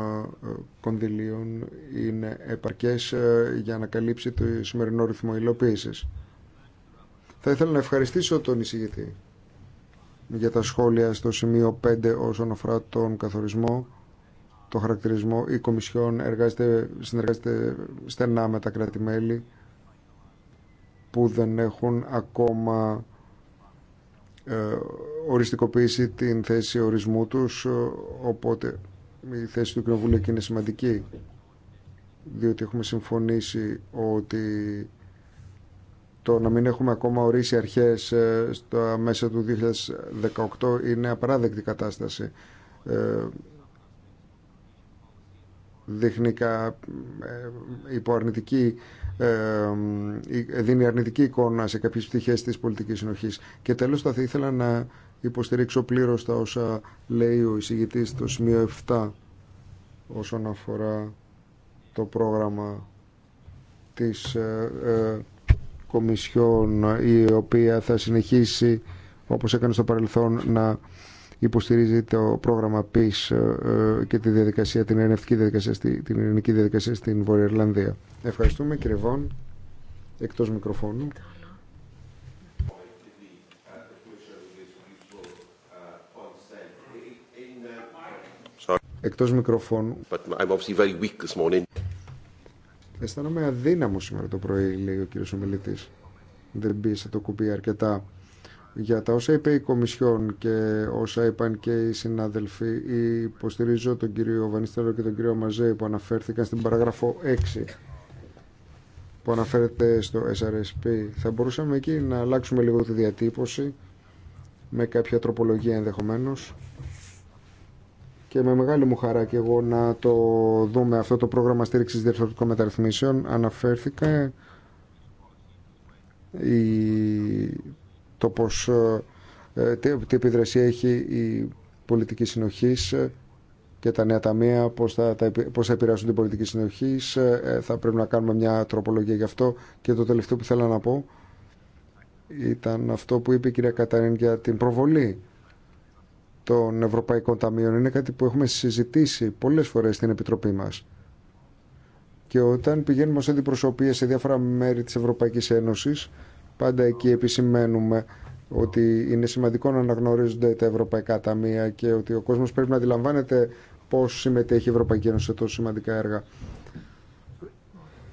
κονδυλίων είναι επαρκές ε, για να καλύψει το σημερινό ρυθμό υλοποίησης. Θα ήθελα να ευχαριστήσω τον εισηγητή για τα σχόλια στο σημείο 5 όσον αφορά τον καθορισμό, το χαρακτηρισμό. Η Κομισιόν εργάζεται, συνεργάζεται στενά με τα κράτη-μέλη που δεν έχουν ακόμα ε, οριστικοποιήσει την θέση ορισμού τους, οπότε η θέση του Κοινοβουλίου εκεί είναι σημαντική, διότι έχουμε συμφωνήσει ότι το να μην έχουμε ακόμα ορίσει αρχές ε, στα μέσα του 2018 είναι απαράδεκτη κατάσταση. Ε, δείχνει ε, υποαρνητική δίνει αρνητική εικόνα σε κάποιες πτυχές της πολιτικής συνοχής. Και τέλος θα ήθελα να υποστηρίξω πλήρως τα όσα λέει ο εισηγητής στο σημείο 7 όσον αφορά το πρόγραμμα της Κομισιόν η οποία θα συνεχίσει όπως έκανε στο παρελθόν να υποστηρίζει το πρόγραμμα PIS ε, ε, και τη διαδικασία, την ειρηνευτική διαδικασία, διαδικασία στην Βόρεια Ιρλανδία. Ευχαριστούμε κύριε Βόν, εκτός μικροφώνου. Εκτός μικροφώνου. Αισθάνομαι αδύναμο σήμερα το πρωί, λέει ο κύριο ομιλητής. Δεν σε το κουμπί αρκετά. Για τα όσα είπε η Κομισιόν και όσα είπαν και οι συνάδελφοι, υποστηρίζω τον κύριο Βανίστερο και τον κύριο Μαζέ που αναφέρθηκαν στην παράγραφο 6 που αναφέρεται στο SRSP. Θα μπορούσαμε εκεί να αλλάξουμε λίγο τη διατύπωση με κάποια τροπολογία ενδεχομένως και με μεγάλη μου χαρά και εγώ να το δούμε αυτό το πρόγραμμα στήριξης διευθυντικών μεταρρυθμίσεων αναφέρθηκα η... το πως ε, τι, τι επιδρασία έχει η πολιτική συνοχής και τα νέα ταμεία, πώς θα, τα, πώς θα επηρεάσουν την πολιτική συνοχή. Ε, ε, θα πρέπει να κάνουμε μια τροπολογία γι' αυτό. Και το τελευταίο που θέλω να πω ήταν αυτό που είπε η κυρία Καταρίν για την προβολή των Ευρωπαϊκών Ταμείων είναι κάτι που έχουμε συζητήσει πολλές φορές στην Επιτροπή μας. Και όταν πηγαίνουμε ως αντιπροσωπεία σε διάφορα μέρη της Ευρωπαϊκής Ένωσης, πάντα εκεί επισημαίνουμε ότι είναι σημαντικό να αναγνωρίζονται τα Ευρωπαϊκά Ταμεία και ότι ο κόσμος πρέπει να αντιλαμβάνεται πώς συμμετέχει η Ευρωπαϊκή Ένωση σε τόσο σημαντικά έργα.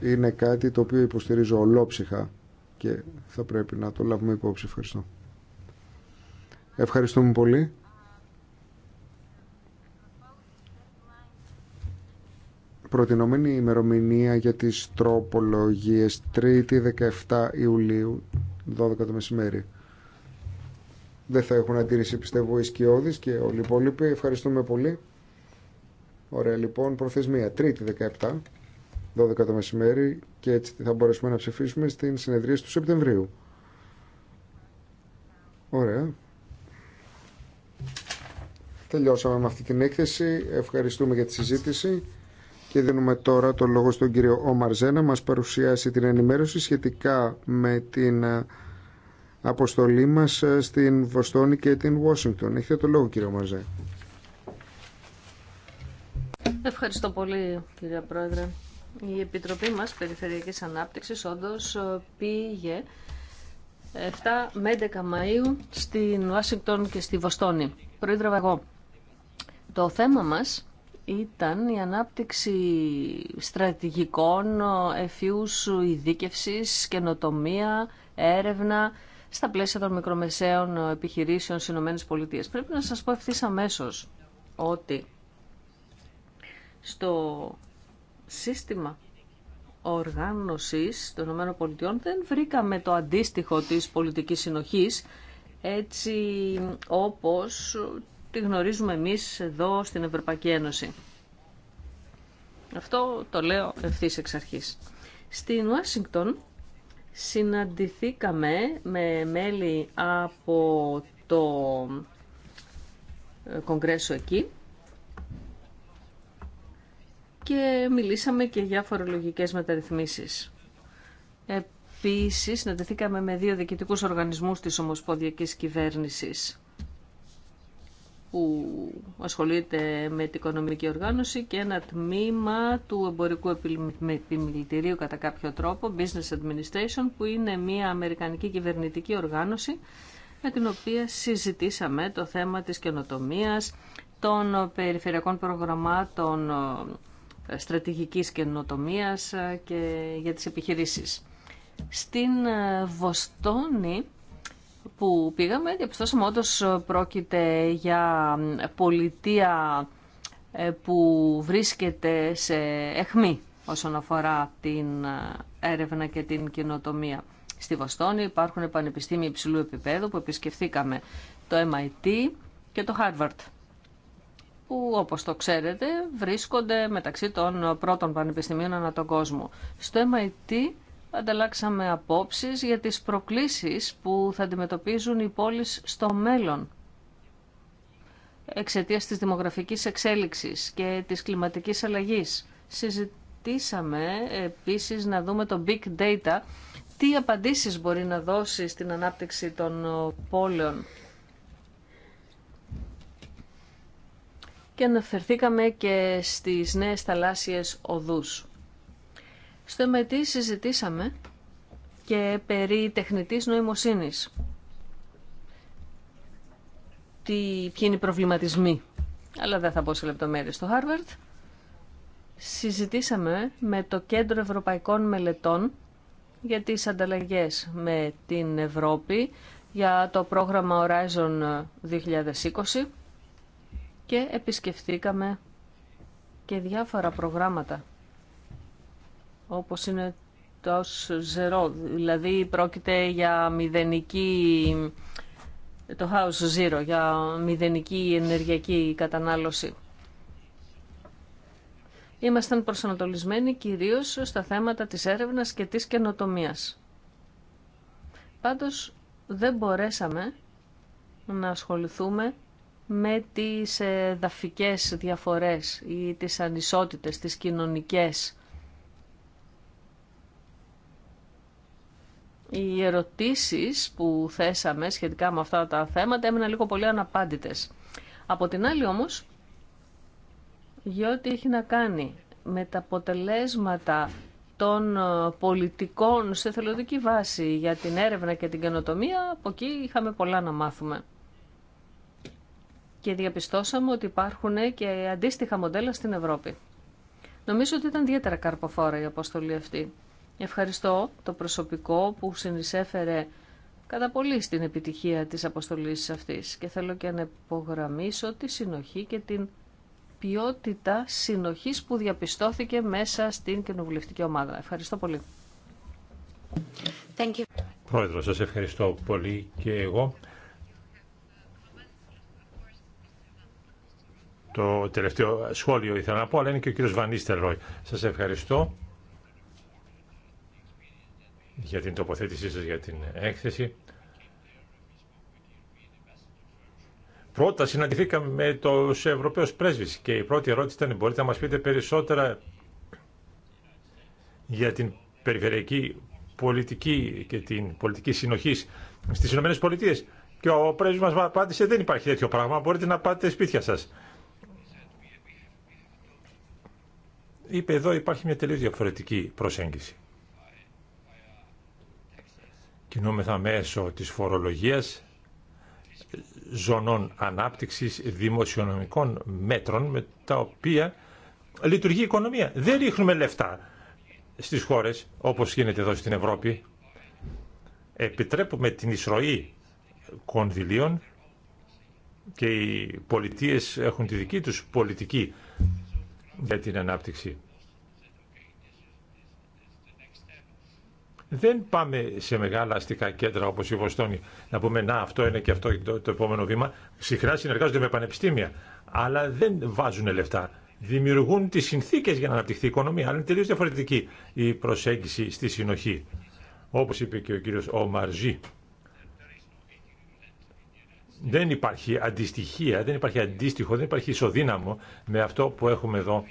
Είναι κάτι το οποίο υποστηρίζω ολόψυχα και θα πρέπει να το λάβουμε υπόψη. Ευχαριστώ. Ευχαριστούμε πολύ. προτινόμενη ημερομηνία για τις τροπολογίες 3η 17 Ιουλίου 12 το μεσημέρι. Δεν θα έχουν αντίρρηση πιστεύω οι σκιώδεις και όλοι οι υπόλοιποι. Ευχαριστούμε πολύ. Ωραία λοιπόν προθεσμία 3η 17 12 το μεσημέρι και έτσι θα μπορέσουμε να ψηφίσουμε στην συνεδρία του Σεπτεμβρίου. Ωραία. Τελειώσαμε με αυτή την έκθεση. Ευχαριστούμε για τη συζήτηση. Και δίνουμε τώρα το λόγο στον κύριο Ομαρζέ να μας παρουσιάσει την ενημέρωση σχετικά με την ε, αποστολή μας ε, στην Βοστόνη και την Ουάσιγκτον. Έχετε το λόγο κύριο Ομαρζέ. Ευχαριστώ πολύ κύριε Πρόεδρε. Η Επιτροπή μας Περιφερειακής Ανάπτυξης όντως ε, πήγε 7 με 11 Μαΐου στην Ουάσιγκτον και στη Βοστόνη. Πρόεδρε εγώ. Το θέμα μας ήταν η ανάπτυξη στρατηγικών εφίους ειδίκευσης, καινοτομία, έρευνα στα πλαίσια των μικρομεσαίων επιχειρήσεων στι ΗΠΑ. Πρέπει να σας πω ευθύ αμέσω ότι στο σύστημα οργάνωσης των ΗΠΑ δεν βρήκαμε το αντίστοιχο της πολιτικής συνοχής έτσι όπως τη γνωρίζουμε εμείς εδώ στην Ευρωπαϊκή Ένωση. Αυτό το λέω ευθύ εξ αρχής. Στην Ουάσιγκτον συναντηθήκαμε με μέλη από το κογκρέσο εκεί και μιλήσαμε και για φορολογικές μεταρρυθμίσεις. Επίσης, συναντηθήκαμε με δύο διοικητικούς οργανισμούς της Ομοσπονδιακής Κυβέρνησης που ασχολείται με την οικονομική οργάνωση και ένα τμήμα του εμπορικού επιμελητηρίου κατά κάποιο τρόπο, Business Administration, που είναι μια αμερικανική κυβερνητική οργάνωση με την οποία συζητήσαμε το θέμα της καινοτομίας, των περιφερειακών προγραμμάτων ε, στρατηγικής καινοτομίας ε, και για τις επιχειρήσεις. Στην ε, Βοστόνη που πήγαμε διαπιστώσαμε όντως ε, πρόκειται για πολιτεία ε, που βρίσκεται σε εχμή όσον αφορά την ε, έρευνα και την κοινοτομία. Στη Βοστόνη υπάρχουν πανεπιστήμια υψηλού επίπεδου που επισκεφθήκαμε το MIT και το Harvard που όπως το ξέρετε βρίσκονται μεταξύ των πρώτων πανεπιστημίων ανά τον κόσμο. Στο MIT ανταλλάξαμε απόψεις για τις προκλήσεις που θα αντιμετωπίζουν οι πόλεις στο μέλλον εξαιτίας της δημογραφικής εξέλιξης και της κλιματικής αλλαγής. Συζητήσαμε επίσης να δούμε το big data, τι απαντήσεις μπορεί να δώσει στην ανάπτυξη των πόλεων. Και αναφερθήκαμε και στις νέες θαλάσσιες οδούς. Στο ΕΜΕΤΗ συζητήσαμε και περί τεχνητής νοημοσύνης. Τι, ποιοι είναι οι προβληματισμοί. Αλλά δεν θα πω σε λεπτομέρειες στο Χάρβερτ Συζητήσαμε με το Κέντρο Ευρωπαϊκών Μελετών για τις ανταλλαγές με την Ευρώπη για το πρόγραμμα Horizon 2020 και επισκεφθήκαμε και διάφορα προγράμματα όπως είναι το zero, δηλαδή πρόκειται για μηδενική, το house zero, για μηδενική ενεργειακή κατανάλωση. Ήμασταν προσανατολισμένοι κυρίως στα θέματα της έρευνας και της καινοτομίας. Πάντως δεν μπορέσαμε να ασχοληθούμε με τις δαφικές διαφορές ή τις ανισότητες, τις κοινωνικές οι ερωτήσεις που θέσαμε σχετικά με αυτά τα θέματα έμειναν λίγο πολύ αναπάντητες. Από την άλλη όμως, για ό,τι έχει να κάνει με τα αποτελέσματα των ε, πολιτικών σε θελοντική βάση για την έρευνα και την καινοτομία, από εκεί είχαμε πολλά να μάθουμε. Και διαπιστώσαμε ότι υπάρχουν και αντίστοιχα μοντέλα στην Ευρώπη. Νομίζω ότι ήταν ιδιαίτερα καρποφόρα η αποστολή αυτή. Ευχαριστώ το προσωπικό που συνεισέφερε κατά πολύ στην επιτυχία της αποστολής αυτής και θέλω και να υπογραμμίσω τη συνοχή και την ποιότητα συνοχής που διαπιστώθηκε μέσα στην κοινοβουλευτική ομάδα. Ευχαριστώ πολύ. Thank you. Πρόεδρο, σας ευχαριστώ πολύ και εγώ. Το τελευταίο σχόλιο ήθελα να πω, αλλά είναι και ο κύριος Βανίστερ Ρόι. Σας ευχαριστώ για την τοποθέτησή σας για την έκθεση. Πρώτα συναντηθήκαμε με τους Ευρωπαίους πρέσβεις και η πρώτη ερώτηση ήταν μπορείτε να μας πείτε περισσότερα για την περιφερειακή πολιτική και την πολιτική συνοχή στις Ηνωμένες Πολιτείες. Και ο πρέσβης μας απάντησε δεν υπάρχει τέτοιο πράγμα, μπορείτε να πάτε σπίτια σας. Είπε εδώ υπάρχει μια τελείως διαφορετική προσέγγιση κινούμεθα μέσω της φορολογίας, ζωνών ανάπτυξης δημοσιονομικών μέτρων με τα οποία λειτουργεί η οικονομία. Δεν ρίχνουμε λεφτά στις χώρες όπως γίνεται εδώ στην Ευρώπη. Επιτρέπουμε την εισρωή κονδυλίων και οι πολιτείες έχουν τη δική τους πολιτική για την ανάπτυξη. δεν πάμε σε μεγάλα αστικά κέντρα όπως η Βοστόνη να πούμε να αυτό είναι και αυτό το, το επόμενο βήμα. Συχνά συνεργάζονται με πανεπιστήμια, αλλά δεν βάζουν λεφτά. Δημιουργούν τις συνθήκες για να αναπτυχθεί η οικονομία, αλλά είναι τελείως διαφορετική η προσέγγιση στη συνοχή. Όπως είπε και ο κύριος Ομαρζή. Δεν υπάρχει αντιστοιχεία, δεν υπάρχει αντίστοιχο, δεν υπάρχει ισοδύναμο με αυτό που έχουμε εδώ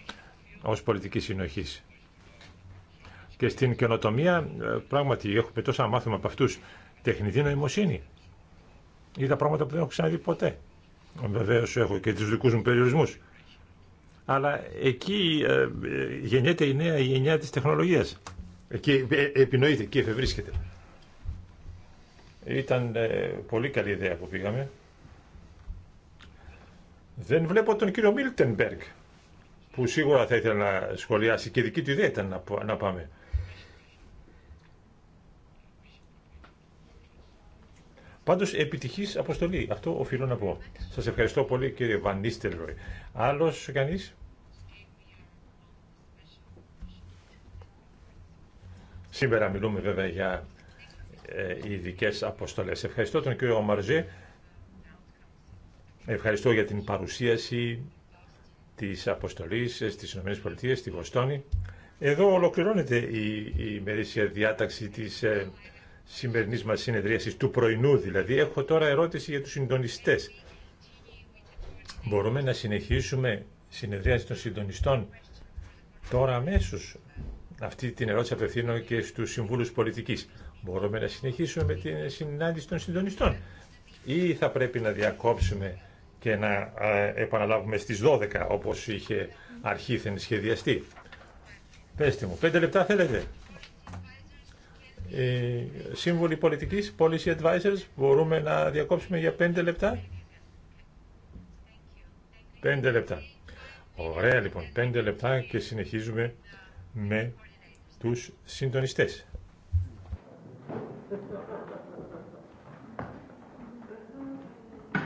ως πολιτική συνοχής και στην καινοτομία ε, πράγματι έχουμε τόσα μάθημα από αυτού. τεχνητή νοημοσύνη. Είδα πράγματα που δεν έχω ξαναδεί ποτέ. Βεβαίω έχω και του δικού μου περιορισμού. Αλλά εκεί ε, ε, γεννιέται η νέα γενιά τη τεχνολογία, Εκεί επινοείται, εκεί εφευρίσκεται. Ήταν πολύ καλή ιδέα που πήγαμε. Δεν βλέπω τον κύριο Μίλτενμπεργκ που σίγουρα θα ήθελα να σχολιάσει και δική του ιδέα ήταν να, πάμε. Πάντω επιτυχής αποστολή. Αυτό οφείλω να πω. Σας ευχαριστώ πολύ κύριε Βανίστελροϊ. Άλλος κανεί. Σήμερα μιλούμε βέβαια για ε, ειδικέ αποστολέ. Ευχαριστώ τον κύριο Μαρζέ. Ευχαριστώ για την παρουσίαση της αποστολής στι ΗΠΑ, στη Βοστόνη. Εδώ ολοκληρώνεται η, η ημερήσια διάταξη της ε, σημερινή μα συνεδρίαση, του πρωινού δηλαδή. Έχω τώρα ερώτηση για του συντονιστέ. Μπορούμε να συνεχίσουμε συνεδρίαση των συντονιστών τώρα αμέσω. Αυτή την ερώτηση απευθύνω και στου συμβούλου πολιτική. Μπορούμε να συνεχίσουμε με την συνάντηση των συντονιστών ή θα πρέπει να διακόψουμε και να επαναλάβουμε στις 12 όπως είχε αρχήθεν σχεδιαστεί. Πεςτε μου, πέντε λεπτά θέλετε οι ε, σύμβουλοι πολιτικής, policy advisors, μπορούμε να διακόψουμε για πέντε λεπτά. Πέντε λεπτά. Ωραία λοιπόν, πέντε λεπτά και συνεχίζουμε με τους συντονιστές.